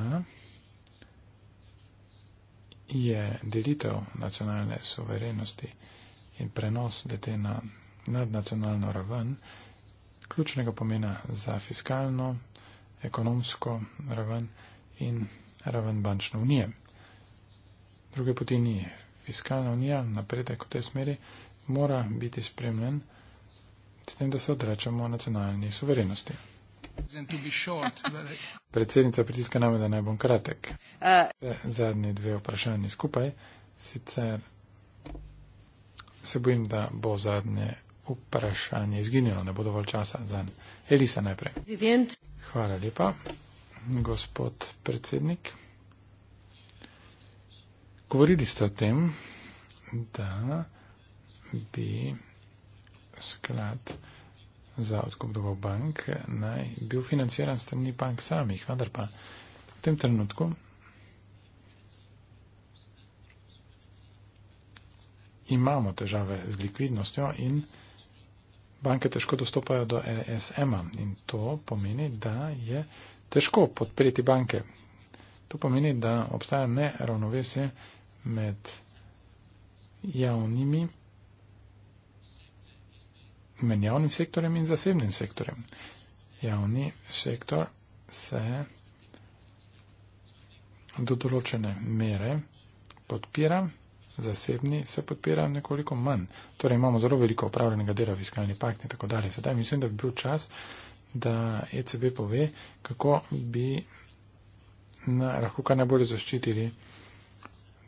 je delitev nacionalne suverenosti in prenos dete na nadnacionalno raven ključnega pomena za fiskalno ekonomsko raven in raven bančne unije. Druge poti ni. Fiskalna unija, napredek v tej smeri, mora biti spremljen s tem, da se odrečemo nacionalni suverenosti. Predsednica pritiska name, da naj bom kratek. Eh. Zadnji dve vprašanji skupaj. Sicer se bojim, da bo zadnje vprašanje izginilo, ne bo dovolj časa za Elisa najprej. Prezident. Hvala lepa, gospod predsednik. Govorili ste o tem, da bi sklad za odkup dolgov bank naj bil financiran strani bank samih, vendar pa v tem trenutku imamo težave z likvidnostjo in banke težko dostopajo do ESM-a in to pomeni, da je težko podpreti banke. To pomeni, da obstaja neravnovesje med javnimi, med javnim sektorjem in zasebnim sektorjem. Javni sektor se do določene mere podpira zasebni se podpira nekoliko manj. Torej imamo zelo veliko opravljenega dela v fiskalni pakt in tako dalje. Sedaj mislim, da bi bil čas, da ECB pove, kako bi na, lahko kar najbolje zaščitili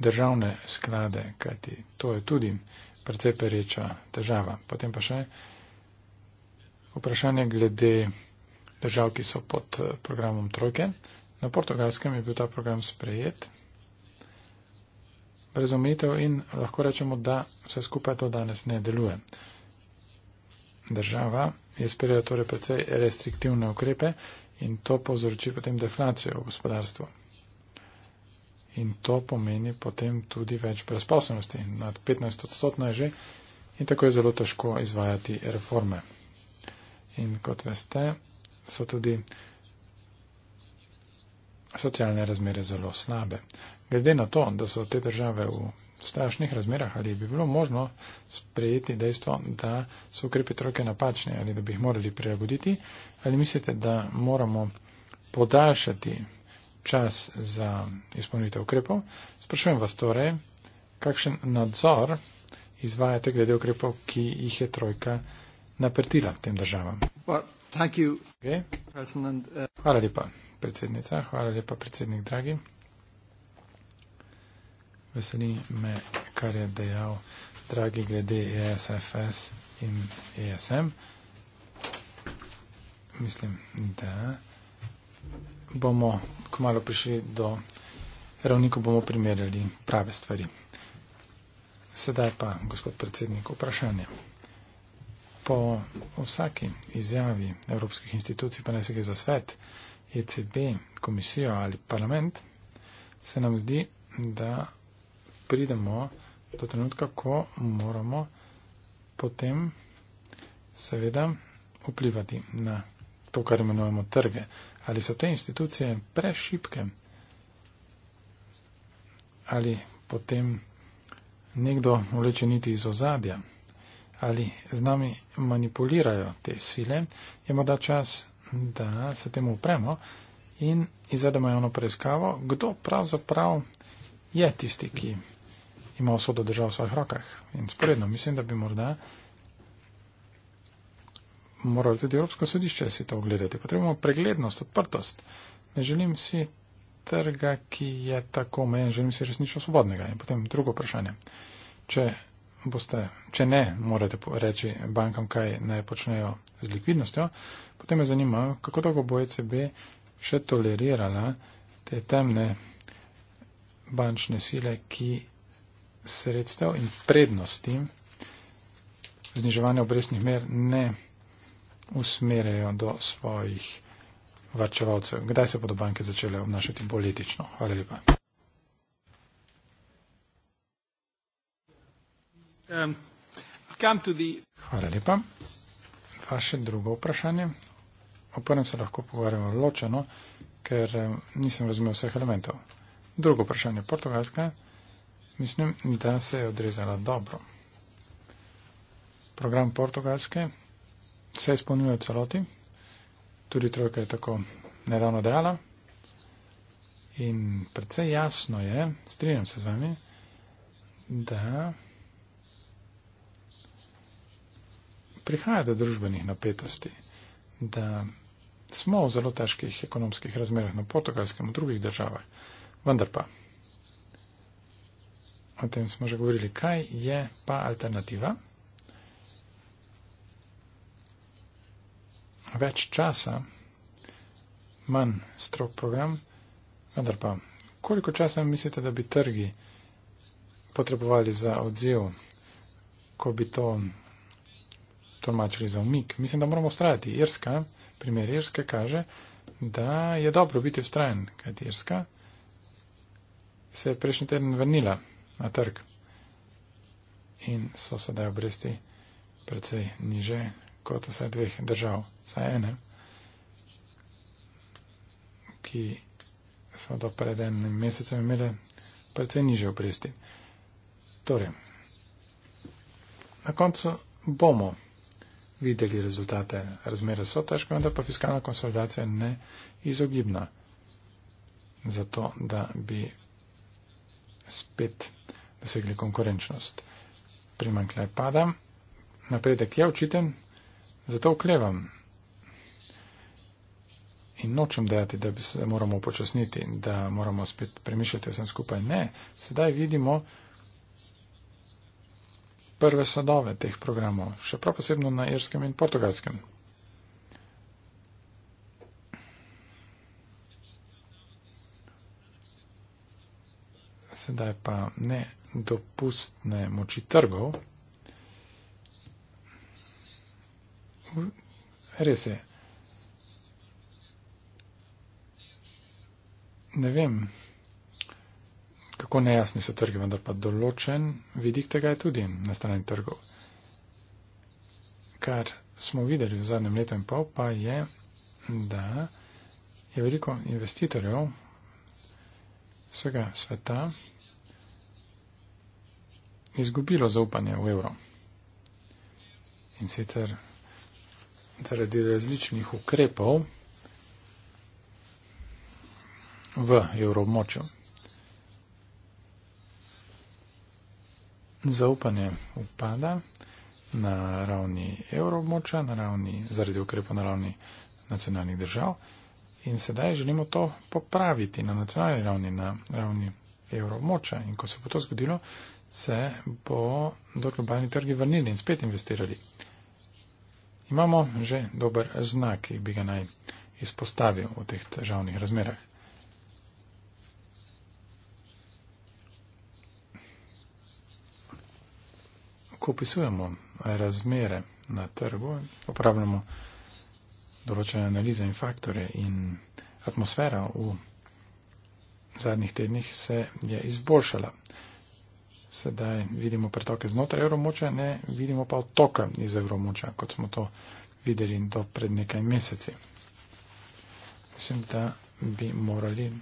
državne sklade, kajti to je tudi predvsej pereča težava. Potem pa še vprašanje glede držav, ki so pod eh, programom trojke. Na portugalskem je bil ta program sprejet, brez omejitev in lahko rečemo, da vse skupaj to danes ne deluje. Država je sprejela torej precej restriktivne ukrepe in to povzroči potem deflacijo v gospodarstvu. In to pomeni potem tudi več brezposobnosti. Nad 15 odstotno je že in tako je zelo težko izvajati reforme. In kot veste, so tudi socialne razmere zelo slabe glede na to, da so te države v strašnih razmerah, ali bi bilo možno sprejeti dejstvo, da so ukrepi troke napačne ali da bi jih morali prilagoditi, ali mislite, da moramo podaljšati čas za izpolnitev ukrepov. Sprašujem vas torej, kakšen nadzor izvajate glede ukrepov, ki jih je trojka naprtila tem državam. Okay. Hvala lepa, predsednica. Hvala lepa, predsednik Dragi. Veseli me, kar je dejal dragi glede ESFS in ESM. Mislim, da bomo kmalo prišli do ravni, ko bomo primerjali prave stvari. Sedaj pa, gospod predsednik, vprašanje. Po vsaki izjavi evropskih institucij, pa ne se gre za svet, ECB, komisijo ali parlament, se nam zdi, da pridemo do trenutka, ko moramo potem seveda vplivati na to, kar imenujemo trge. Ali so te institucije prešipke? Ali potem nekdo vleče niti iz ozadja? Ali z nami manipulirajo te sile? Je morda čas, da se temu upremo in izvedemo javno preiskavo, kdo pravzaprav je tisti, ki ima vso do držav v svojih rokah. In sporedno, mislim, da bi morda moralo tudi Evropsko sodišče si to ogledati. Potrebujemo preglednost, odprtost. Ne želim si trga, ki je tako omejen, želim si resnično svobodnega. In potem drugo vprašanje. Če, boste, če ne morate reči bankam, kaj naj počnejo z likvidnostjo, potem me zanima, kako dolgo bo ECB še tolerirala te temne bančne sile, ki sredstev in prednosti zniževanja obrestnih mer ne usmerjajo do svojih varčevalcev. Kdaj se bodo banke začele obnašati politično? Hvala lepa. Um, Hvala lepa. Vaše drugo vprašanje. O prvem se lahko pogovarjamo ločeno, ker um, nisem razumel vseh elementov. Drugo vprašanje. Portugalska. Mislim, da se je odrezala dobro. Program portugalske se je spolnil v celoti, tudi trojka je tako nedavno dejala. In predvsej jasno je, strinjam se z vami, da prihaja do družbenih napetosti, da smo v zelo težkih ekonomskih razmerah na portugalskem in drugih državah. Vendar pa o tem smo že govorili, kaj je pa alternativa? Več časa, manj strok program, vendar pa, koliko časa mislite, da bi trgi potrebovali za odziv, ko bi to tolmačili za umik? Mislim, da moramo ustrajati. Irska, primer Irske kaže, da je dobro biti vztrajen, kajti Irska se je prejšnji teden vrnila na trg. In so sedaj obresti precej niže kot vsaj dveh držav, vsaj ene, ki so do pred enim mesecem imele precej niže obresti. Torej, na koncu bomo videli rezultate. Razmere so težke, vendar pa fiskalna konsolidacija ne izogibna. Zato, da bi spet dosegli konkurenčnost. Primankljaj pada, napredek je očiten, zato oklevam. In nočem dejati, da bi se moramo upočasniti, da moramo spet premišljati vsem skupaj. Ne, sedaj vidimo prve sadove teh programov, še prav posebno na irskem in portugalskem. sedaj pa ne dopustne moči trgov. Res je. Ne vem, kako nejasni so trgi, vendar pa določen vidik tega je tudi na strani trgov. Kar smo videli v zadnjem letu in pol, pa je, da je veliko investitorjev vsega sveta izgubilo zaupanje v evro. In sicer zaradi različnih ukrepov v evroobmočju. Zaupanje upada na ravni evroobmoča, zaradi ukrepov na ravni nacionalnih držav. In sedaj želimo to popraviti na nacionalni ravni, na ravni evroobmoča. In ko se bo to zgodilo, se bo do globalni trgi vrnili in spet investirali. Imamo že dober znak, ki bi ga naj izpostavil v teh težavnih razmerah. Ko opisujemo razmere na trgu, uporabljamo določene analize in faktore in atmosfera v zadnjih tednih se je izboljšala sedaj vidimo pretoke znotraj evromoča, ne vidimo pa otoka iz evromoča, kot smo to videli in to pred nekaj meseci. Mislim, da bi morali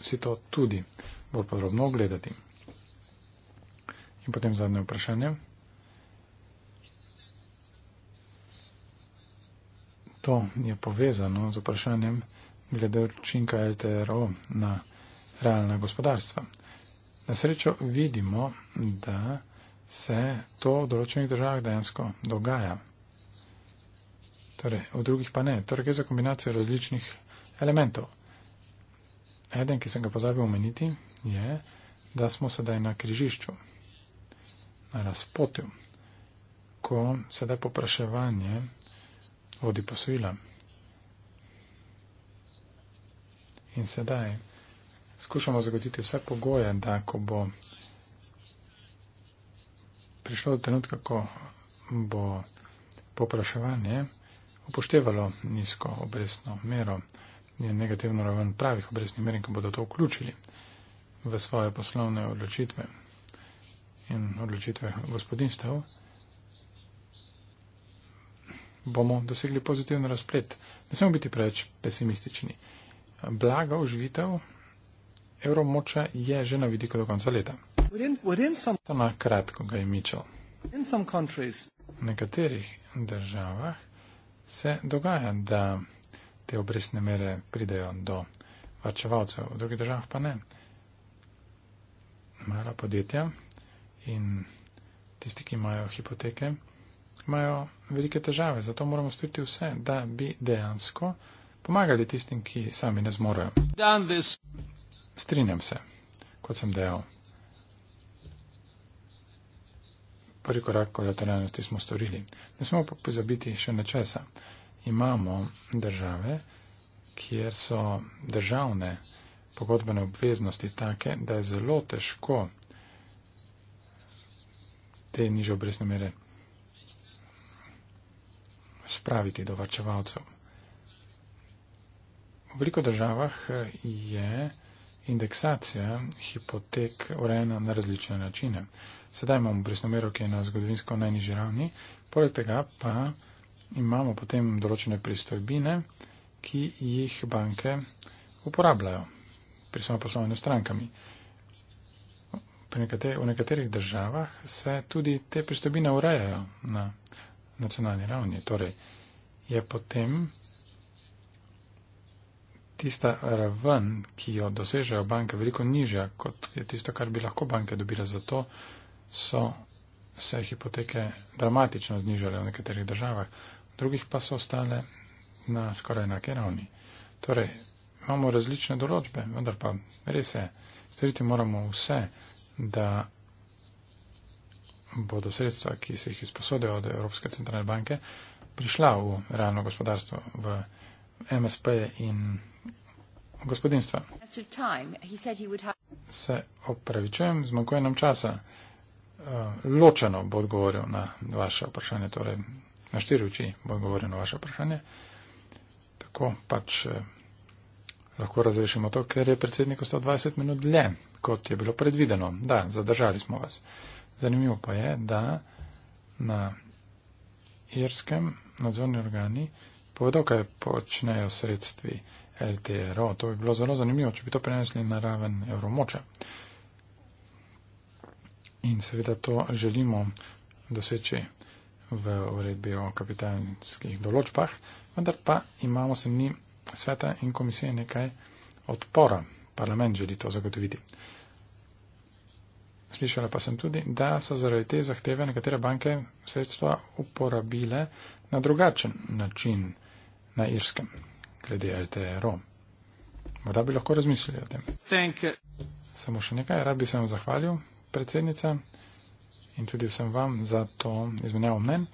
vsi to tudi bolj podrobno ogledati. In potem zadnje vprašanje. To je povezano z vprašanjem glede učinka LTRO na realna gospodarstva. Na srečo vidimo, da se to v določenih državah dejansko dogaja. Torej, v drugih pa ne. Torej, gre za kombinacijo različnih elementov. Eden, ki sem ga pozabil omeniti, je, da smo sedaj na križišču, na razpotju, ko sedaj popraševanje vodi posojila. In sedaj skušamo zagotiti vse pogoje, da ko bo prišlo do trenutka, ko bo popraševanje upoštevalo nizko obrestno mero in negativno raven pravih obrestnih mer, in ko bodo to vključili v svoje poslovne odločitve in odločitve gospodinstev, bomo dosegli pozitivno razplet. Ne smemo biti preveč pesimistični. Blaga užitev evromoča je že na vidiku do konca leta. To na kratko ga je Mičel. V nekaterih državah se dogaja, da te obresne mere pridejo do varčevalcev, v drugih državah pa ne. Mala podjetja in tisti, ki imajo hipoteke, imajo velike težave, zato moramo storiti vse, da bi dejansko pomagali tistim, ki sami ne zmorejo. Strinjam se, kot sem dejal. Prvi korak kolateralnosti smo storili. Ne smemo pa pozabiti še na česa. Imamo države, kjer so državne pogodbene obveznosti take, da je zelo težko te niže obresne mere spraviti do varčevalcev. V veliko državah eh, je indeksacija hipotek urejena na različne načine. Sedaj imamo brisnomero, ki je na zgodovinsko najnižji ravni, poleg tega pa imamo potem določene pristojbine, ki jih banke uporabljajo pri svojem poslovanju strankami. V nekaterih državah se tudi te pristojbine urejajo na nacionalni ravni. Torej, je potem tista raven, ki jo dosežejo banke, veliko nižja, kot je tisto, kar bi lahko banke dobile. Zato so se hipoteke dramatično znižale v nekaterih državah, v drugih pa so ostale na skoraj enake ravni. Torej, imamo različne določbe, vendar pa res je, storiti moramo vse, da bodo sredstva, ki se jih izposodijo od Evropske centralne banke, prišla v realno gospodarstvo, v MSP in gospodinstva. Se opravičujem, zmanjkuje nam časa. Eh, ločeno bo odgovoril na vaše vprašanje, torej na štiri oči bo odgovoril na vaše vprašanje. Tako pač eh, lahko razrešimo to, ker je predsednik ostal 20 minut dlje, kot je bilo predvideno. Da, zadržali smo vas. Zanimivo pa je, da na irskem nadzorni organi povedo, kaj počnejo sredstvi. LTRO. To bi bilo zelo zanimivo, če bi to prenesli na raven evromoče. In seveda to želimo doseči v uredbi o kapitalskih določbah, vendar pa imamo se ni sveta in komisije nekaj odpora. Parlament želi to zagotoviti. Slišala pa sem tudi, da so zaradi te zahteve nekatere banke sredstva uporabile na drugačen način na irskem glede LTE-ROM. Morda bi lahko razmislili o tem. Thank you. Samo še nekaj, rad bi se vam zahvalil, predsednica, in tudi vsem vam za to izmenjavo mnen,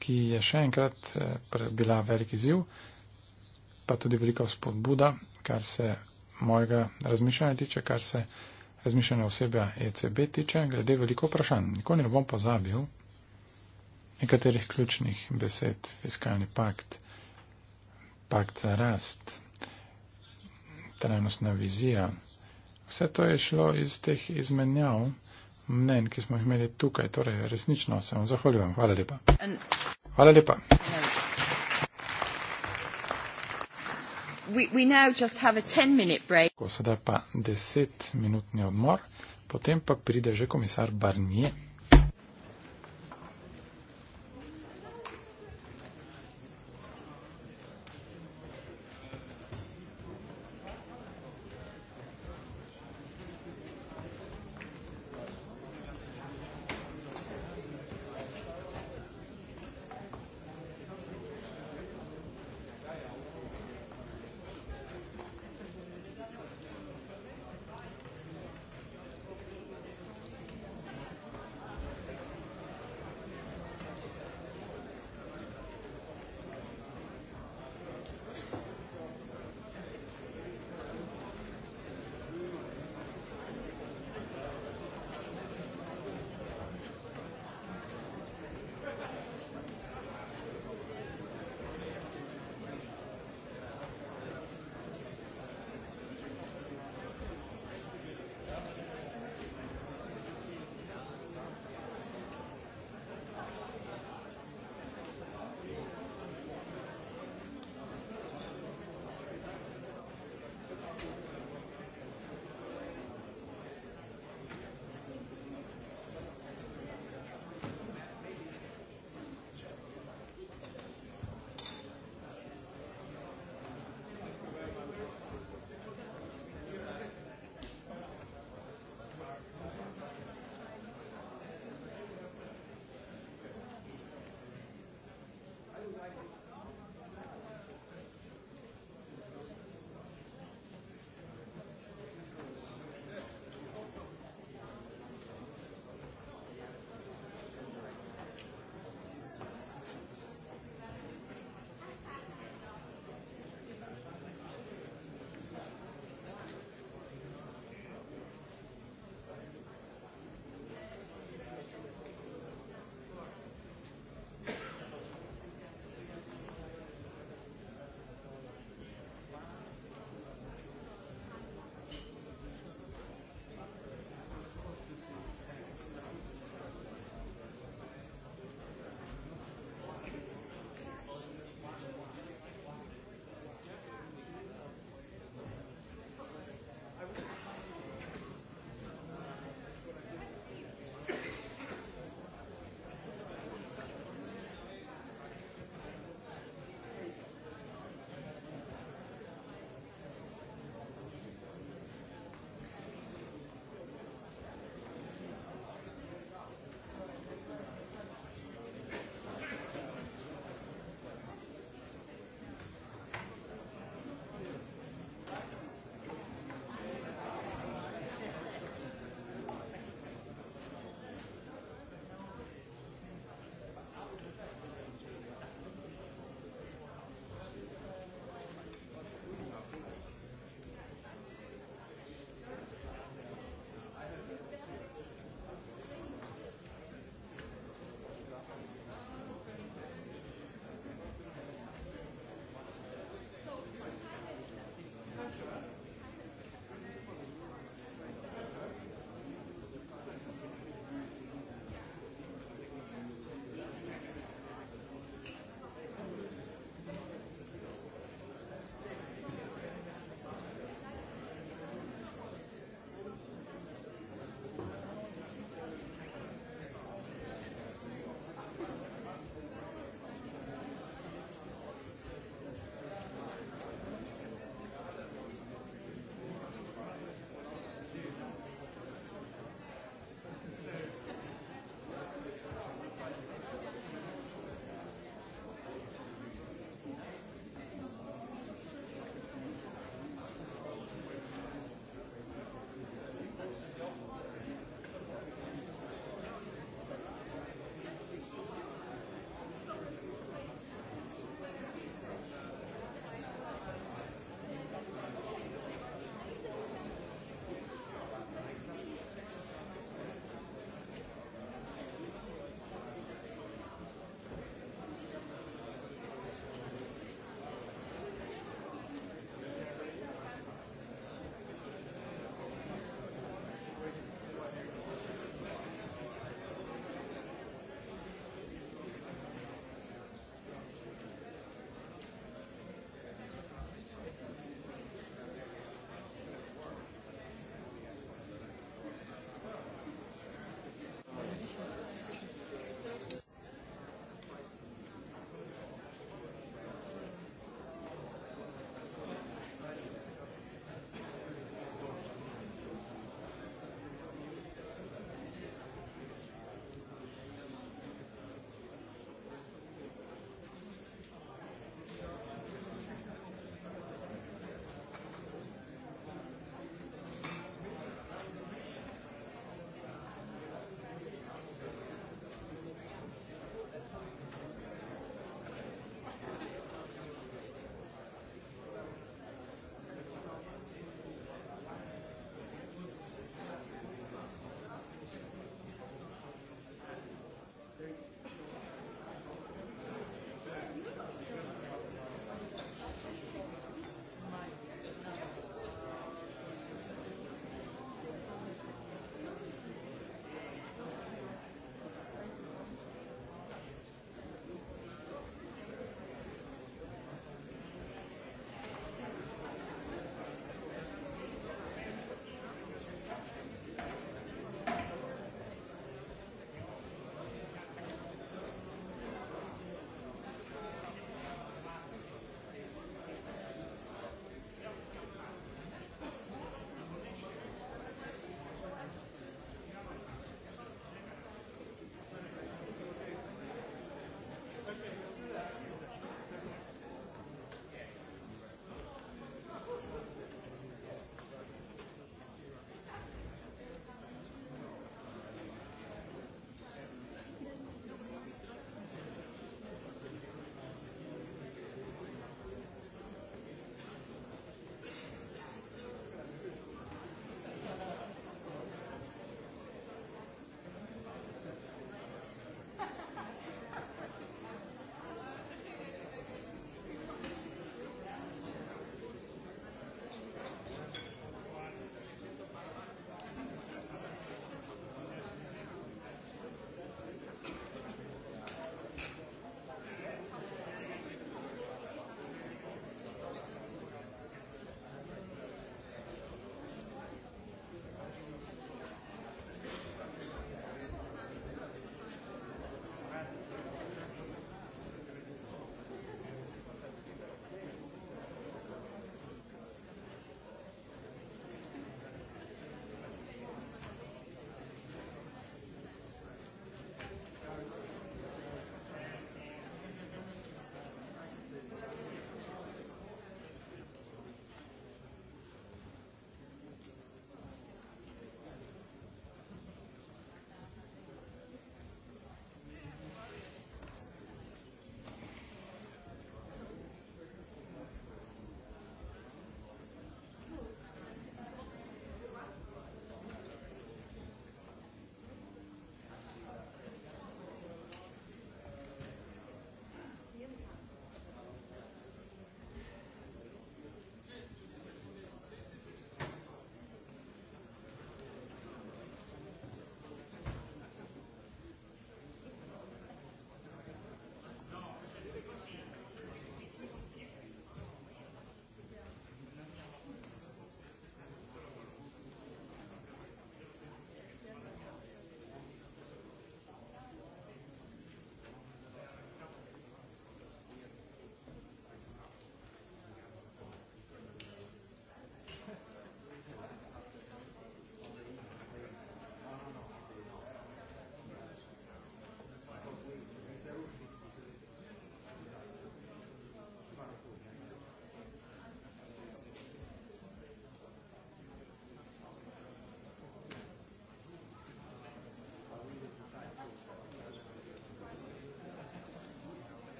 ki je še enkrat eh, bila velik izziv, pa tudi velika spodbuda, kar se mojega razmišljanja tiče, kar se razmišljanja osebja ECB tiče, glede veliko vprašanj. Nikoli ne bom pozabil nekaterih ključnih besed, fiskalni pakt pakt za rast, trajnostna vizija. Vse to je šlo iz teh izmenjav mnen, ki smo jih imeli tukaj. Torej, resnično se vam zahvaljujem. Hvala lepa. Hvala lepa. Ko sedaj pa deset minutni odmor, potem pa pride že komisar Barnier.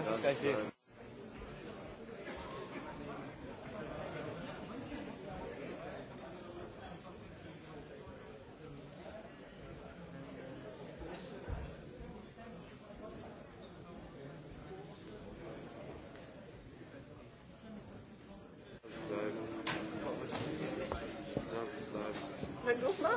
Kasih kasih. Kdo smo?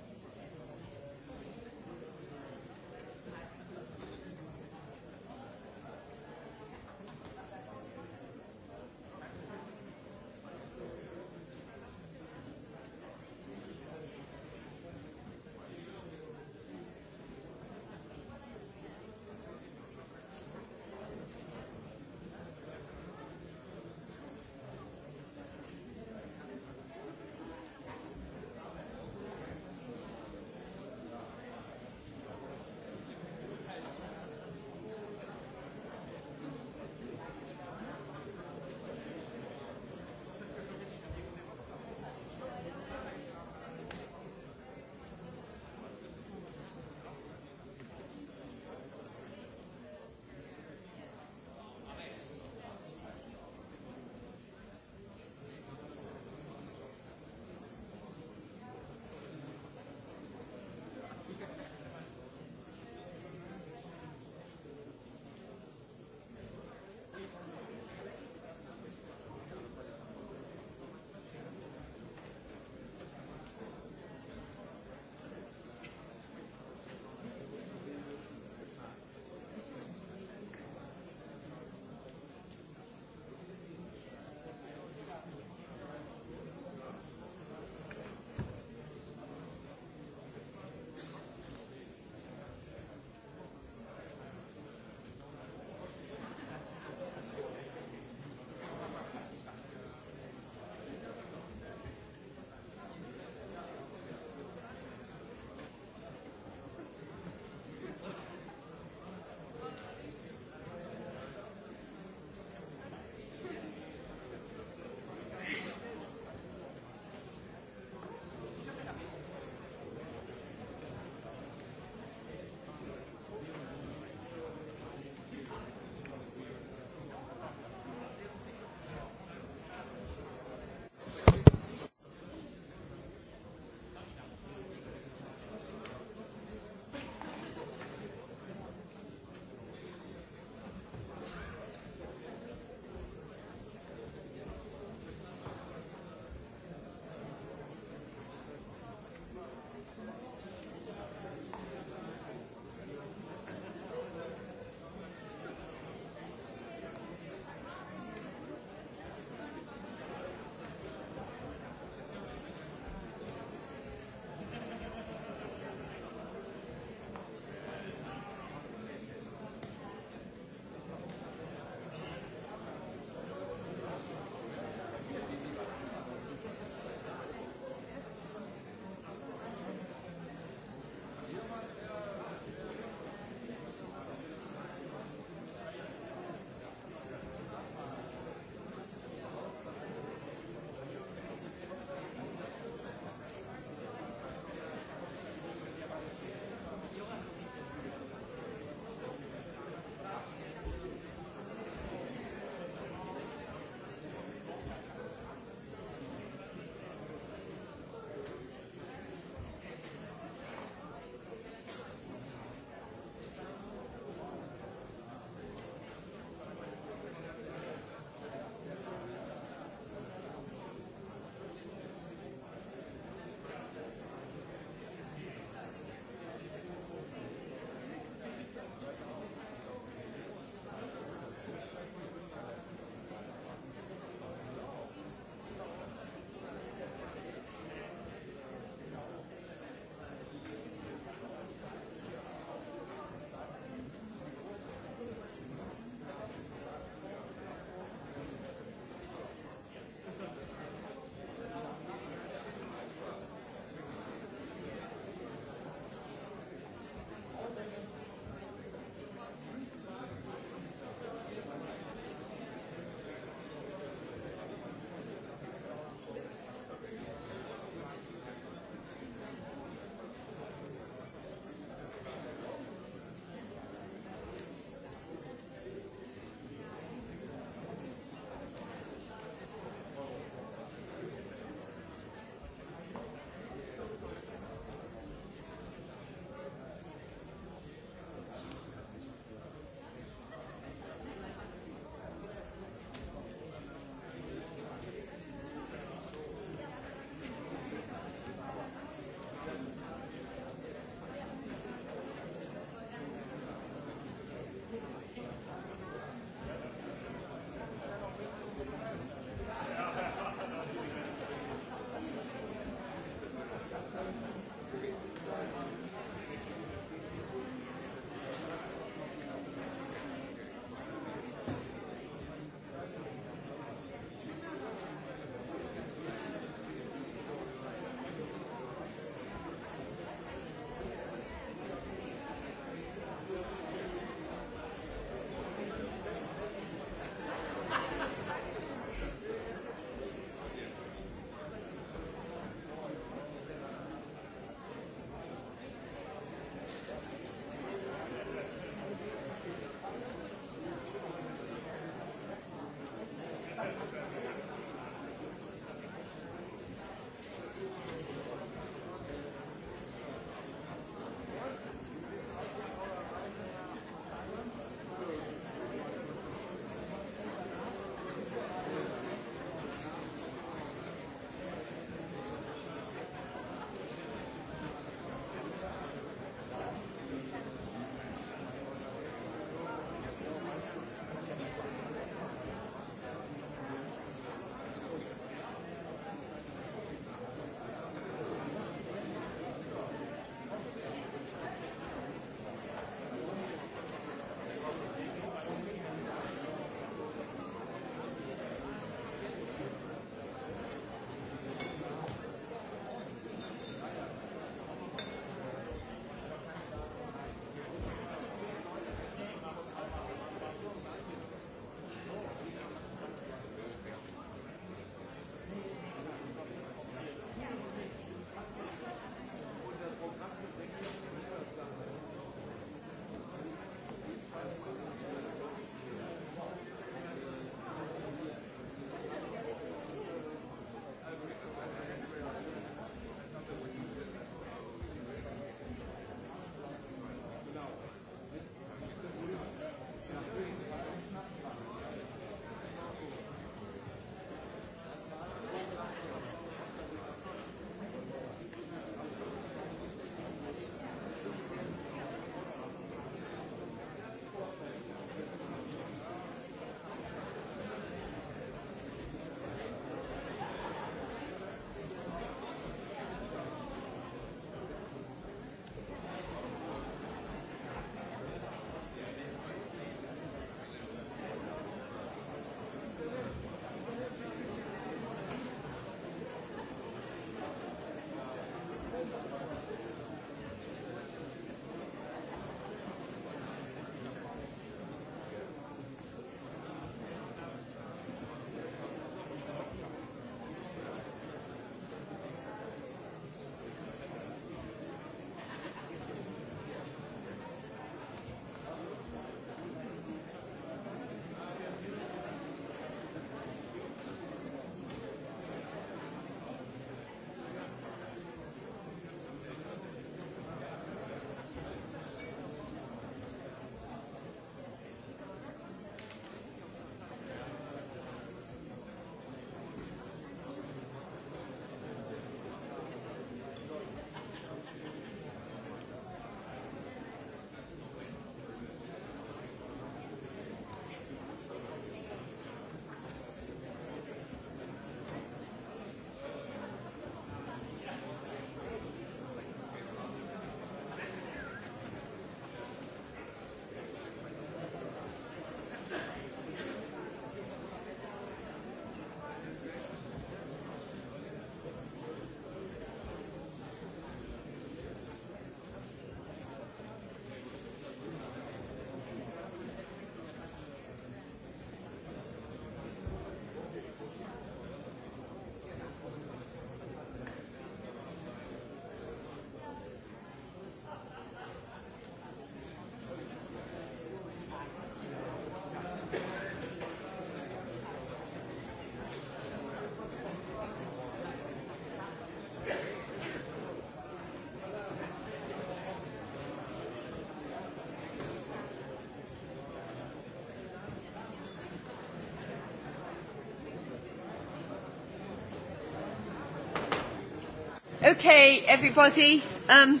Okay, everybody, um,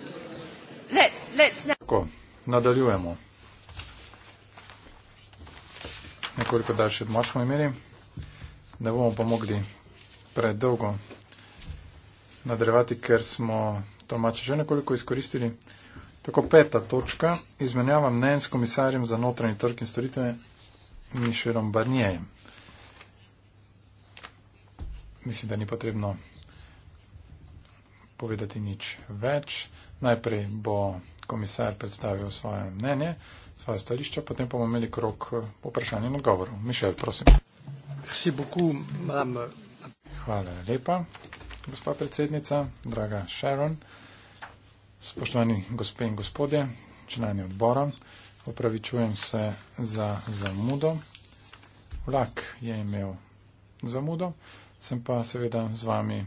let's, let's now... Tako, nadaljujemo. Nekoliko daljše odmah smo imeli, da bomo pa mogli predolgo nadrevati, ker smo to mače že nekoliko izkoristili. Tako peta točka, izmenjava mnen s komisarjem za notranji trg in storitve Mišerom Barnijejem. Mislim, da ni potrebno povedati nič več. Najprej bo komisar predstavil svoje mnenje, svoje stališče, potem pa bomo imeli krok vprašanj in odgovorov. Mišel, prosim. Hvala lepa, gospa predsednica, draga Sharon, spoštovani gospe in gospodje, člani odbora, opravičujem se za zamudo. Vlak je imel zamudo, sem pa seveda z vami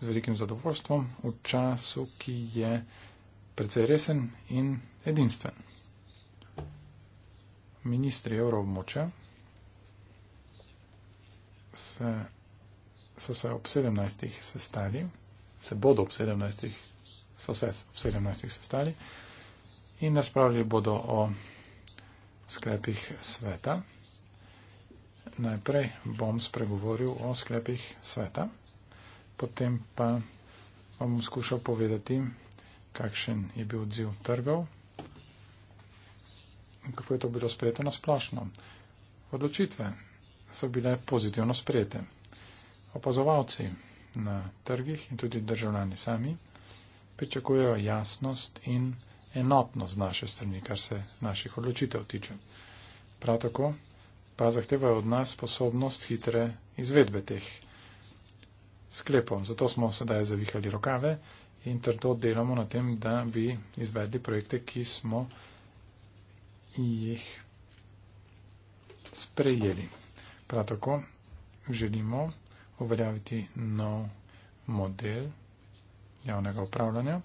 z velikim zadovoljstvom v času, ki je precej resen in edinstven. Ministri evroobmoča se, so se ob 17. sestali, se bodo ob 17. so se ob 17. sestali in razpravljali bodo o sklepih sveta. Najprej bom spregovoril o sklepih sveta potem pa vam bom skušal povedati, kakšen je bil odziv trgov in kako je to bilo sprejeto na splošno. Odločitve so bile pozitivno sprejete. Opazovalci na trgih in tudi državljani sami pričakujejo jasnost in enotnost z naše strani, kar se naših odločitev tiče. Prav tako pa zahtevajo od nas sposobnost hitre izvedbe teh odločitev sklepov. Zato smo sedaj zavihali rokave in trdo delamo na tem, da bi izvedli projekte, ki smo jih sprejeli. Prav tako želimo uveljaviti nov model javnega upravljanja.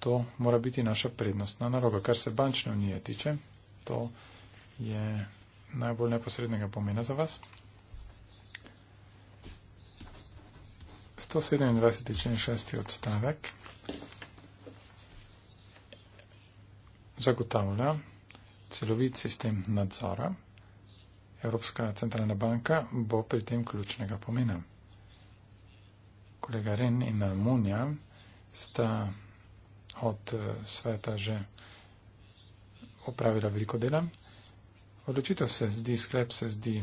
To mora biti naša prednostna naloga. Kar se bančne unije tiče, to je najbolj neposrednega pomena za vas. 127. člen 6. odstavek zagotavlja celovit sistem nadzora. Evropska centralna banka bo pri tem ključnega pomena. Kolega Ren in Almunja sta od eh, sveta že opravila veliko dela. Odločitev se zdi, sklep se zdi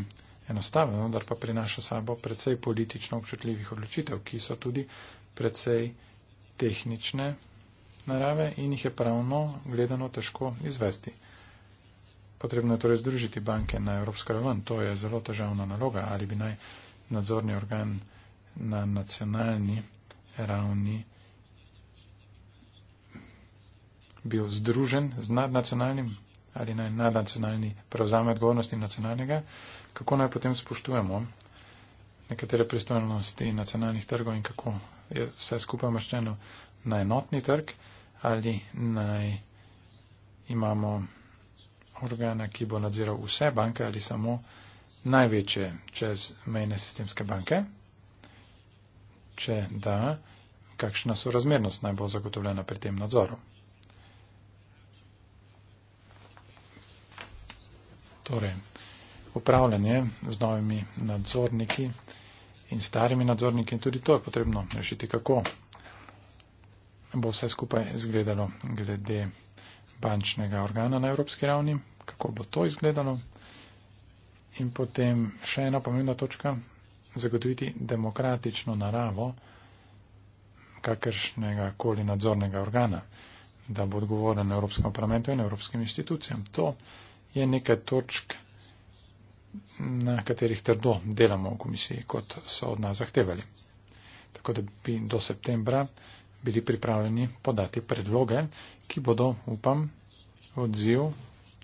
enostaven, vendar pa prinaša sabo precej politično občutljivih odločitev, ki so tudi precej tehnične narave in jih je pravno gledano težko izvesti. Potrebno je torej združiti banke na evropsko raven, to je zelo težavna naloga, ali bi naj nadzorni organ na nacionalni ravni bil združen z nadnacionalnim ali naj nadnacionalni prevzame odgovornosti nacionalnega, kako naj potem spoštujemo nekatere pristojnosti nacionalnih trgov in kako je vse skupaj maščeno na enotni trg ali naj imamo organa, ki bo nadziral vse banke ali samo največje čez mejne sistemske banke. Če da, kakšna sorazmernost naj bo zagotovljena pri tem nadzoru. torej upravljanje z novimi nadzorniki in starimi nadzorniki in tudi to je potrebno rešiti, kako bo vse skupaj izgledalo glede bančnega organa na evropski ravni, kako bo to izgledalo in potem še ena pomembna točka, zagotoviti demokratično naravo kakršnega koli nadzornega organa, da bo odgovoren Evropskem parlamentu in Evropskim institucijam. To je nekaj točk, na katerih trdo delamo v komisiji, kot so od nas zahtevali. Tako da bi do septembra bili pripravljeni podati predloge, ki bodo, upam, odziv,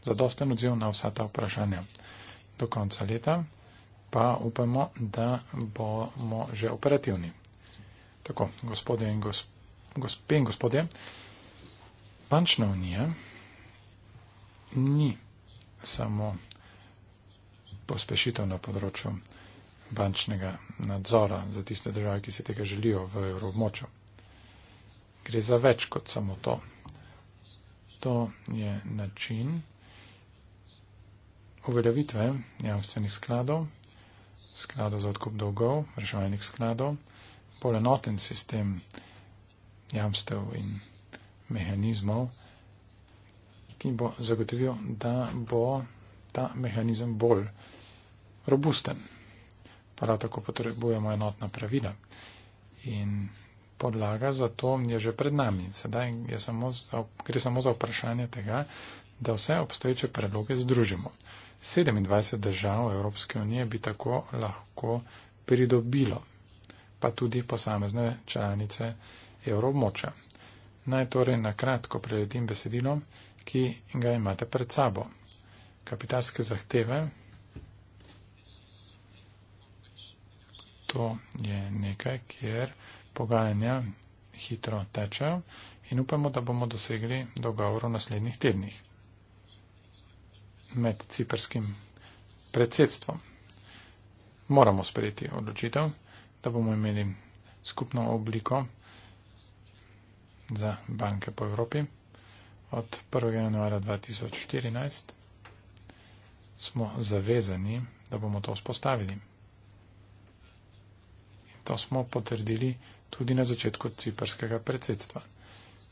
zadosten odziv na vsa ta vprašanja. Do konca leta pa upamo, da bomo že operativni. Tako, gospode in gospe in gospode, bančna unija ni samo pospešitev na področju bančnega nadzora za tiste države, ki se tega želijo v evroobmočju. Gre za več kot samo to. To je način uveljavitve javstvenih skladov, skladov za odkup dolgov, reševalnih skladov, polenoten sistem jamstev in mehanizmov, ki bo zagotovil, da bo ta mehanizem bolj robusten. Prav tako potrebujemo enotna pravila. In podlaga za to je že pred nami. Sedaj je samo za, gre samo za vprašanje tega, da vse obstoječe predloge združimo. 27 držav Evropske unije bi tako lahko pridobilo, pa tudi posamezne članice evroobmoča. Naj torej na kratko preletim besedilom ki ga imate pred sabo. Kapitalske zahteve. To je nekaj, kjer pogajanja hitro tečejo in upamo, da bomo dosegli dogovor v naslednjih tednih med ciperskim predsedstvom. Moramo sprejeti odločitev, da bomo imeli skupno obliko za banke po Evropi od 1. januara 2014 smo zavezani, da bomo to vzpostavili. In to smo potrdili tudi na začetku ciperskega predsedstva.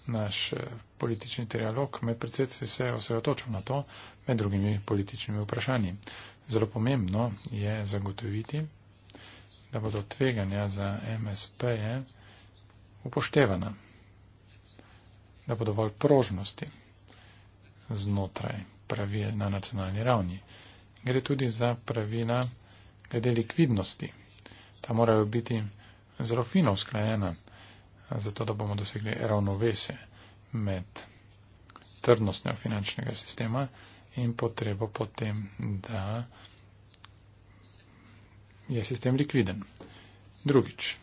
Naš eh, politični trialog med predsedstvi se je osredotočil na to, med drugimi političnimi vprašanji. Zelo pomembno je zagotoviti, da bodo tveganja za MSP upoštevana da bo dovolj prožnosti znotraj pravil na nacionalni ravni. Gre tudi za pravila glede likvidnosti. Ta morajo biti zelo fino usklajena, zato da bomo dosegli ravnovesje med trdnostjo finančnega sistema in potrebo potem, da je sistem likviden. Drugič,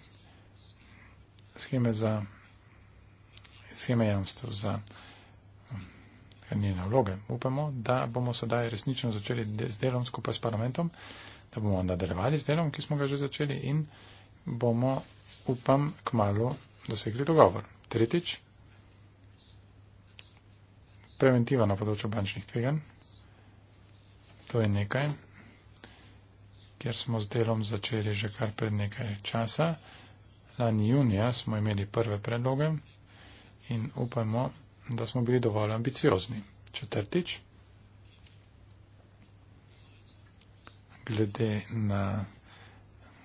scheme za sheme jamstv za hm, njene vloge. Upamo, da bomo sedaj resnično začeli z delom skupaj s parlamentom, da bomo nadaljevali z delom, ki smo ga že začeli in bomo, upam, k malu dosegli dogovor. Tretjič, preventiva na področju bančnih tveganj. To je nekaj, kjer smo z delom začeli že kar pred nekaj časa. Lani junija smo imeli prve predloge in upajmo, da smo bili dovolj ambiciozni. Četrtič, glede na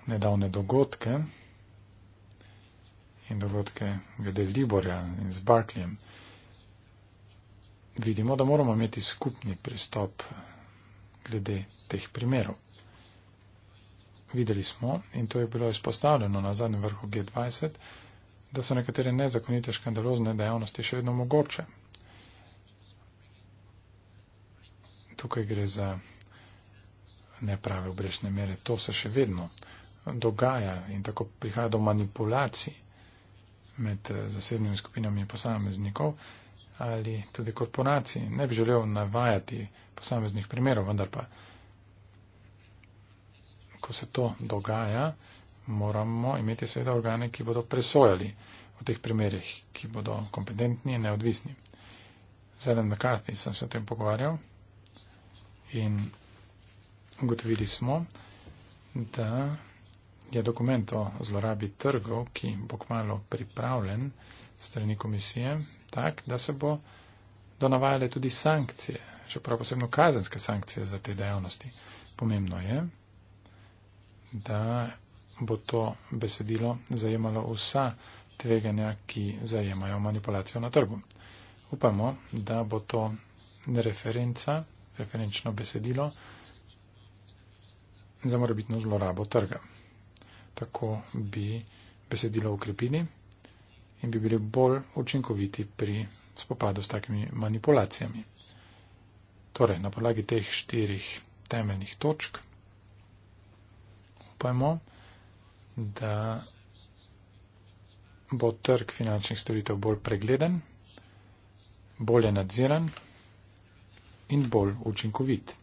nedavne dogodke in dogodke glede Liborja in z Barkljem, vidimo, da moramo imeti skupni pristop glede teh primerov. Videli smo, in to je bilo izpostavljeno na zadnjem vrhu G20, da so nekatere nezakonite škandalozne dejavnosti še vedno mogoče. Tukaj gre za neprave obrešne mere. To se še vedno dogaja in tako prihaja do manipulacij med eh, zasebnimi skupinami posameznikov ali tudi korporacij. Ne bi želel navajati posameznih primerov, vendar pa, ko se to dogaja, moramo imeti seveda organe, ki bodo presojali v teh primerjih, ki bodo kompetentni in neodvisni. Z Ellen McCarthy sem se o tem pogovarjal in ugotovili smo, da je dokument o zlorabi trgov, ki bo kmalo pripravljen strani komisije, tak, da se bo donavajale tudi sankcije, še prav posebno kazenske sankcije za te dejavnosti. Pomembno je, da bo to besedilo zajemalo vsa tveganja, ki zajemajo manipulacijo na trgu. Upamo, da bo to referenca, referenčno besedilo za morebitno zlorabo trga. Tako bi besedilo ukrepili in bi bili bolj učinkoviti pri spopadu s takimi manipulacijami. Torej, na podlagi teh štirih temeljnih točk upajmo, da bo trg finančnih storitev bolj pregleden, bolje nadziran in bolj učinkovit.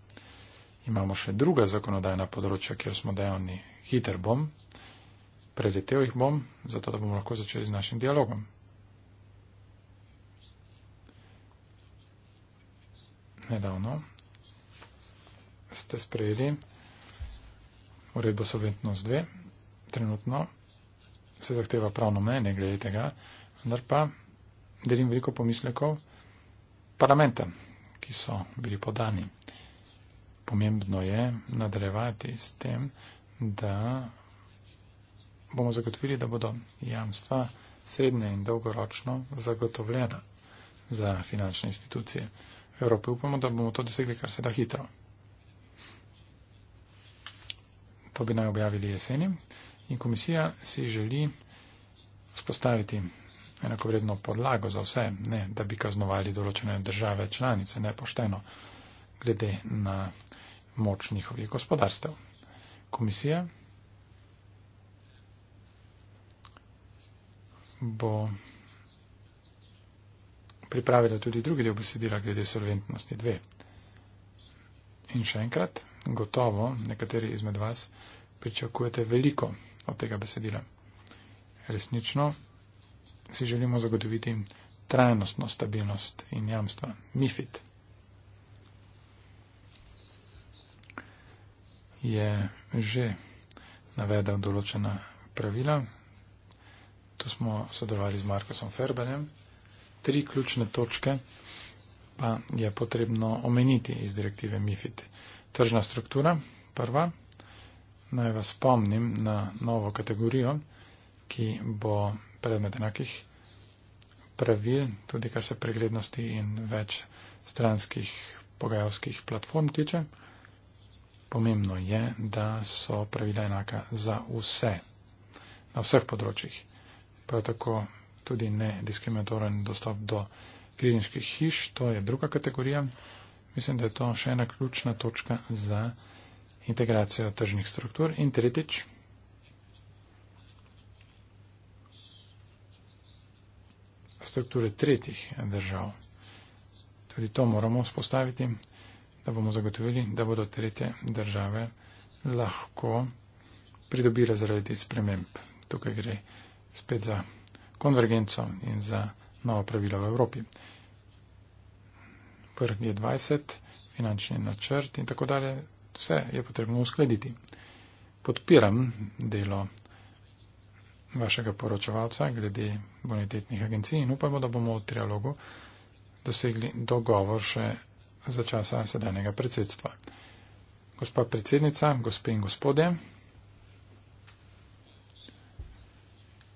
Imamo še druga zakonodajna področja, kjer smo dejavni. Hiter bom, preletel jih bom, zato da bomo lahko začeli z našim dialogom. Nedavno ste sprejeli uredbo Sovjetnost 2, trenutno se zahteva pravno mnenje glede tega, vendar pa delim veliko pomislekov parlamenta, ki so bili podani. Pomembno je nadaljevati s tem, da bomo zagotovili, da bodo jamstva srednje in dolgoročno zagotovljena za finančne institucije. V Evropi upamo, da bomo to dosegli kar se da hitro. To bi naj objavili jeseni. In komisija si želi spostaviti enakovredno podlago za vse, ne da bi kaznovali določene države članice nepošteno glede na moč njihovih gospodarstev. Komisija bo pripravila tudi drugi del besedila glede solventnosti 2. In še enkrat, gotovo nekateri izmed vas pričakujete veliko od tega besedila. Resnično si želimo zagotoviti trajnostno stabilnost in jamstva. MIFID je že navedel določena pravila. Tu smo sodelovali z Markosom Ferberjem. Tri ključne točke pa je potrebno omeniti iz direktive MIFID. Tržna struktura, prva naj vas spomnim na novo kategorijo, ki bo predmet enakih pravil, tudi kar se preglednosti in več stranskih pogajalskih platform tiče. Pomembno je, da so pravila enaka za vse, na vseh področjih. Prav tako tudi nediskriminatoren dostop do kliničnih hiš, to je druga kategorija. Mislim, da je to še ena ključna točka za integracijo tržnih struktur in tretjič, strukture tretjih držav. Tudi to moramo vzpostaviti, da bomo zagotovili, da bodo tretje države lahko pridobile zaradi sprememb. Tukaj gre spet za konvergenco in za novo pravilo v Evropi. Vrh G20, finančni načrt in tako dalje, vse je potrebno uskladiti. Podpiram delo vašega poročevalca glede bonitetnih agencij in upamo, da bomo v trialogu dosegli dogovor še za časa sedanjega predsedstva. Gospa predsednica, gospe in gospodje,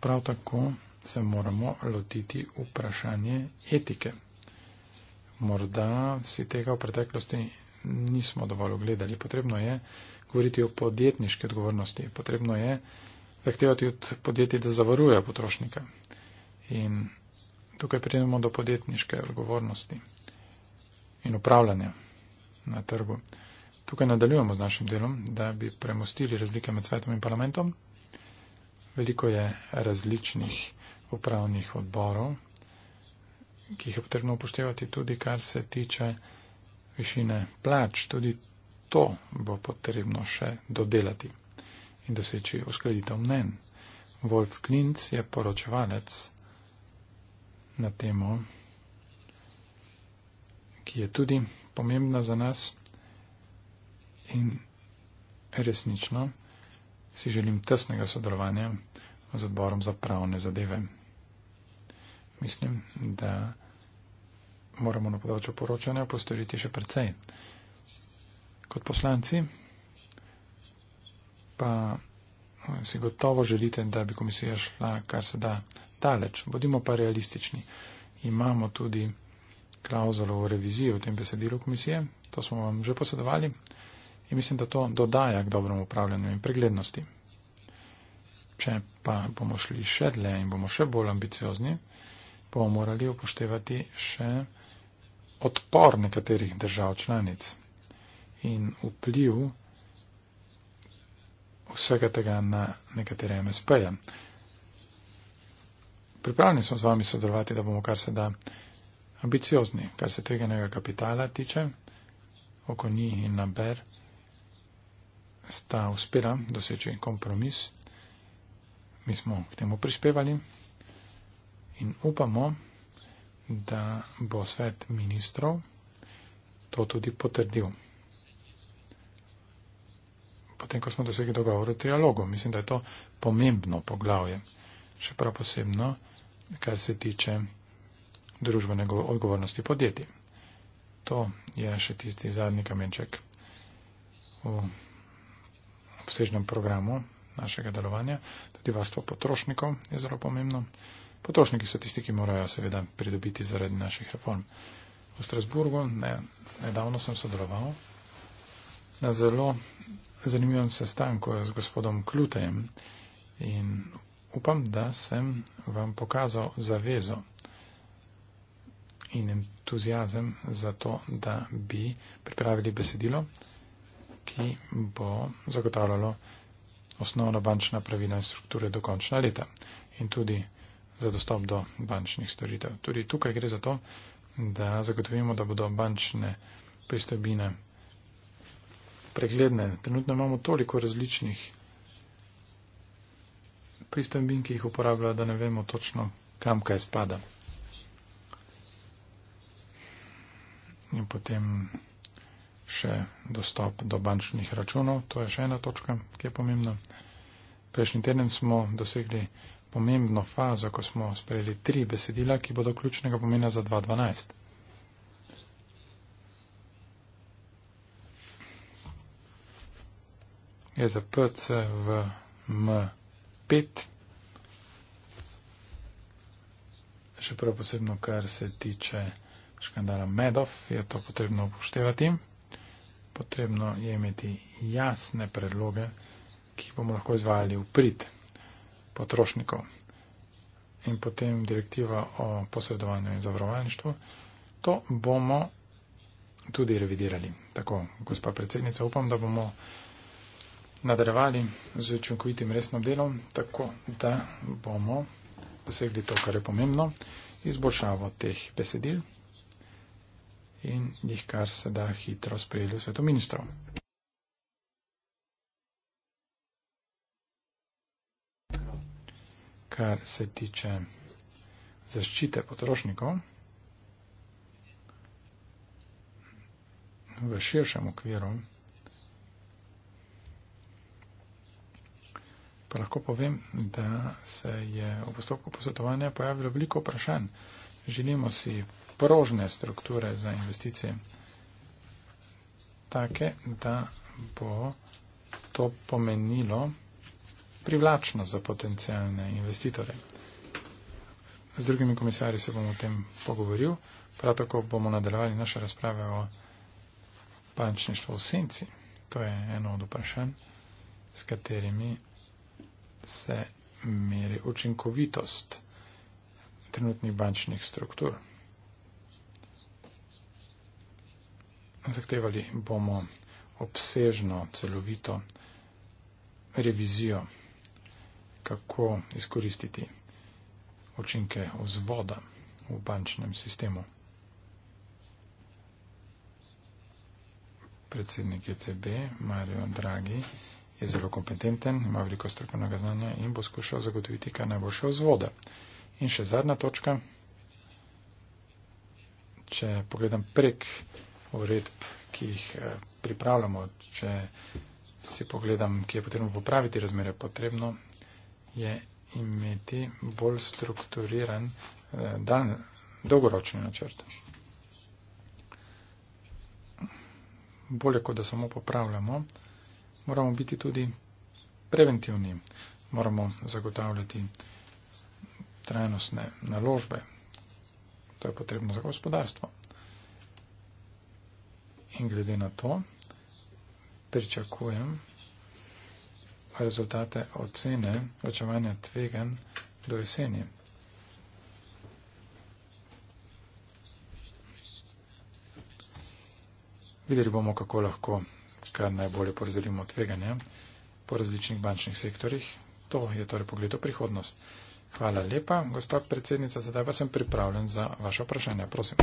prav tako se moramo lotiti vprašanje etike. Morda si tega v preteklosti nismo dovolj ogledali. Potrebno je govoriti o podjetniški odgovornosti, potrebno je zahtevati od podjetij, da zavarujejo potrošnika. In tukaj pridemo do podjetniške odgovornosti in upravljanja na trgu. Tukaj nadaljujemo z našim delom, da bi premostili razlike med svetom in parlamentom. Veliko je različnih upravnih odborov, ki jih je potrebno upoštevati tudi, kar se tiče višine plač, tudi to bo potrebno še dodelati in doseči uskladitev mnen. Wolf Klinc je poročevalec na temo, ki je tudi pomembna za nas in resnično si želim tesnega sodelovanja z odborom za pravne zadeve. Mislim, da moramo na področju poročanja postoriti še precej. Kot poslanci pa eh, si gotovo želite, da bi komisija šla kar se da daleč. Bodimo pa realistični. Imamo tudi klauzulo o reviziji v tem besedilu komisije, to smo vam že posedovali in mislim, da to dodaja k dobremu upravljanju in preglednosti. Če pa bomo šli še dlje in bomo še bolj ambiciozni, bomo morali upoštevati še odpor nekaterih držav članic in vpliv vsega tega na nekatere MSP-je. Pripravljeni smo z vami sodelovati, da bomo kar se da ambiciozni, kar se tveganega kapitala tiče, oko njih in na ber sta uspela doseči kompromis. Mi smo k temu prispevali in upamo, da bo svet ministrov to tudi potrdil. Potem, ko smo dosegli dogovor o trialogu, mislim, da je to pomembno poglavje, še prav posebno, kar se tiče družbenega odgovornosti podjetij. To je še tisti zadnji kamenček v obsežnem programu našega delovanja. Tudi varstvo potrošnikov je zelo pomembno. Potrošniki so tisti, ki morajo seveda pridobiti zaradi naših reform. V Strasburgu ne, nedavno sem sodeloval na zelo zanimivem sestanku z gospodom Klutejem in upam, da sem vam pokazal zavezo in entuzijazem za to, da bi pripravili besedilo, ki bo zagotavljalo osnovno bančna pravila in strukture do končna leta. In tudi za dostop do bančnih storitev. Tudi tukaj gre za to, da zagotovimo, da bodo bančne pristojbine pregledne. Trenutno imamo toliko različnih pristojbin, ki jih uporablja, da ne vemo točno, kam kaj spada. In potem še dostop do bančnih računov. To je še ena točka, ki je pomembna. Prejšnji teden smo dosegli pomembno fazo, ko smo sprejeli tri besedila, ki bodo ključnega pomena za 2012. Je za PC v M5. Še prav posebno, kar se tiče škandala Medov, je to potrebno upoštevati. Potrebno je imeti jasne predloge, ki jih bomo lahko izvajali v prid potrošnikov in potem direktiva o posredovanju in zavarovalništvu. To bomo tudi revidirali. Tako, gospa predsednica, upam, da bomo nadaljevali z učinkovitim resnim delom, tako da bomo dosegli to, kar je pomembno, izboljšavo teh besedil in jih kar se da hitro sprejeli v svetu ministrov. kar se tiče zaščite potrošnikov v širšem okviru. Pa lahko povem, da se je v postopku posvetovanja pojavilo veliko vprašanj. Želimo si prožne strukture za investicije, take, da bo to pomenilo privlačno za potencijalne investitore. Z drugimi komisarji se bomo o tem pogovoril, prav tako bomo nadaljevali naše razprave o bančništvu v senci. To je eno od vprašanj, s katerimi se meri učinkovitost trenutnih bančnih struktur. Zahtevali bomo obsežno, celovito revizijo kako izkoristiti učinke vzvoda v bančnem sistemu. Predsednik ECB Mario Draghi je zelo kompetenten, ima veliko strokovnega znanja in bo skušal zagotoviti, kaj najboljše vzvode. In še zadnja točka. Če pogledam prek uredb, ki jih eh, pripravljamo, če si pogledam, kje je potrebno popraviti razmere, potrebno je imeti bolj strukturiran eh, dan, dolgoročni načrt. Bolje, kot da samo popravljamo, moramo biti tudi preventivni. Moramo zagotavljati trajnostne naložbe. To je potrebno za gospodarstvo. In glede na to, pričakujem, rezultate ocene očevanja tvegan do jeseni. Videli bomo, kako lahko kar najbolje porazdelimo tveganja po različnih bančnih sektorjih. To je torej pogled v prihodnost. Hvala lepa, gospa predsednica. Sedaj pa sem pripravljen za vaše vprašanje. Prosim.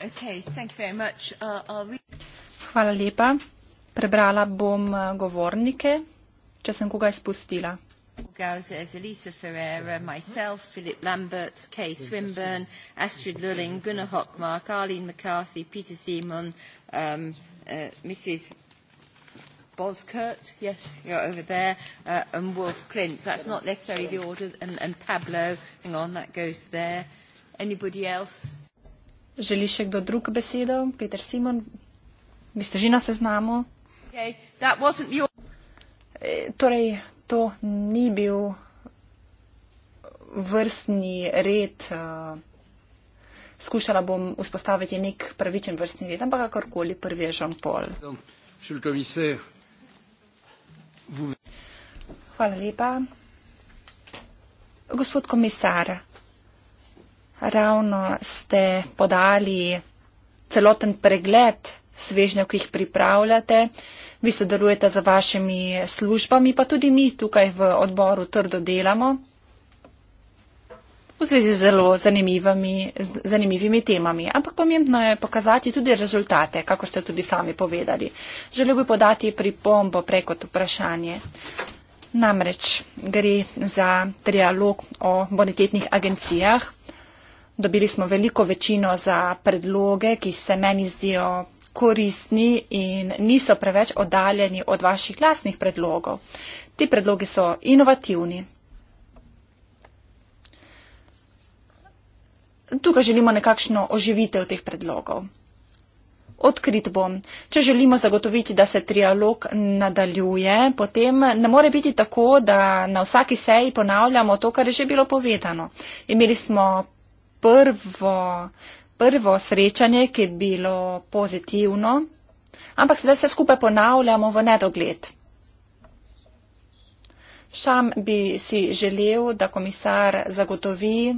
Okay, thank you very much. Uh, we... Hvala lepa. Prebrala bom uh, govornike če sem koga izpustila. Gauzes, Elisa Ferreira, myself, Philip Lambert, Kay Swinburne, Astrid Lulling, Gunnar Hockmark, Arlene McCarthy, Peter Simon, um, uh, Mrs. Boskurt, yes, you're over there, uh, and Wolf Clint. So that's not necessarily the order. And, and Pablo, hang on, that goes there. Anybody else? Želi še kdo drug besedo? Peter Simon, vi ste že na seznamu. Okay, that wasn't the order torej, to ni bil vrstni red. Eh, skušala bom vzpostaviti nek pravičen vrstni red, ampak kakorkoli prvi je Žan Pol. Hvala lepa. Gospod komisar, ravno ste podali celoten pregled svežnjev, ki jih pripravljate. Vi sodelujete za vašimi službami, pa tudi mi tukaj v odboru trdo delamo v zvezi z zelo zanimivimi, zanimivimi temami. Ampak pomembno je pokazati tudi rezultate, kako ste tudi sami povedali. Želel bi podati pripombo preko vprašanje. Namreč gre za trialog o bonitetnih agencijah. Dobili smo veliko večino za predloge, ki se meni zdijo koristni in niso preveč oddaljeni od vaših lasnih predlogov. Ti predlogi so inovativni. Tukaj želimo nekakšno oživitev teh predlogov. Odkrit bom. Če želimo zagotoviti, da se trialog nadaljuje, potem ne more biti tako, da na vsaki seji ponavljamo to, kar je že bilo povedano. Imeli smo prvo prvo srečanje, ki je bilo pozitivno, ampak sedaj vse skupaj ponavljamo v nedogled. Šam bi si želel, da komisar zagotovi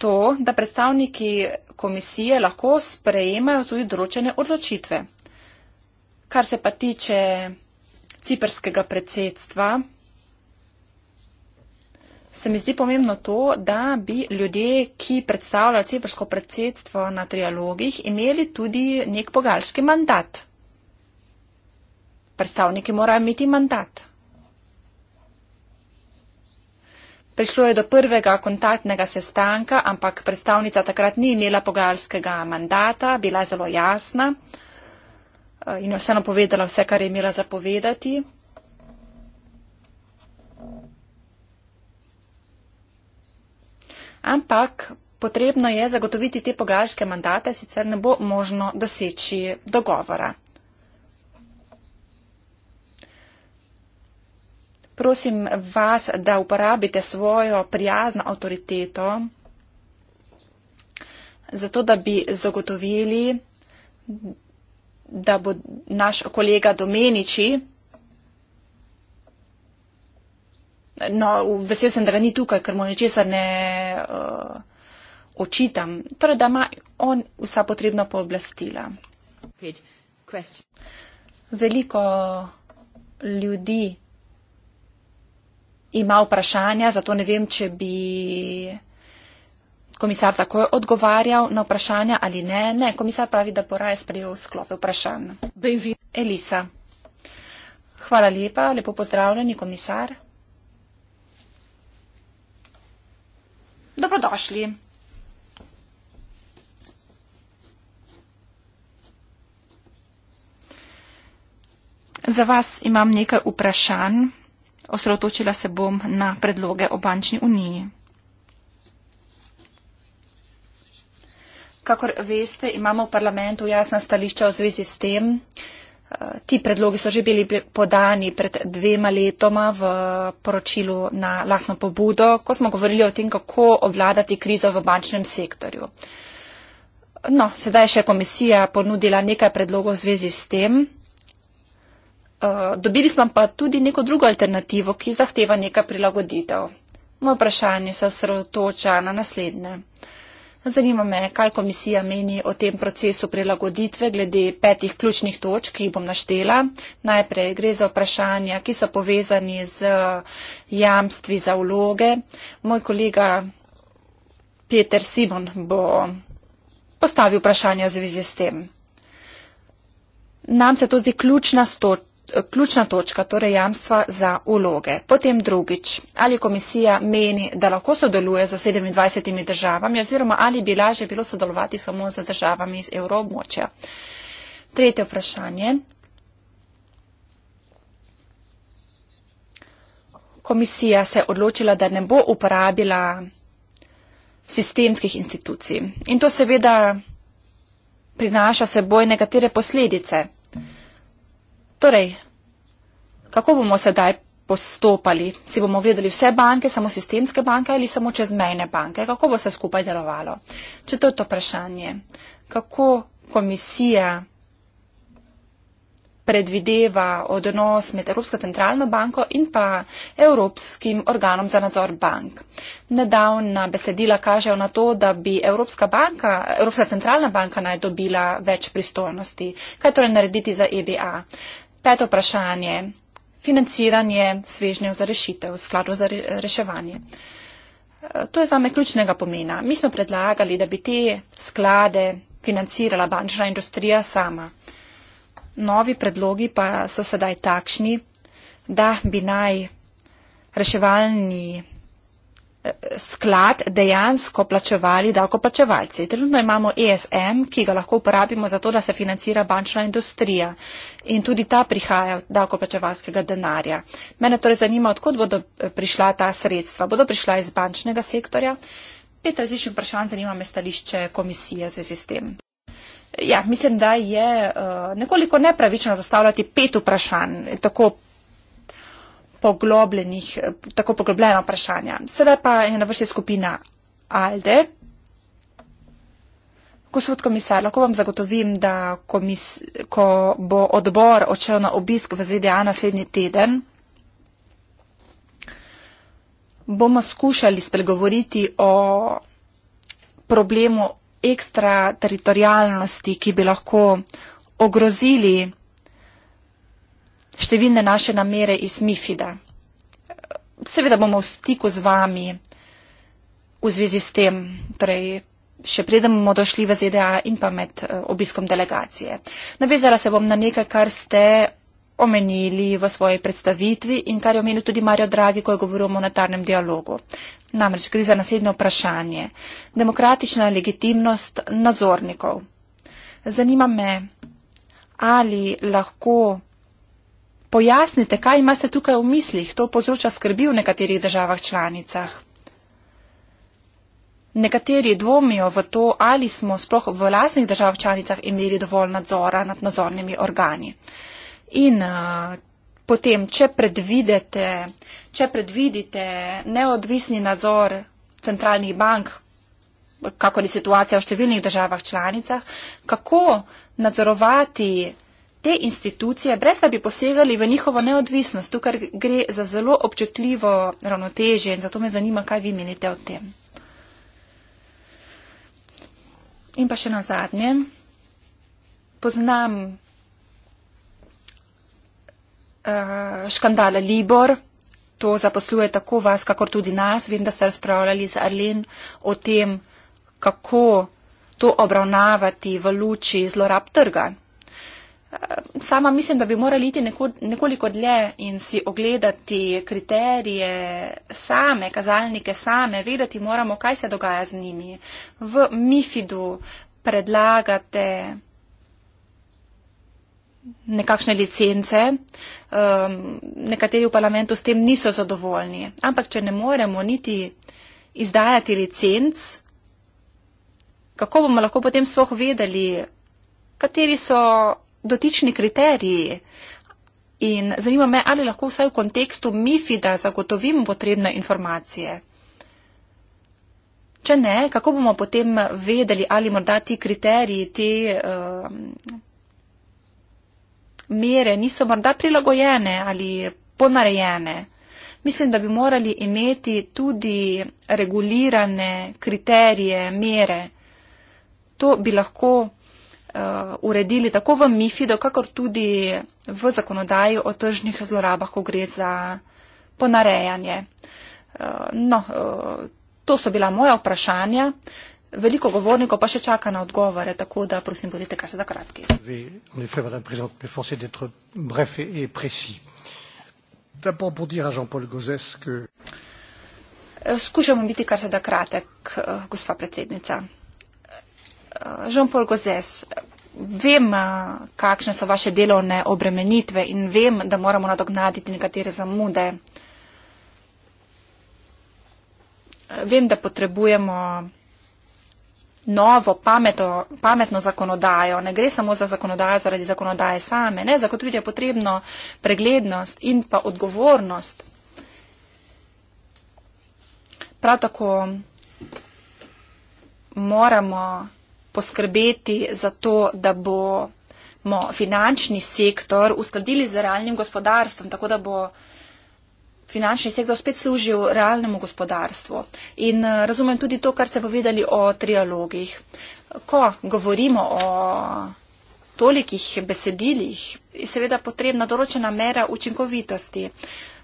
to, da predstavniki komisije lahko sprejemajo tudi določene odločitve. Kar se pa tiče ciperskega predsedstva, se mi zdi pomembno to, da bi ljudje, ki predstavljajo ciprsko predsedstvo na trialogih, imeli tudi nek pogalski mandat. Predstavniki morajo imeti mandat. Prišlo je do prvega kontaktnega sestanka, ampak predstavnica takrat ni imela pogalskega mandata, bila je zelo jasna eh, in je vseeno povedala vse, kar je imela zapovedati. ampak potrebno je zagotoviti te pogajalske mandate, sicer ne bo možno doseči dogovora. Prosim vas, da uporabite svojo prijazno avtoriteto, zato da bi zagotovili, da bo naš kolega Domeniči No, vesel sem, da ga ni tukaj, ker mu ničesar ne uh, očitam. Torej, da ima on vsa potrebna pooblastila. Veliko ljudi ima vprašanja, zato ne vem, če bi komisar tako odgovarjal na vprašanja ali ne. Ne, komisar pravi, da bo raje sprejel sklope vprašanj. Elisa. Hvala lepa, lepo pozdravljeni, komisar. Dobrodošli. Za vas imam nekaj vprašanj. Osredotočila se bom na predloge o bančni uniji. Kakor veste, imamo v parlamentu jasna stališča v zvezi s tem, ti predlogi so že bili podani pred dvema letoma v poročilu na lasno pobudo, ko smo govorili o tem, kako obvladati krizo v bančnem sektorju. No, sedaj je še komisija ponudila nekaj predlogov v zvezi s tem. Uh, dobili smo pa tudi neko drugo alternativo, ki zahteva nekaj prilagoditev. Moje vprašanje se osredotoča na naslednje. Zanima me, kaj komisija meni o tem procesu prilagoditve glede petih ključnih točk, ki jih bom naštela. Najprej gre za vprašanja, ki so povezani z jamstvi za vloge. Moj kolega Peter Simon bo postavil vprašanja v zvezi s tem. Nam se to zdi ključna stoč ključna točka, torej jamstva za uloge. Potem drugič, ali komisija meni, da lahko sodeluje za 27 državami oziroma ali bi lažje bilo sodelovati samo z državami iz evroobmočja. Tretje vprašanje. Komisija se je odločila, da ne bo uporabila sistemskih institucij. In to seveda prinaša seboj nekatere posledice. Torej, kako bomo sedaj postopali? Si bomo gledali vse banke, samo sistemske banke ali samo čezmejne banke? Kako bo se skupaj delovalo? Če to je to vprašanje, kako komisija predvideva odnos med Evropsko centralno banko in pa Evropskim organom za nadzor bank. Nedavna besedila kažejo na to, da bi Evropska, banka, Evropska centralna banka naj dobila več pristojnosti. Kaj torej narediti za EBA? Uh, Peto vprašanje. Financiranje svežnjev za rešitev, skladu za reševanje. Eh, to je zame ključnega pomena. Mi smo predlagali, da bi te sklade financirala bančna industrija sama. Novi predlogi pa so sedaj takšni, da bi naj reševalni sklad dejansko plačevali davkoplačevalci. Trenutno imamo ESM, ki ga lahko uporabimo za to, da se financira bančna industrija in tudi ta prihaja od davkoplačevalskega denarja. Mene torej zanima, odkud bodo eh, prišla ta sredstva. Bodo prišla iz bančnega sektorja? Pet različnih vprašanj zanima me stališče komisije za sistem. Ja, mislim, da je uh, nekoliko nepravično zastavljati pet vprašanj, tako poglobljenih, tako poglobljena vprašanja. Sedaj pa je na vrši skupina Alde. Gospod komisar, lahko vam zagotovim, da komis, ko bo odbor odšel na obisk v ZDA naslednji teden, bomo skušali spregovoriti o problemu ekstrateritorijalnosti, ki bi lahko ogrozili številne naše namere iz Mifida. Seveda bomo v stiku z vami v zvezi s tem, torej še preden bomo došli v ZDA in pa med eh, obiskom delegacije. Navezala se bom na nekaj, kar ste omenili v svoji predstavitvi in kar je omenil tudi Mario Draghi, ko je govoril o monetarnem dialogu. Namreč gre za naslednje vprašanje. Demokratična legitimnost nadzornikov. Zanima me, ali lahko pojasnite, kaj imate tukaj v mislih. To povzroča skrbi v nekaterih državah članicah. Nekateri dvomijo v to, ali smo sploh v lasnih državah članicah imeli dovolj nadzora nad nadzornimi organi. In uh, potem, če, če predvidite neodvisni nadzor centralnih bank, kakor je situacija v številnih državah članicah, kako nadzorovati te institucije, brez da bi posegali v njihovo neodvisnost, tukaj gre za zelo občutljivo ravnotežje in zato me zanima, kaj vi menite o tem. In pa še na zadnje, poznam uh, eh, škandala Libor, to zaposluje tako vas, kakor tudi nas. Vem, da ste razpravljali z Arlen o tem, kako to obravnavati v luči zlorab trga. Sama mislim, da bi morali iti neko, nekoliko dlje in si ogledati kriterije same, kazalnike same, vedeti moramo, kaj se dogaja z njimi. V MIFID-u predlagate nekakšne licence, um, nekateri v parlamentu s tem niso zadovoljni. Ampak, če ne moremo niti izdajati licenc, kako bomo lahko potem sploh vedeli, kateri so dotični kriteriji. In zanima me, ali lahko vsaj v kontekstu MIFID-a zagotovim potrebne informacije. Če ne, kako bomo potem vedeli, ali morda ti kriteriji, te uh, mere niso morda prilagojene ali ponarejene. Mislim, da bi morali imeti tudi regulirane kriterije, mere. To bi lahko uh, uredili tako v MIFID-u, kakor tudi v zakonodaji o tržnih zlorabah, ko gre za ponarejanje. Uh, no, uh, to so bila moja vprašanja. Veliko govornikov pa še čaka na odgovore, tako da prosim, bodite kar sedaj kratki. Skušamo biti kar sedaj kratek, uh, gospa predsednica. Žan-Paul Gozes, vem, eh, kakšne so vaše delovne obremenitve in vem, da moramo nadognaditi nekatere zamude. Vem, da potrebujemo novo pameto, pametno zakonodajo. Ne gre samo za zakonodajo zaradi zakonodaje same. Ne, zagotoviti je potrebno preglednost in pa odgovornost. Prav tako moramo poskrbeti za to, da bomo finančni sektor uskladili z realnim gospodarstvom, tako da bo finančni sektor spet služil realnemu gospodarstvu. In eh, razumem tudi to, kar ste povedali o trialogih. Ko govorimo o tolikih besedilih, je seveda potrebna določena mera učinkovitosti.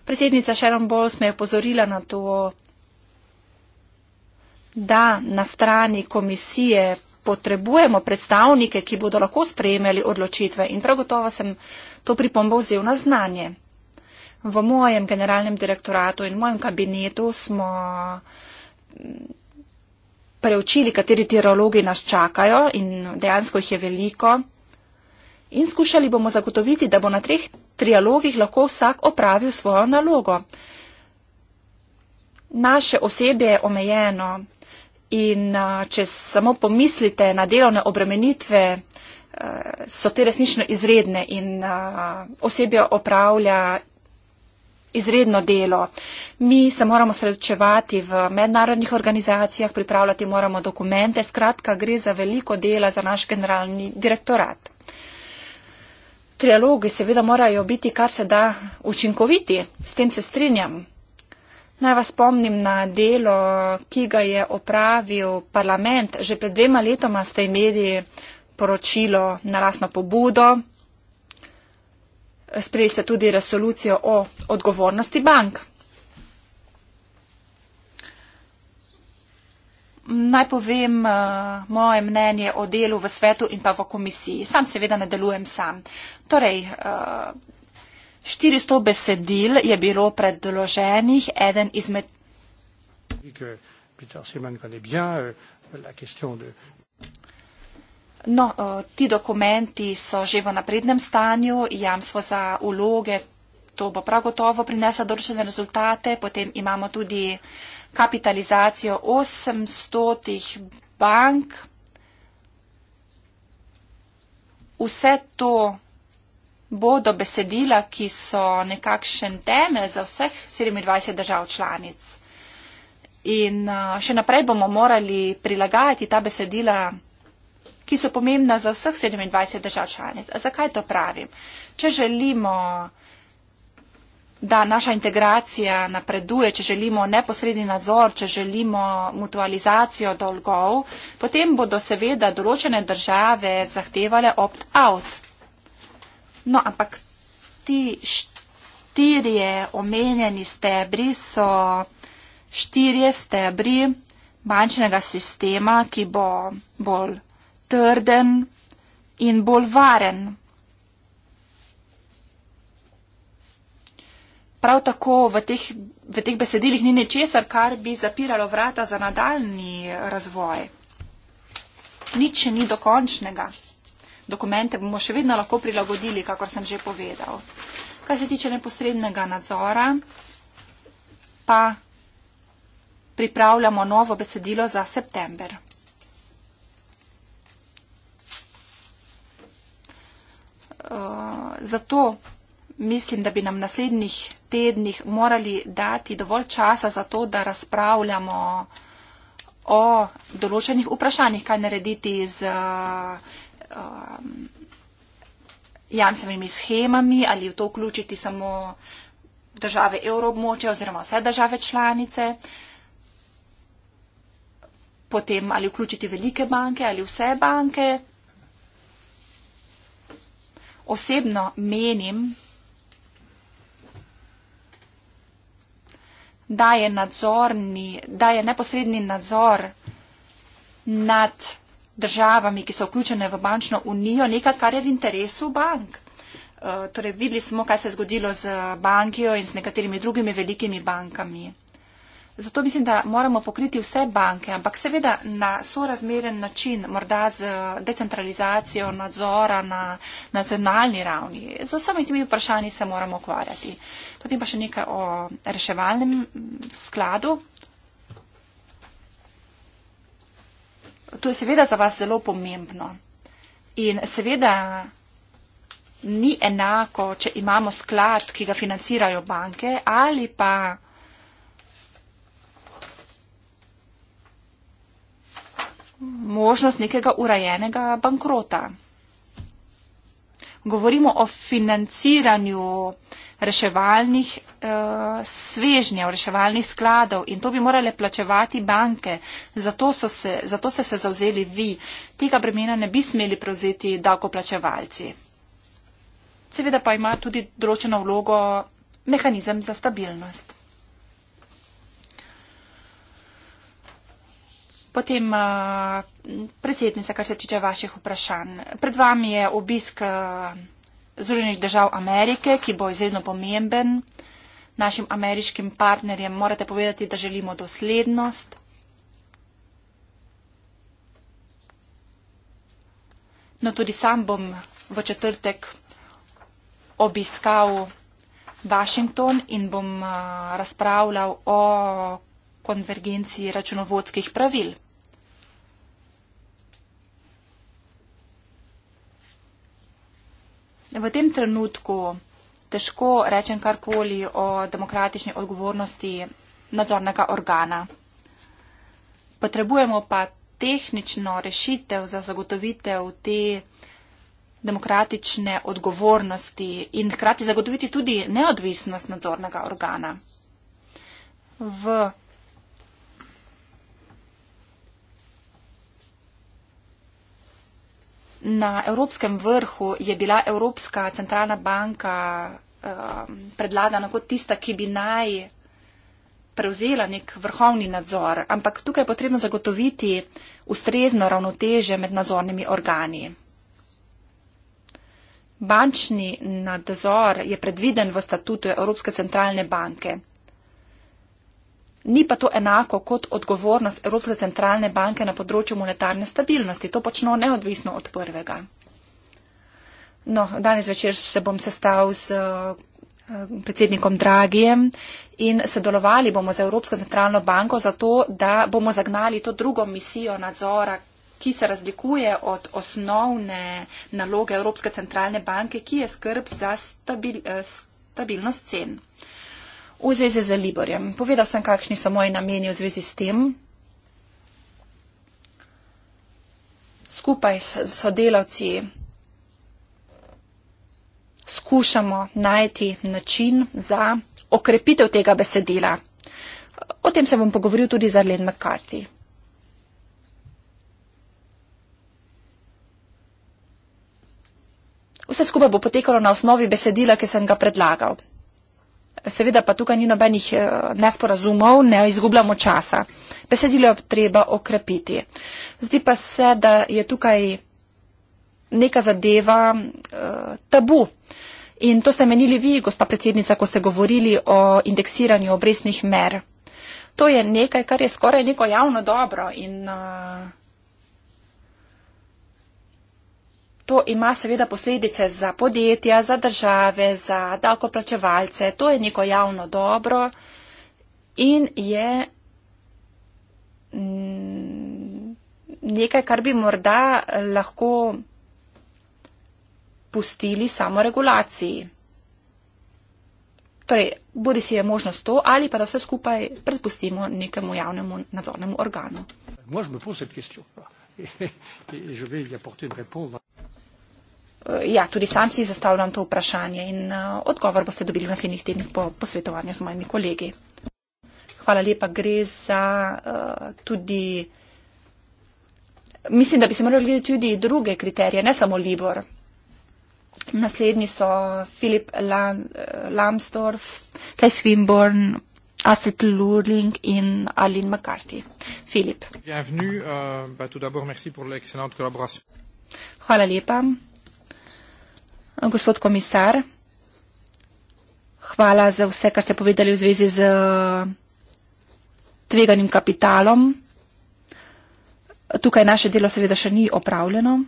Predsednica Sharon Bowles me je opozorila na to, da na strani komisije potrebujemo predstavnike, ki bodo lahko sprejemali odločitve in prav gotovo sem to pripombo vzel na znanje. V mojem generalnem direktoratu in mojem kabinetu smo mm, preučili, kateri tirologi nas čakajo in dejansko jih je veliko. In skušali bomo zagotoviti, da bo na treh trialogih lahko vsak opravil svojo nalogo. Naše osebje je omejeno, In a, če samo pomislite na delovne obremenitve, a, so te resnično izredne in a, osebja opravlja izredno delo. Mi se moramo srečevati v mednarodnih organizacijah, pripravljati moramo dokumente, skratka gre za veliko dela za naš generalni direktorat. Trialogi seveda morajo biti kar se da učinkoviti, s tem se strinjam. Naj vas spomnim na delo, ki ga je opravil parlament. Že pred dvema letoma ste imeli poročilo na lasno pobudo. Sprejeli ste tudi resolucijo o odgovornosti bank. Naj povem uh, moje mnenje o delu v svetu in pa v komisiji. Sam seveda ne delujem sam. Torej, uh, 400 besedil je bilo predloženih, eden izmed. Euh, no, ti dokumenti so že v naprednem stanju, jamstvo za uloge, to bo prav gotovo prinesa določene rezultate, potem imamo tudi kapitalizacijo 800 bank. Vse to bodo besedila, ki so nekakšen temelj za vseh 27 držav članic. In uh, še naprej bomo morali prilagajati ta besedila, ki so pomembna za vseh 27 držav članic. A zakaj to pravim? Če želimo, da naša integracija napreduje, če želimo neposredni nadzor, če želimo mutualizacijo dolgov, potem bodo seveda določene države zahtevale opt-out. No, ampak ti štirje omenjeni stebri so štirje stebri bančnega sistema, ki bo bolj trden in bolj varen. Prav tako v teh, v teh besedilih ni ničesar, kar bi zapiralo vrata za nadaljni razvoj. Nič ni dokončnega dokumente bomo še vedno lahko prilagodili, kakor sem že povedal. Kaj se tiče neposrednega nadzora, pa pripravljamo novo besedilo za september. Eh, zato mislim, da bi nam v naslednjih tednih morali dati dovolj časa za to, da razpravljamo o določenih vprašanjih, kaj narediti z um, jamstvenimi schemami ali v to vključiti samo države evroobmočja oziroma vse države članice, potem ali vključiti velike banke ali vse banke. Osebno menim, da je, nadzorni, da je neposredni nadzor nad državami, ki so vključene v bančno unijo, nekaj, kar je v interesu bank. Eh, torej, videli smo, kaj se je zgodilo z bankijo in z nekaterimi drugimi velikimi bankami. Zato mislim, da moramo pokriti vse banke, ampak seveda na sorazmeren način, morda z decentralizacijo nadzora na nacionalni ravni. Z vsemi temi vprašanji se moramo ukvarjati. Potem pa še nekaj o reševalnem skladu, to je seveda za vas zelo pomembno. In seveda ni enako, če imamo sklad, ki ga financirajo banke ali pa možnost nekega urajenega bankrota govorimo o financiranju reševalnih eh, svežnjev, reševalnih skladov in to bi morale plačevati banke. Zato, se, zato ste se zauzeli vi. Tega bremena ne bi smeli prevzeti davkoplačevalci. Seveda pa ima tudi določeno vlogo mehanizem za stabilnost. Potem eh, predsednica, kar se tiče vaših vprašanj. Pred vami je obisk eh, Združenih držav Amerike, ki bo izredno pomemben. Našim ameriškim partnerjem morate povedati, da želimo doslednost. No, tudi sam bom v četrtek obiskal Washington in bom eh, razpravljal o konvergenciji računovodskih pravil. v tem trenutku težko rečem karkoli o demokratični odgovornosti nadzornega organa. Potrebujemo pa tehnično rešitev za zagotovitev te demokratične odgovornosti in hkrati zagotoviti tudi neodvisnost nadzornega organa. V Na evropskem vrhu je bila Evropska centralna banka eh, predlagana kot tista, ki bi naj prevzela nek vrhovni nadzor, ampak tukaj je potrebno zagotoviti ustrezno ravnoteže med nadzornimi organi. Bančni nadzor je predviden v statutu Evropske centralne banke. Ni pa to enako kot odgovornost Evropske centralne banke na področju monetarne stabilnosti. To počno neodvisno od prvega. No, danes večer se bom sestal z eh, predsednikom Dragijem in sodelovali bomo z Evropsko centralno banko zato, da bomo zagnali to drugo misijo nadzora, ki se razlikuje od osnovne naloge Evropske centralne banke, ki je skrb za stabil, eh, stabilnost cen v zvezi z Liborjem. Povedal sem, kakšni so moji nameni v zvezi s tem. Skupaj s sodelavci skušamo najti način za okrepitev tega besedila. O tem se bom pogovoril tudi z Arlen McCarthy. Vse skupaj bo potekalo na osnovi besedila, ki sem ga predlagal. Seveda pa tukaj ni nobenih eh, nesporazumov, ne izgubljamo časa. Besedilo je treba okrepiti. Zdi pa se, da je tukaj neka zadeva eh, tabu. In to ste menili vi, gospa predsednica, ko ste govorili o indeksiranju obresnih mer. To je nekaj, kar je skoraj neko javno dobro in uh, to ima seveda posledice za podjetja, za države, za davkoplačevalce. To je neko javno dobro in je mm, nekaj, kar bi morda lahko pustili samo regulaciji. Torej, bodi si je možnost to ali pa da vse skupaj predpustimo nekemu javnemu nadzornemu organu. Moi, je me pose cette question (laughs) et je vais y apporter une réponse. Eh, ja, tudi sam si zastavljam to vprašanje in eh, odgovor boste dobili v naslednjih tednih po posvetovanju z mojimi kolegi. Hvala lepa, gre za eh, tudi. Mislim, da bi se morali gledati tudi druge kriterije, ne samo Libor. Naslednji so Filip Lambsdorff, Kaj Swinburn, Astrid Lurling in Alin McCarthy. Filip. Euh, Hvala lepa. Gospod komisar, hvala za vse, kar ste povedali v zvezi z tveganim kapitalom. Tukaj naše delo seveda še ni opravljeno.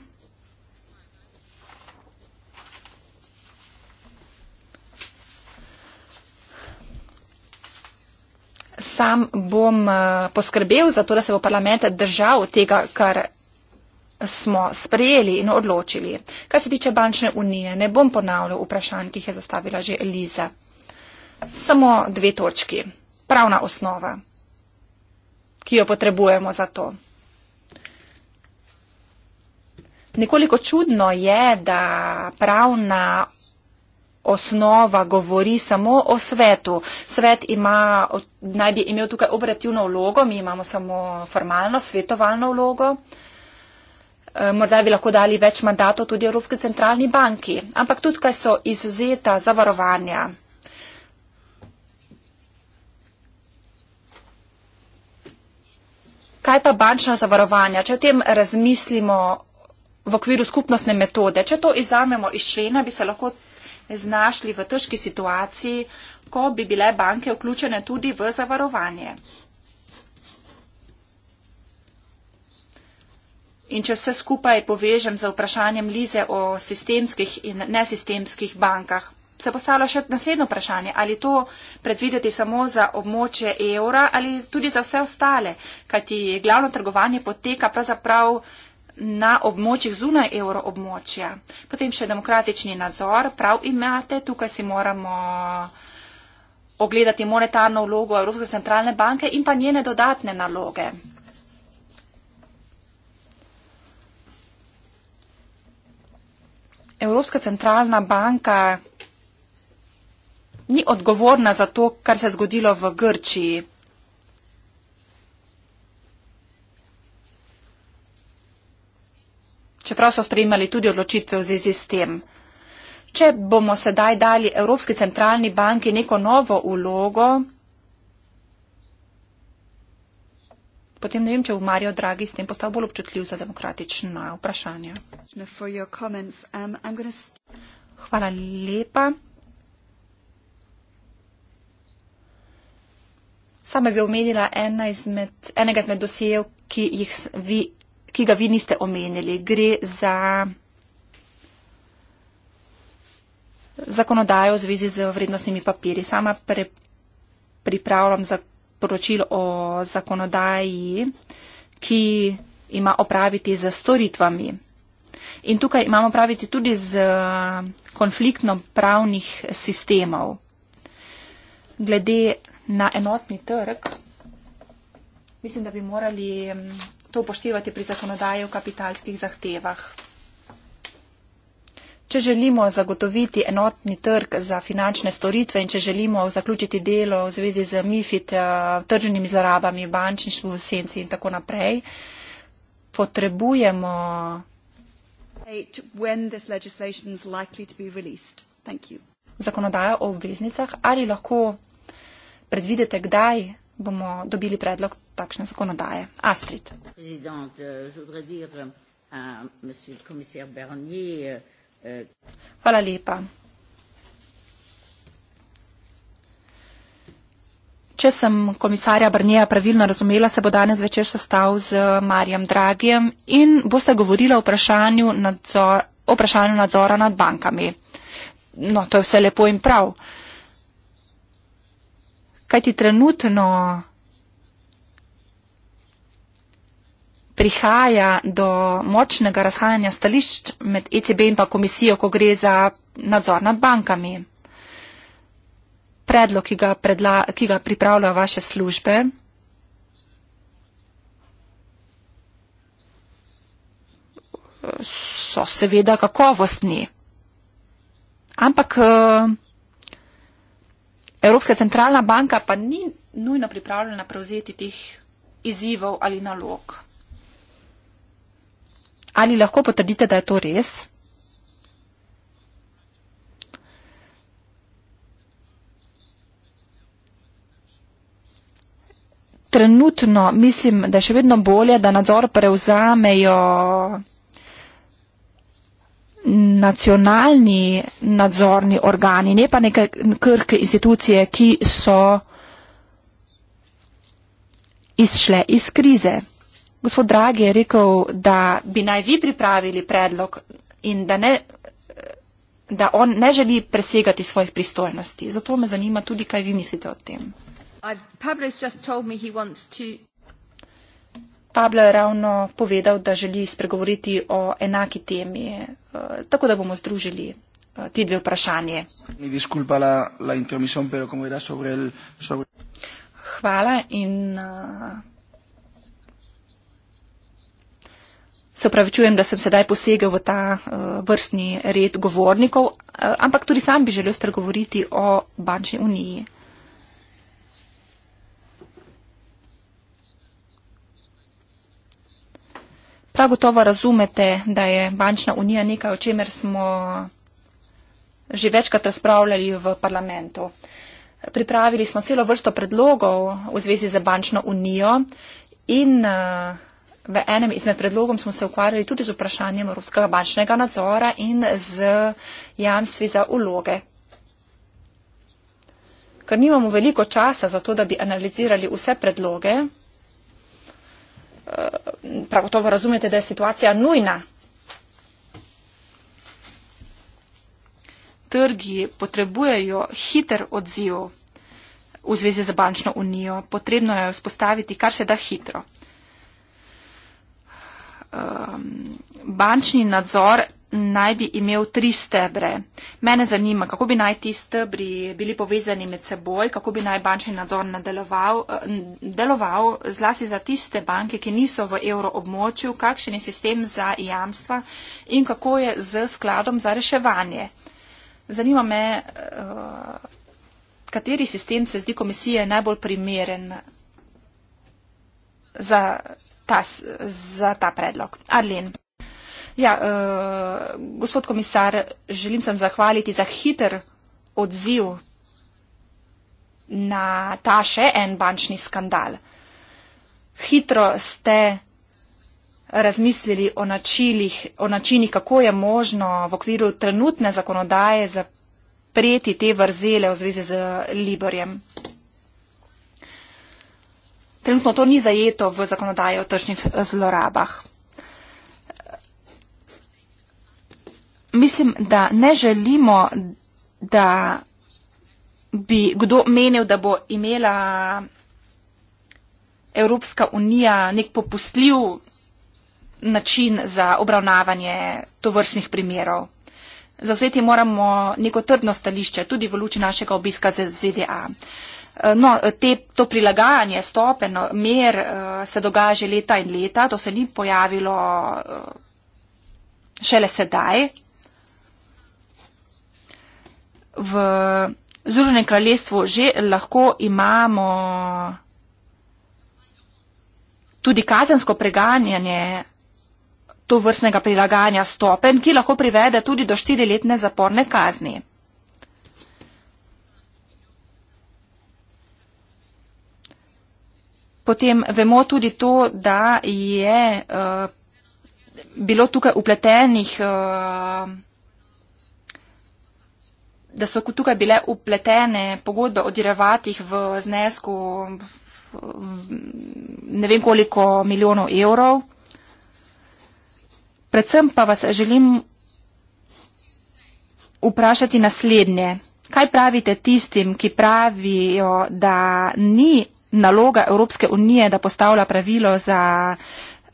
Sam bom eh, poskrbel za to, da se bo parlament držal tega, kar smo sprejeli in odločili. Kar se tiče bančne unije, ne bom ponavljal vprašanj, ki jih je zastavila že Eliza. Samo dve točki. Pravna osnova, ki jo potrebujemo za to. Nekoliko čudno je, da pravna osnova govori samo o svetu. Svet ima, naj bi imel tukaj operativno vlogo, mi imamo samo formalno svetovalno vlogo. Eh, morda bi lahko dali več mandatov tudi Evropski centralni banki, ampak tukaj so izuzeta zavarovanja. Kaj pa bančna zavarovanja, če o tem razmislimo v okviru skupnostne metode? Če to izamemo iz člena, bi se lahko znašli v težki situaciji, ko bi bile banke vključene tudi v zavarovanje. In če vse skupaj povežem z vprašanjem Lize o sistemskih in nesistemskih bankah, se postavlja še naslednjo vprašanje, ali to predvideti samo za območje evra ali tudi za vse ostale, kajti glavno trgovanje poteka pravzaprav na območjih zunaj evro območja. Potem še demokratični nadzor, prav imate, tukaj si moramo ogledati monetarno vlogo Evropske centralne banke in pa njene dodatne naloge. Evropska centralna banka ni odgovorna za to, kar se je zgodilo v Grčiji. Čeprav so sprejemali tudi odločitve v zvezi s tem. Če bomo sedaj dali Evropski centralni banki neko novo ulogo, potem ne vem, če bo Mario Draghi s tem postal bolj občutljiv za demokratična vprašanja. Um, Hvala lepa. Sama bi omenila ena izmed, enega izmed dosejev, ki, ki ga vi niste omenili. Gre za zakonodajo v zvezi z vrednostnimi papiri. Sama pre, pripravljam zakonodajo poročilo o zakonodaji, ki ima opraviti z storitvami. In tukaj imamo praviti tudi z konfliktno pravnih sistemov. Glede na enotni trg, mislim, da bi morali mm, to upoštevati pri zakonodaji o kapitalskih zahtevah. Če želimo zagotoviti enotni trg za finančne storitve in če želimo zaključiti delo v zvezi z MIFID, eh, tržnimi zlorabami, bančništvu v senci in tako naprej, potrebujemo. Zakonodajo o obveznicah, ali lahko predvidite, kdaj bomo dobili predlog takšne zakonodaje? Astrid. Predsednica, želim reči, gospod komisar Bernier. Euh, Hvala lepa. Če sem komisarja Brnija pravilno razumela, se bo danes večer sestav z Marjem Dragijem in boste govorila o vprašanju, nadzor, vprašanju nadzora nad bankami. No, to je vse lepo in prav. Kaj ti trenutno? prihaja do močnega razhajanja stališč med ECB in pa komisijo, ko gre za nadzor nad bankami. Predlog, ki ga, predla, ki ga pripravljajo vaše službe, so seveda kakovostni. Ampak eh, Evropska centralna banka pa ni nujno pripravljena prevzeti teh izzivov ali nalog. Ali lahko potrdite, da je to res? Trenutno mislim, da je še vedno bolje, da nadzor prevzamejo nacionalni nadzorni organi, ne pa neke krke institucije, ki so izšle iz krize. Gospod Dragi je rekel, da bi naj vi pripravili predlog in da, ne, da on ne želi presegati svojih pristojnosti. Zato me zanima tudi, kaj vi mislite o tem. Uh, Pablo je ravno povedal, da želi spregovoriti o enaki temi, uh, tako da bomo združili uh, ti dve vprašanje. Hvala in Se upravičujem, da sem sedaj posegel v ta eh, vrstni red govornikov, eh, ampak tudi sam bi želel spregovoriti o bančni uniji. Prav gotovo razumete, da je bančna unija nekaj, o čemer smo že večkrat razpravljali v parlamentu. Pripravili smo celo vrsto predlogov v zvezi z bančno unijo in uh, V enem izmed predlogov smo se ukvarjali tudi z vprašanjem Evropskega bančnega nadzora in z jamstvi za uloge. Ker nimamo veliko časa za to, da bi analizirali vse predloge, eh, prav gotovo razumete, da je situacija nujna. Trgi potrebujejo hiter odziv v zvezi z bančno unijo. Potrebno je vzpostaviti kar se da hitro um, bančni nadzor naj bi imel tri stebre. Mene zanima, kako bi naj ti stebri bili povezani med seboj, kako bi naj bančni nadzor nadaloval, eh, deloval zlasti za tiste banke, ki niso v euroobmočju, kakšen je sistem za jamstva in kako je z skladom za reševanje. Zanima me, eh, kateri sistem se zdi komisije najbolj primeren za ta, za ta predlog. Arlen. Ja, uh, gospod komisar, želim sem zahvaliti za hiter odziv na ta še en bančni skandal. Hitro ste razmislili o, načilih, o načinih, kako je možno v okviru trenutne zakonodaje zapreti te vrzele v zvezi z Liborjem trenutno to ni zajeto v zakonodaji o tržnih zlorabah. Mislim, da ne želimo, da bi kdo menil, da bo imela Evropska unija nek popustljiv način za obravnavanje tovrstnih primerov. Za vse te moramo neko trdno stališče, tudi v luči našega obiska z ZDA. Uh, Eh, no, te, to prilagajanje stopen no, mer eh, se dogaja že leta in leta, to se ni pojavilo eh, šele sedaj. V Združenem kraljestvu že lahko imamo tudi kazensko preganjanje to vrstnega prilagajanja stopen, ki lahko privede tudi do štiriletne zaporne kazni. Potem vemo tudi to, da je uh, bilo tukaj upletenih. Uh, da so tukaj bile upletene pogodbe o direvatih v znesku v ne vem koliko milijonov evrov. Predvsem pa vas želim vprašati naslednje. Kaj pravite tistim, ki pravijo, da ni naloga Evropske unije, da postavlja pravilo za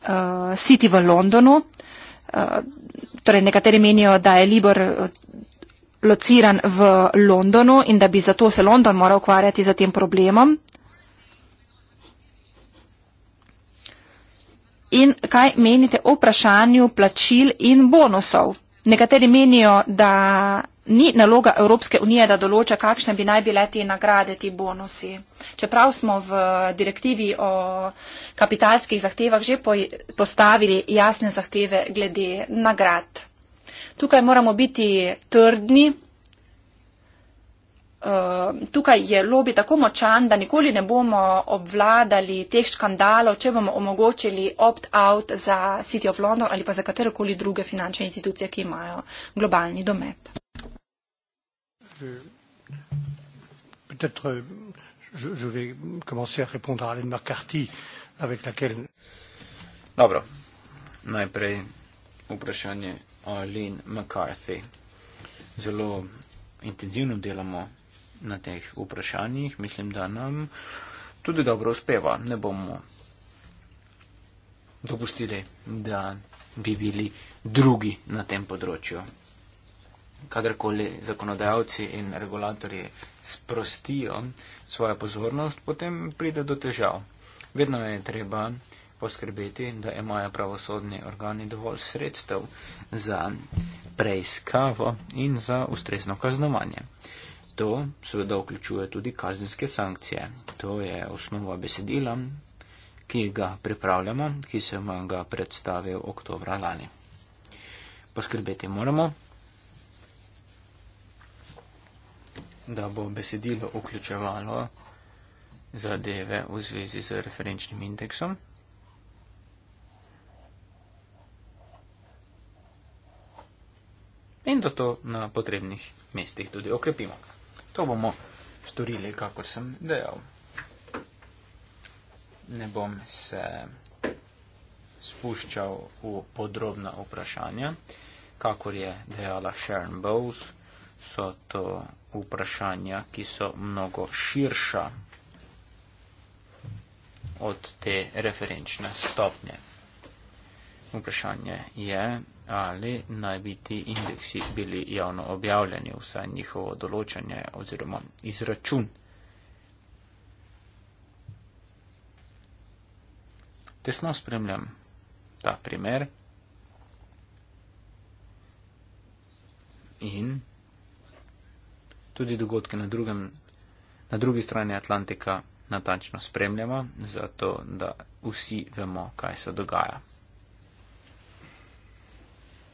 uh, City v Londonu. Uh, torej nekateri menijo, da je Libor uh, lociran v Londonu in da bi zato se London moral ukvarjati za tem problemom. In kaj menite o vprašanju plačil in bonusov? Nekateri menijo, da ni naloga Evropske unije, da določa, kakšne bi naj bile te nagrade, ti bonusi. Čeprav smo v direktivi o kapitalskih zahtevah že postavili jasne zahteve glede nagrad. Tukaj moramo biti trdni. Ehm, tukaj je lobby tako močan, da nikoli ne bomo obvladali teh škandalov, če bomo omogočili opt-out za City of London ali pa za katerokoli druge finančne institucije, ki imajo globalni domet. Peut-être euh, je, je vais commencer à répondre à Alain McCarthy avec laquelle. Dobro. Najprej vprašanje Arlene McCarthy. Zelo intenzivno delamo na teh vprašanjih. Mislim, da nam tudi dobro uspeva. Ne bomo dopustili, da bi bili drugi na tem področju kadarkoli zakonodajalci in regulatori sprostijo svojo pozornost, potem pride do težav. Vedno je treba poskrbeti, da imajo pravosodni organi dovolj sredstev za preiskavo in za ustrezno kaznovanje. To seveda vključuje tudi kazenske sankcije. To je osnova besedila, ki ga pripravljamo, ki sem vam ga predstavil oktobra lani. Poskrbeti moramo, da bo besedilo vključevalo zadeve v zvezi z referenčnim indeksom. In da to na potrebnih mestih tudi okrepimo. To bomo storili, kakor sem dejal. Ne bom se spuščal v podrobna vprašanja. Kakor je dejala Sharon Bowles, so to vprašanja, ki so mnogo širša od te referenčne stopnje. Vprašanje je, ali naj bi ti indeksi bili javno objavljeni, vsaj njihovo določanje oziroma izračun. Tesno spremljam ta primer in tudi dogodke na, drugem, na drugi strani Atlantika natančno spremljamo, zato da vsi vemo, kaj se dogaja.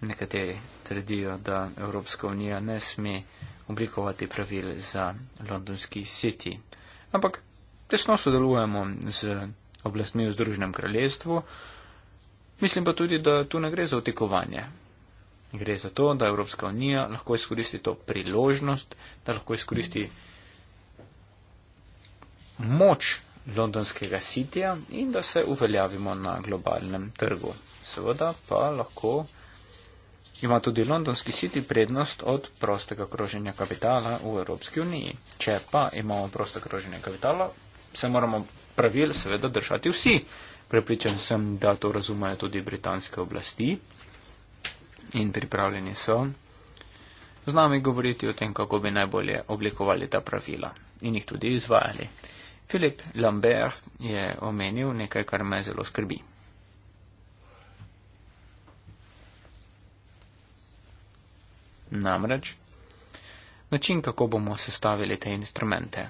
Nekateri trdijo, da Evropska unija ne sme oblikovati pravil za londonski city, ampak tesno sodelujemo z oblastmi v Združenem kraljestvu. Mislim pa tudi, da tu ne gre za otekovanje, In gre za to, da Evropska unija lahko izkoristi to priložnost, da lahko izkoristi moč londonskega sitija in da se uveljavimo na globalnem trgu. Seveda pa lahko ima tudi londonski siti prednost od prostega kroženja kapitala v Evropski uniji. Če pa imamo prosto kroženje kapitala, se moramo pravil seveda držati vsi. Prepričan sem, da to razumejo tudi britanske oblasti in pripravljeni so z nami govoriti o tem, kako bi najbolje oblikovali ta pravila in jih tudi izvajali. Filip Lambert je omenil nekaj, kar me zelo skrbi. Namreč, način, kako bomo sestavili te instrumente.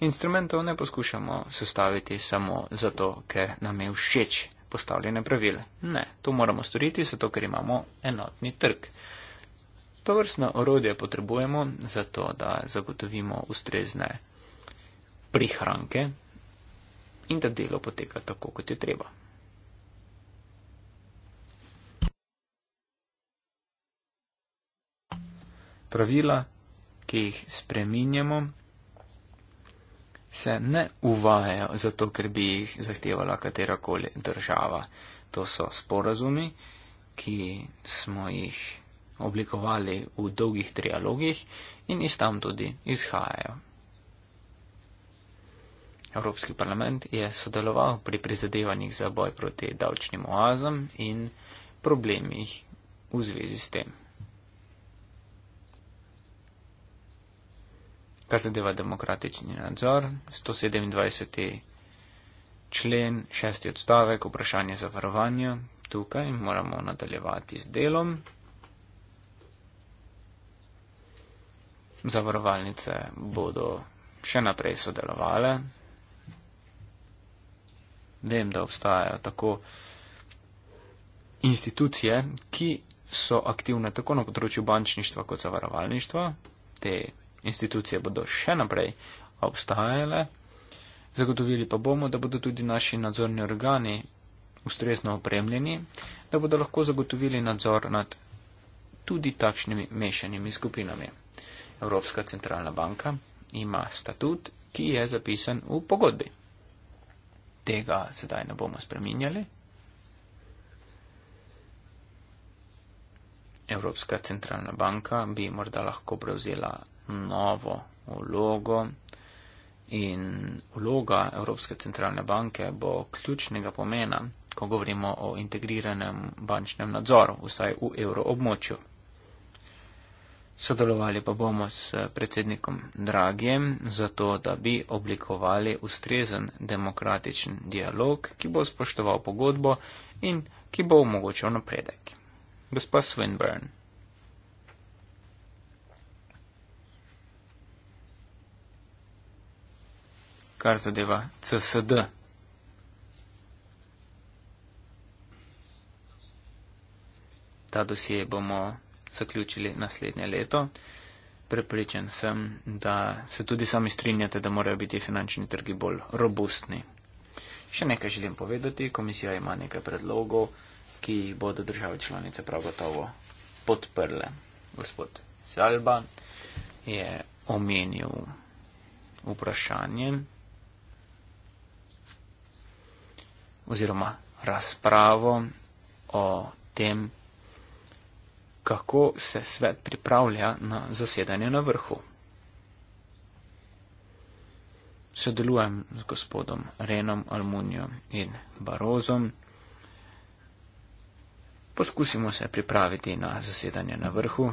Instrumentov ne poskušamo sestaviti samo zato, ker nam je všeč postavljene pravile. Ne, to moramo storiti, zato ker imamo enotni trg. To vrstno orodje potrebujemo zato, da zagotovimo ustrezne prihranke in da delo poteka tako, kot je treba. Pravila, ki jih spreminjamo, se ne uvajajo zato, ker bi jih zahtevala katerakoli država. To so sporazumi, ki smo jih oblikovali v dolgih trialogih in iz tam tudi izhajajo. Evropski parlament je sodeloval pri prizadevanjih za boj proti davčnim oazam in problemih v zvezi s tem. kar zadeva demokratični nadzor, 127. člen, šesti odstavek, vprašanje zavarovanja. Tukaj moramo nadaljevati z delom. Zavarovalnice bodo še naprej sodelovale. Vem, da obstajajo tako institucije, ki so aktivne tako na področju bančništva kot zavarovalništva, te institucije bodo še naprej obstajale, zagotovili pa bomo, da bodo tudi naši nadzorni organi ustrezno opremljeni, da bodo lahko zagotovili nadzor nad tudi takšnimi mešanimi skupinami. Evropska centralna banka ima statut, ki je zapisan v pogodbi. Tega sedaj ne bomo spreminjali. Evropska centralna banka bi morda lahko prevzela novo vlogo in vloga Evropske centralne banke bo ključnega pomena, ko govorimo o integriranem bančnem nadzoru, vsaj v evroobmočju. Sodelovali pa bomo s predsednikom Dragijem, zato da bi oblikovali ustrezen demokratičen dialog, ki bo spoštoval pogodbo in ki bo omogočal napredek. Gospa Swinburne. kar zadeva CSD. Ta dosje bomo zaključili naslednje leto. Prepričan sem, da se tudi sami strinjate, da morajo biti finančni trgi bolj robustni. Še nekaj želim povedati. Komisija ima nekaj predlogov, ki jih bodo države članice prav gotovo podprle. Gospod Salba je omenil vprašanje. oziroma razpravo o tem, kako se svet pripravlja na zasedanje na vrhu. Sodelujem z gospodom Renom, Almunijo in Barozom. Poskusimo se pripraviti na zasedanje na vrhu,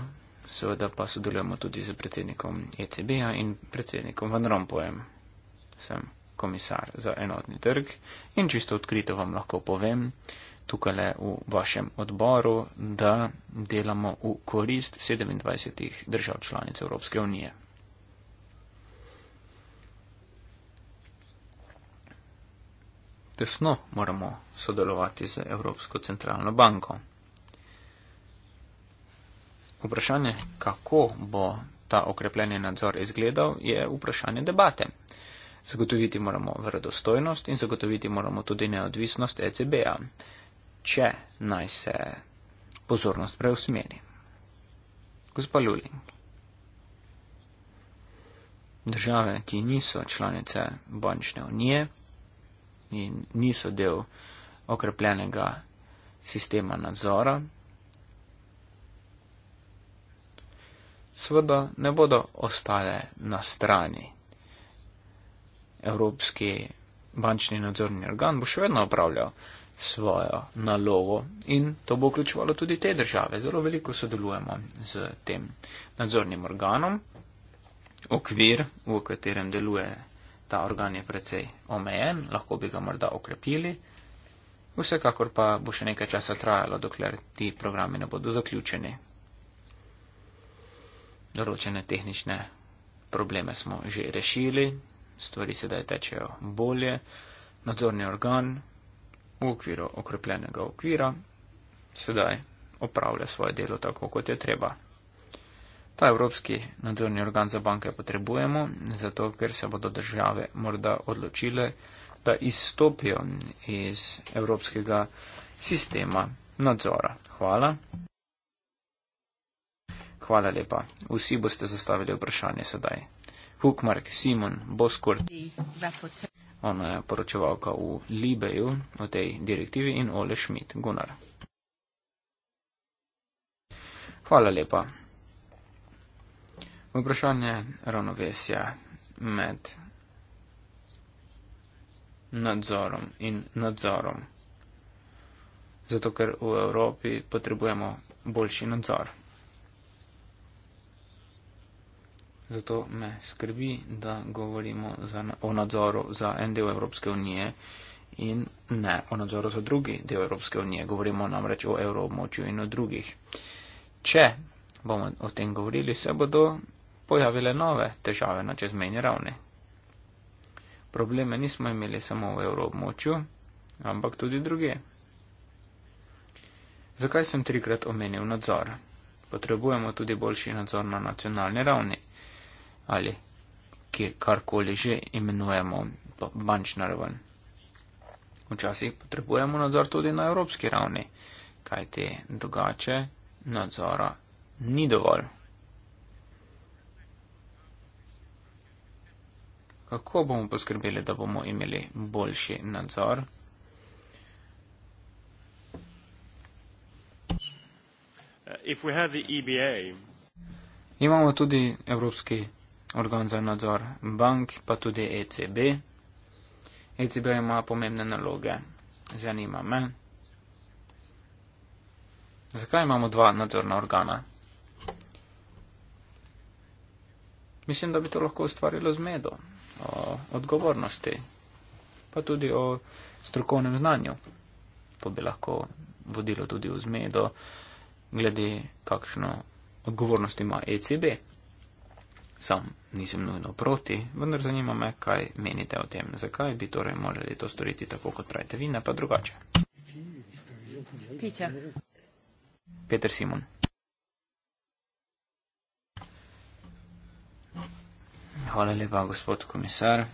seveda pa sodelujemo tudi z predsednikom ECB-ja in predsednikom Van Rompojem. Sem komisar za enotni trg in čisto odkrito vam lahko povem tukaj v vašem odboru, da delamo v korist 27 držav članic Evropske unije. Tesno moramo sodelovati z Evropsko centralno banko. Vprašanje, kako bo ta okrepljeni nadzor izgledal, je vprašanje debate. Zagotoviti moramo verodostojnost in zagotoviti moramo tudi neodvisnost ECB-a, če naj se pozornost preusmeri. Gospa Luling. Države, ki niso članice bančne unije in niso del okrepljenega sistema nadzora, seveda ne bodo ostale na strani Evropski bančni nadzorni organ bo še vedno upravljal svojo nalogo in to bo vključovalo tudi te države. Zelo veliko sodelujemo z tem nadzornim organom. Okvir, v katerem deluje ta organ, je precej omejen, lahko bi ga morda okrepili. Vsekakor pa bo še nekaj časa trajalo, dokler ti programi ne bodo zaključeni. Določene tehnične probleme smo že rešili, stvari sedaj tečejo bolje. Nadzorni organ v okviru okrepljenega okvira sedaj opravlja svoje delo tako, kot je treba. Ta Evropski nadzorni organ za banke potrebujemo, zato ker se bodo države morda odločile, da izstopijo iz evropskega sistema nadzora. Hvala. Hvala lepa. Vsi boste zastavili vprašanje sedaj. Hukmark Simon Boskurt. Ona je poročevalka v Libeju o tej direktivi in Ole Schmidt Gunnar. Hvala lepa. Vprašanje ravnovesja med nadzorom in nadzorom. Zato, ker v Evropi potrebujemo boljši nadzor. Zato me skrbi, da govorimo za, o nadzoru za en del Evropske unije in ne o nadzoru za drugi del Evropske unije. Govorimo namreč o evroobmočju in o drugih. Če bomo o tem govorili, se bodo pojavile nove težave na čezmejni ravni. Probleme nismo imeli samo v evroobmočju, ampak tudi druge. Zakaj sem trikrat omenil nadzor? Potrebujemo tudi boljši nadzor na nacionalni ravni ali kjerkoli že imenujemo bančna raven. Včasih potrebujemo nadzor tudi na evropski ravni, kajti drugače nadzora ni dovolj. Kako bomo poskrbeli, da bomo imeli boljši nadzor? E Imamo tudi Evropski organ za nadzor bank, pa tudi ECB. ECB ima pomembne naloge. Zanima me, zakaj imamo dva nadzorna organa? Mislim, da bi to lahko ustvarilo zmedo o odgovornosti, pa tudi o strokovnem znanju. To bi lahko vodilo tudi v zmedo, glede kakšno odgovornost ima ECB sam nisem nujno proti, vendar zanima me, kaj menite o tem, zakaj bi torej morali to storiti tako, kot pravite vi, ne pa drugače. Piča. Peter Simon. Hvala lepa, gospod komisar.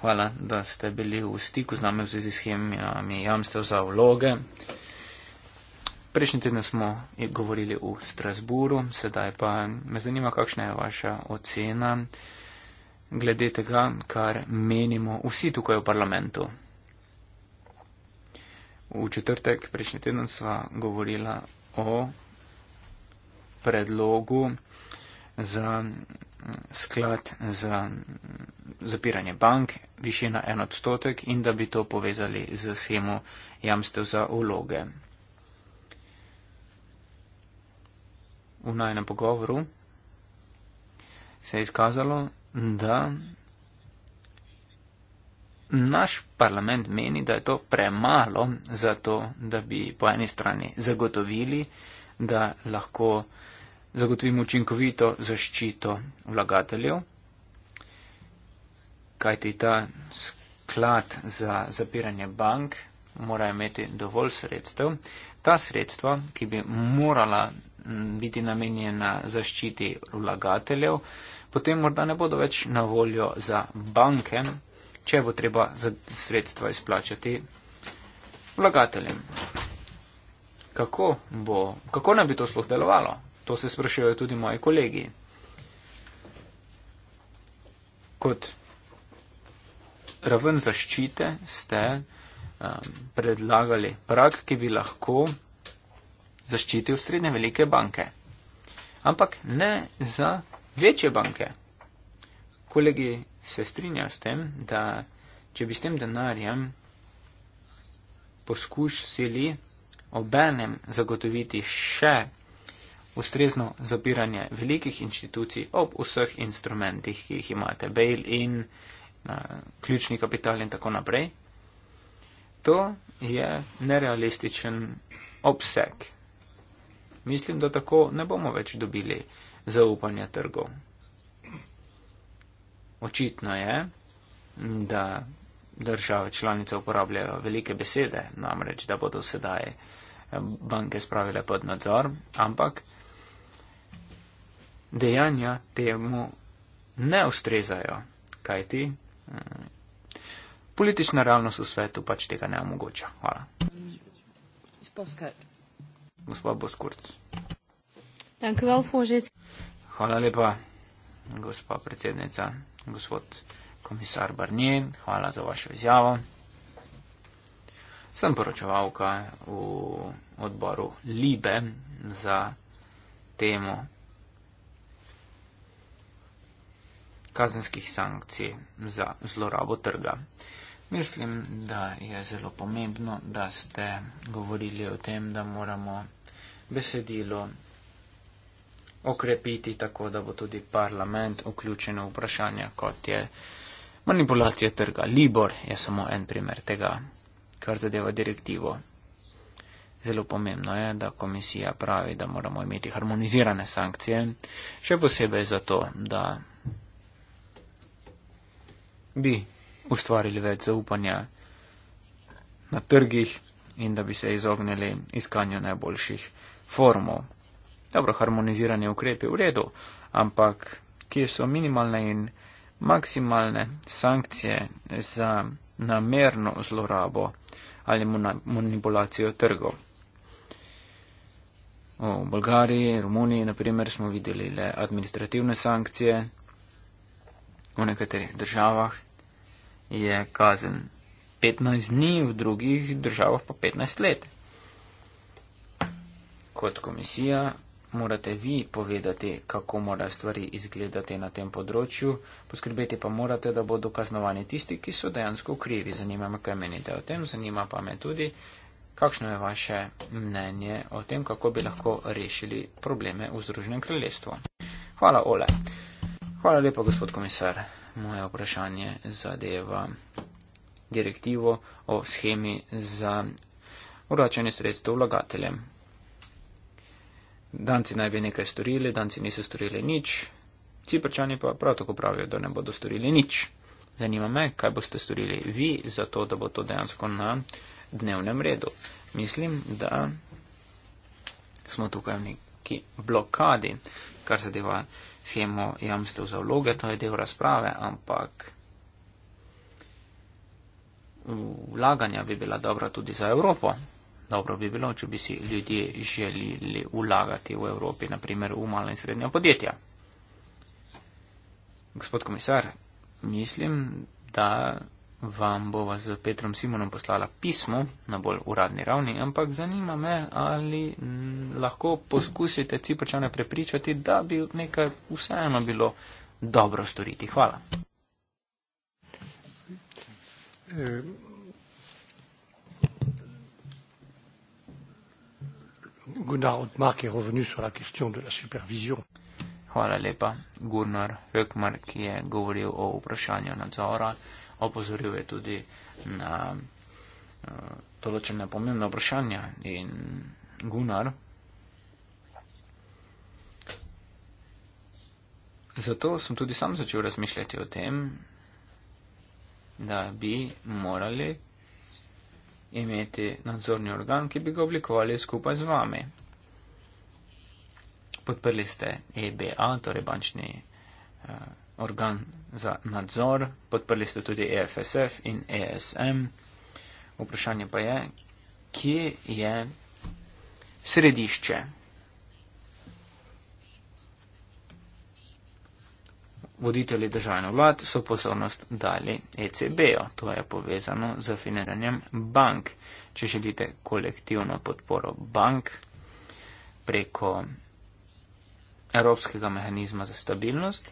Hvala, da ste bili v stiku z nami v zvezi s schemami jamstev za vloge. Uh, Prejšnji teden smo govorili v Strasburu, sedaj pa me zanima, kakšna je vaša ocena glede tega, kar menimo vsi tukaj v parlamentu. V četrtek prejšnji teden sva govorila o predlogu za sklad za zapiranje bank, višina en odstotek in da bi to povezali z schemo jamstev za vloge. v najnem pogovoru, se je izkazalo, da naš parlament meni, da je to premalo za to, da bi po eni strani zagotovili, da lahko zagotovimo učinkovito zaščito vlagateljev, kajti ta sklad za zapiranje bank mora imeti dovolj sredstev. Ta sredstva, ki bi morala biti namenjena zaščiti vlagateljev, potem morda ne bodo več na voljo za banke, če bo treba za sredstva izplačati vlagateljem. Kako, bo, kako ne bi to sploh delovalo? To se sprašujejo tudi moji kolegi. Kot raven zaščite ste um, predlagali prak, ki bi lahko zaščitil srednje velike banke. Ampak ne za večje banke. Kolegi se strinjajo s tem, da če bi s tem denarjem poskušali obenem zagotoviti še ustrezno zabiranje velikih inštitucij ob vseh instrumentih, ki jih imate, bail in eh, ključni kapital in tako naprej, to je nerealističen obseg Mislim, da tako ne bomo več dobili zaupanja trgov. Očitno je, da države članice uporabljajo velike besede, namreč, da bodo sedaj eh, banke spravile pod nadzor, ampak dejanja temu ne ustrezajo, kajti eh, politična realnost v svetu pač tega ne omogoča. Hvala. Spolskaj gospa Boskurc. Dankoval, hvala lepa, gospa predsednica, gospod komisar Barnjen, hvala za vašo izjavo. Sem poročevalka v odboru Libe za temo kazenskih sankcij za zlorabo trga. Mislim, da je zelo pomembno, da ste govorili o tem, da moramo besedilo okrepiti tako, da bo tudi parlament vključen v vprašanja, kot je manipulacija trga. Libor je samo en primer tega, kar zadeva direktivo. Zelo pomembno je, da komisija pravi, da moramo imeti harmonizirane sankcije, še posebej zato, da bi ustvarili več zaupanja na trgih in da bi se izognili iskanju najboljših formo. Dobro, harmoniziranje ukrepe v redu, ampak kje so minimalne in maksimalne sankcije za namerno zlorabo ali manipulacijo trgov? V Bolgariji, Romuniji, naprimer, smo videli le administrativne sankcije, v nekaterih državah je kazen 15 dni, v drugih državah pa 15 let kot komisija morate vi povedati, kako morajo stvari izgledati na tem področju, poskrbeti pa morate, da bodo kaznovani tisti, ki so dejansko krivi. Zanima me, kaj menite o tem, zanima pa me tudi, kakšno je vaše mnenje o tem, kako bi lahko rešili probleme v Združenem kraljestvu. Hvala, Ole. Hvala lepa, gospod komisar. Moje vprašanje zadeva direktivo o schemi za uračanje sredstev vlagateljem. Danci naj bi nekaj storili, danci niso storili nič, ciprčani pa prav tako pravijo, da ne bodo storili nič. Zanima me, kaj boste storili vi za to, da bo to dejansko na dnevnem redu. Mislim, da smo tukaj v neki blokadi, kar zadeva schemo jamstev za vloge, to je del razprave, ampak vlaganja bi bila dobra tudi za Evropo. Dobro bi bilo, če bi si ljudje želeli ulagati v Evropi, naprimer v mala in srednja podjetja. Gospod komisar, mislim, da vam bova z Petrom Simonom poslala pismo na bolj uradni ravni, ampak zanima me, ali mm, lahko poskusite Ciprčane prepričati, da bi nekaj vseeno bilo dobro storiti. Hvala. E Gunnar Otmar je revenu sur la question de la supervision. Hvala lepa. Gunnar Fökmar, ki je govoril o vprašanju nadzora, opozoril je tudi na eh, določene pomembne vprašanja. In Gunnar. Zato sem tudi sam začel razmišljati o tem, da bi morali imeti nadzorni organ, ki bi ga oblikovali skupaj z vami. Podprli ste EBA, torej bančni eh, organ za nadzor, podprli ste tudi EFSF in ESM. Vprašanje pa je, kje je središče voditelji državno vlad so pozornost dali ECB-jo. To je povezano z financiranjem bank. Če želite kolektivno podporo bank preko Evropskega mehanizma za stabilnost,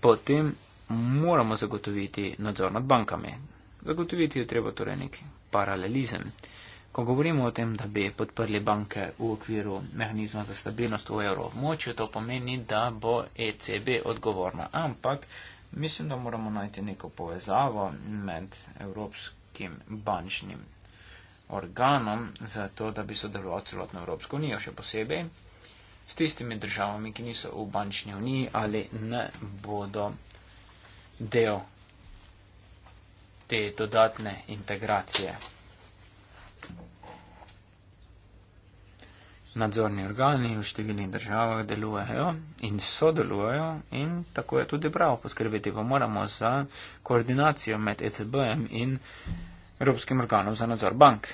potem moramo zagotoviti nadzor nad bankami. Zagotoviti je treba torej neki paralelizem. Uh, Ko govorimo o tem, da bi podprli banke v okviru mehanizma za stabilnost v evroobmočju, to pomeni, da bo ECB odgovorna. Ampak mislim, da moramo najti neko povezavo med evropskim bančnim organom za to, da bi sodeloval celotno Evropsko unijo, še posebej s tistimi državami, ki niso v bančni uniji ali ne bodo del te dodatne integracije. nadzorni organi v številnih državah delujejo in sodelujejo in tako je tudi prav poskrbeti, pa moramo za koordinacijo med ECB-em in Evropskim organom za nadzor bank.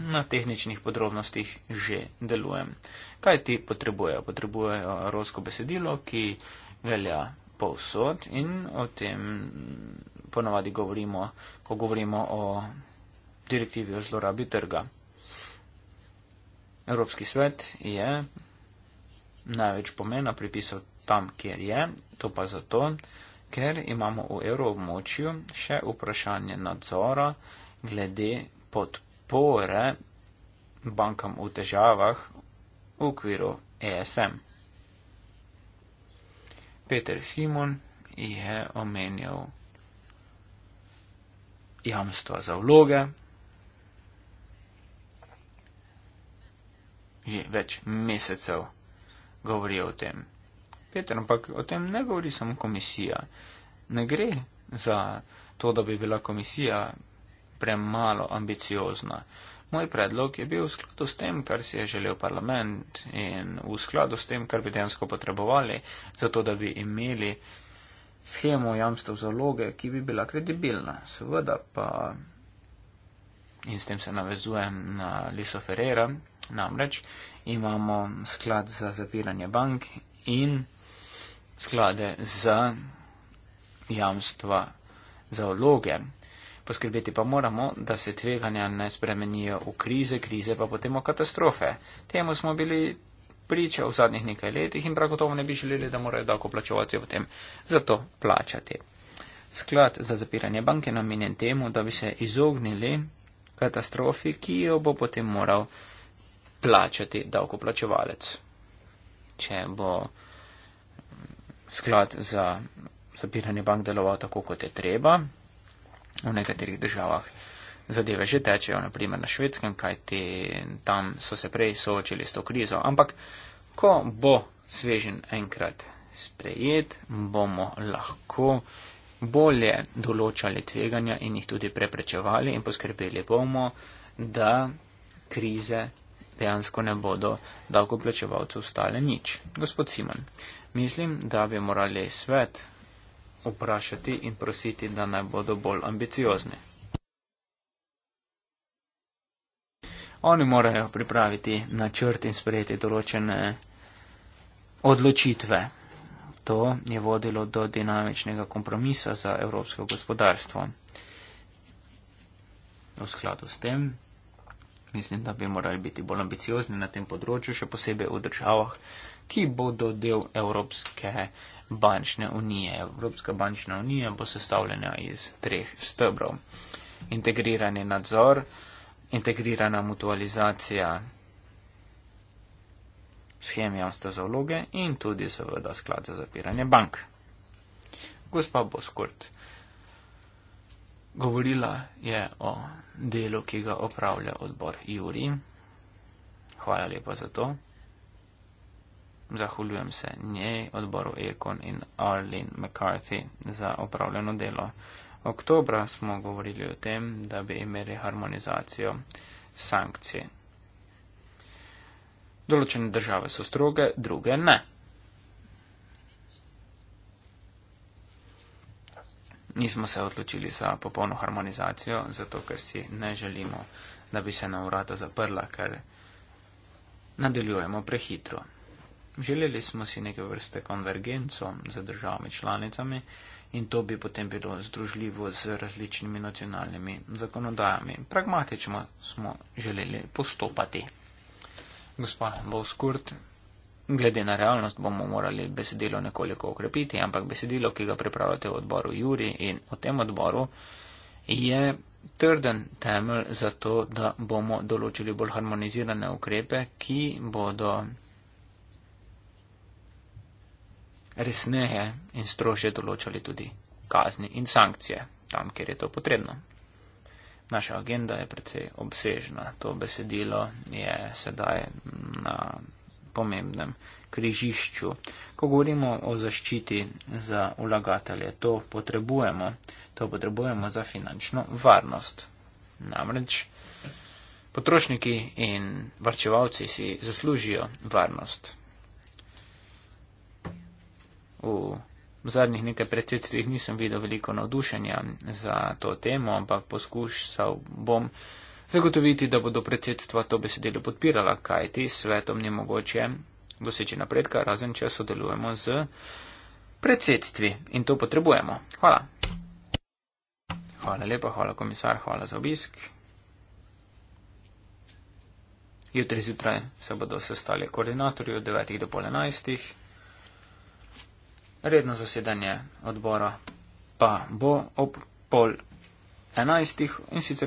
Na tehničnih podrobnostih že delujem. Kaj ti potrebujejo? Potrebujejo evropsko besedilo, ki velja povsod in o tem ponovadi govorimo, ko govorimo o direktivi o zlorabi trga. Evropski svet je največ pomena pripisal tam, kjer je, to pa zato, ker imamo v evroobmočju še vprašanje nadzora glede podpore bankam v težavah v okviru ESM. Peter Simon je omenjal jamstva za vloge. že več mesecev govorijo o tem. Peter, ampak o tem ne govori samo komisija. Ne gre za to, da bi bila komisija premalo ambiciozna. Moj predlog je bil v skladu s tem, kar si je želel parlament in v skladu s tem, kar bi dejansko potrebovali, zato da bi imeli schemo jamstv zaloge, ki bi bila kredibilna. Seveda pa, in s tem se navezujem na Lisoferera, Namreč imamo sklad za zapiranje bank in sklade za jamstva za vloge. Poskrbeti pa moramo, da se tveganja ne spremenijo v krize, krize pa potem v katastrofe. Temu smo bili priča v zadnjih nekaj letih in prav gotovo ne bi želeli, da morajo davkoplačevalci potem za to plačati. Sklad za zapiranje banke namenjen temu, da bi se izognili katastrofi, ki jo bo potem moral plačati davkoplačevalec. Če bo sklad za zapiranje bank deloval tako, kot je treba, v nekaterih državah zadeve že tečejo, naprimer na švedskem, kajti tam so se prej soočili s to krizo. Ampak, ko bo svežen enkrat sprejet, bomo lahko bolje določali tveganja in jih tudi preprečevali in poskrbeli bomo, da krize dejansko ne bodo davkoplačevalcu ostale nič. Gospod Simon, mislim, da bi morali svet vprašati in prositi, da naj bodo bolj ambiciozni. Oni morajo pripraviti načrt in sprejeti določene odločitve. To je vodilo do dinamičnega kompromisa za evropsko gospodarstvo. V skladu s tem Mislim, da bi morali biti bolj ambiciozni na tem področju, še posebej v državah, ki bodo del Evropske bančne unije. Evropska bančna unija bo sestavljena iz treh stebrov. Integrirani nadzor, integrirana mutualizacija schem jamstva za vloge in tudi seveda sklad za zapiranje bank. Gospa Boskurt govorila je o delu, ki ga opravlja odbor Juri. Hvala lepa za to. Zahvaljujem se njej, odboru Ekon in Arlene McCarthy za opravljeno delo. Oktobra smo govorili o tem, da bi imeli harmonizacijo sankcij. Določene države so stroge, druge ne. nismo se odločili za popolno harmonizacijo, zato ker si ne želimo, da bi se na vrata zaprla, ker nadaljujemo prehitro. Želeli smo si neke vrste konvergenco z državami članicami in to bi potem bilo združljivo z različnimi nacionalnimi zakonodajami. Pragmatično smo želeli postopati. Gospa Boskurt, Glede na realnost bomo morali besedilo nekoliko okrepiti, ampak besedilo, ki ga pripravljate v odboru Juri in v tem odboru, je trden temelj za to, da bomo določili bolj harmonizirane ukrepe, ki bodo resneje in strože določali tudi kazni in sankcije, tam, kjer je to potrebno. Naša agenda je precej obsežna. To besedilo je sedaj na pomembnem križišču. Ko govorimo o zaščiti za vlagatelje, to potrebujemo, to potrebujemo za finančno varnost. Namreč potrošniki in varčevalci si zaslužijo varnost. V zadnjih nekaj predsedstvih nisem videl veliko navdušenja za to temo, ampak poskušal bom uh, zagotoviti, da bodo predsedstva to besedilo podpirala, kajti svetom ni mogoče doseči napredka, razen če sodelujemo z predsedstvi in to potrebujemo. Hvala. Hvala lepa, hvala komisar, hvala za obisk. Jutri zjutraj se bodo sestali koordinatorji od 9 do 11. Redno zasedanje odbora pa bo ob pol 11. in sicer.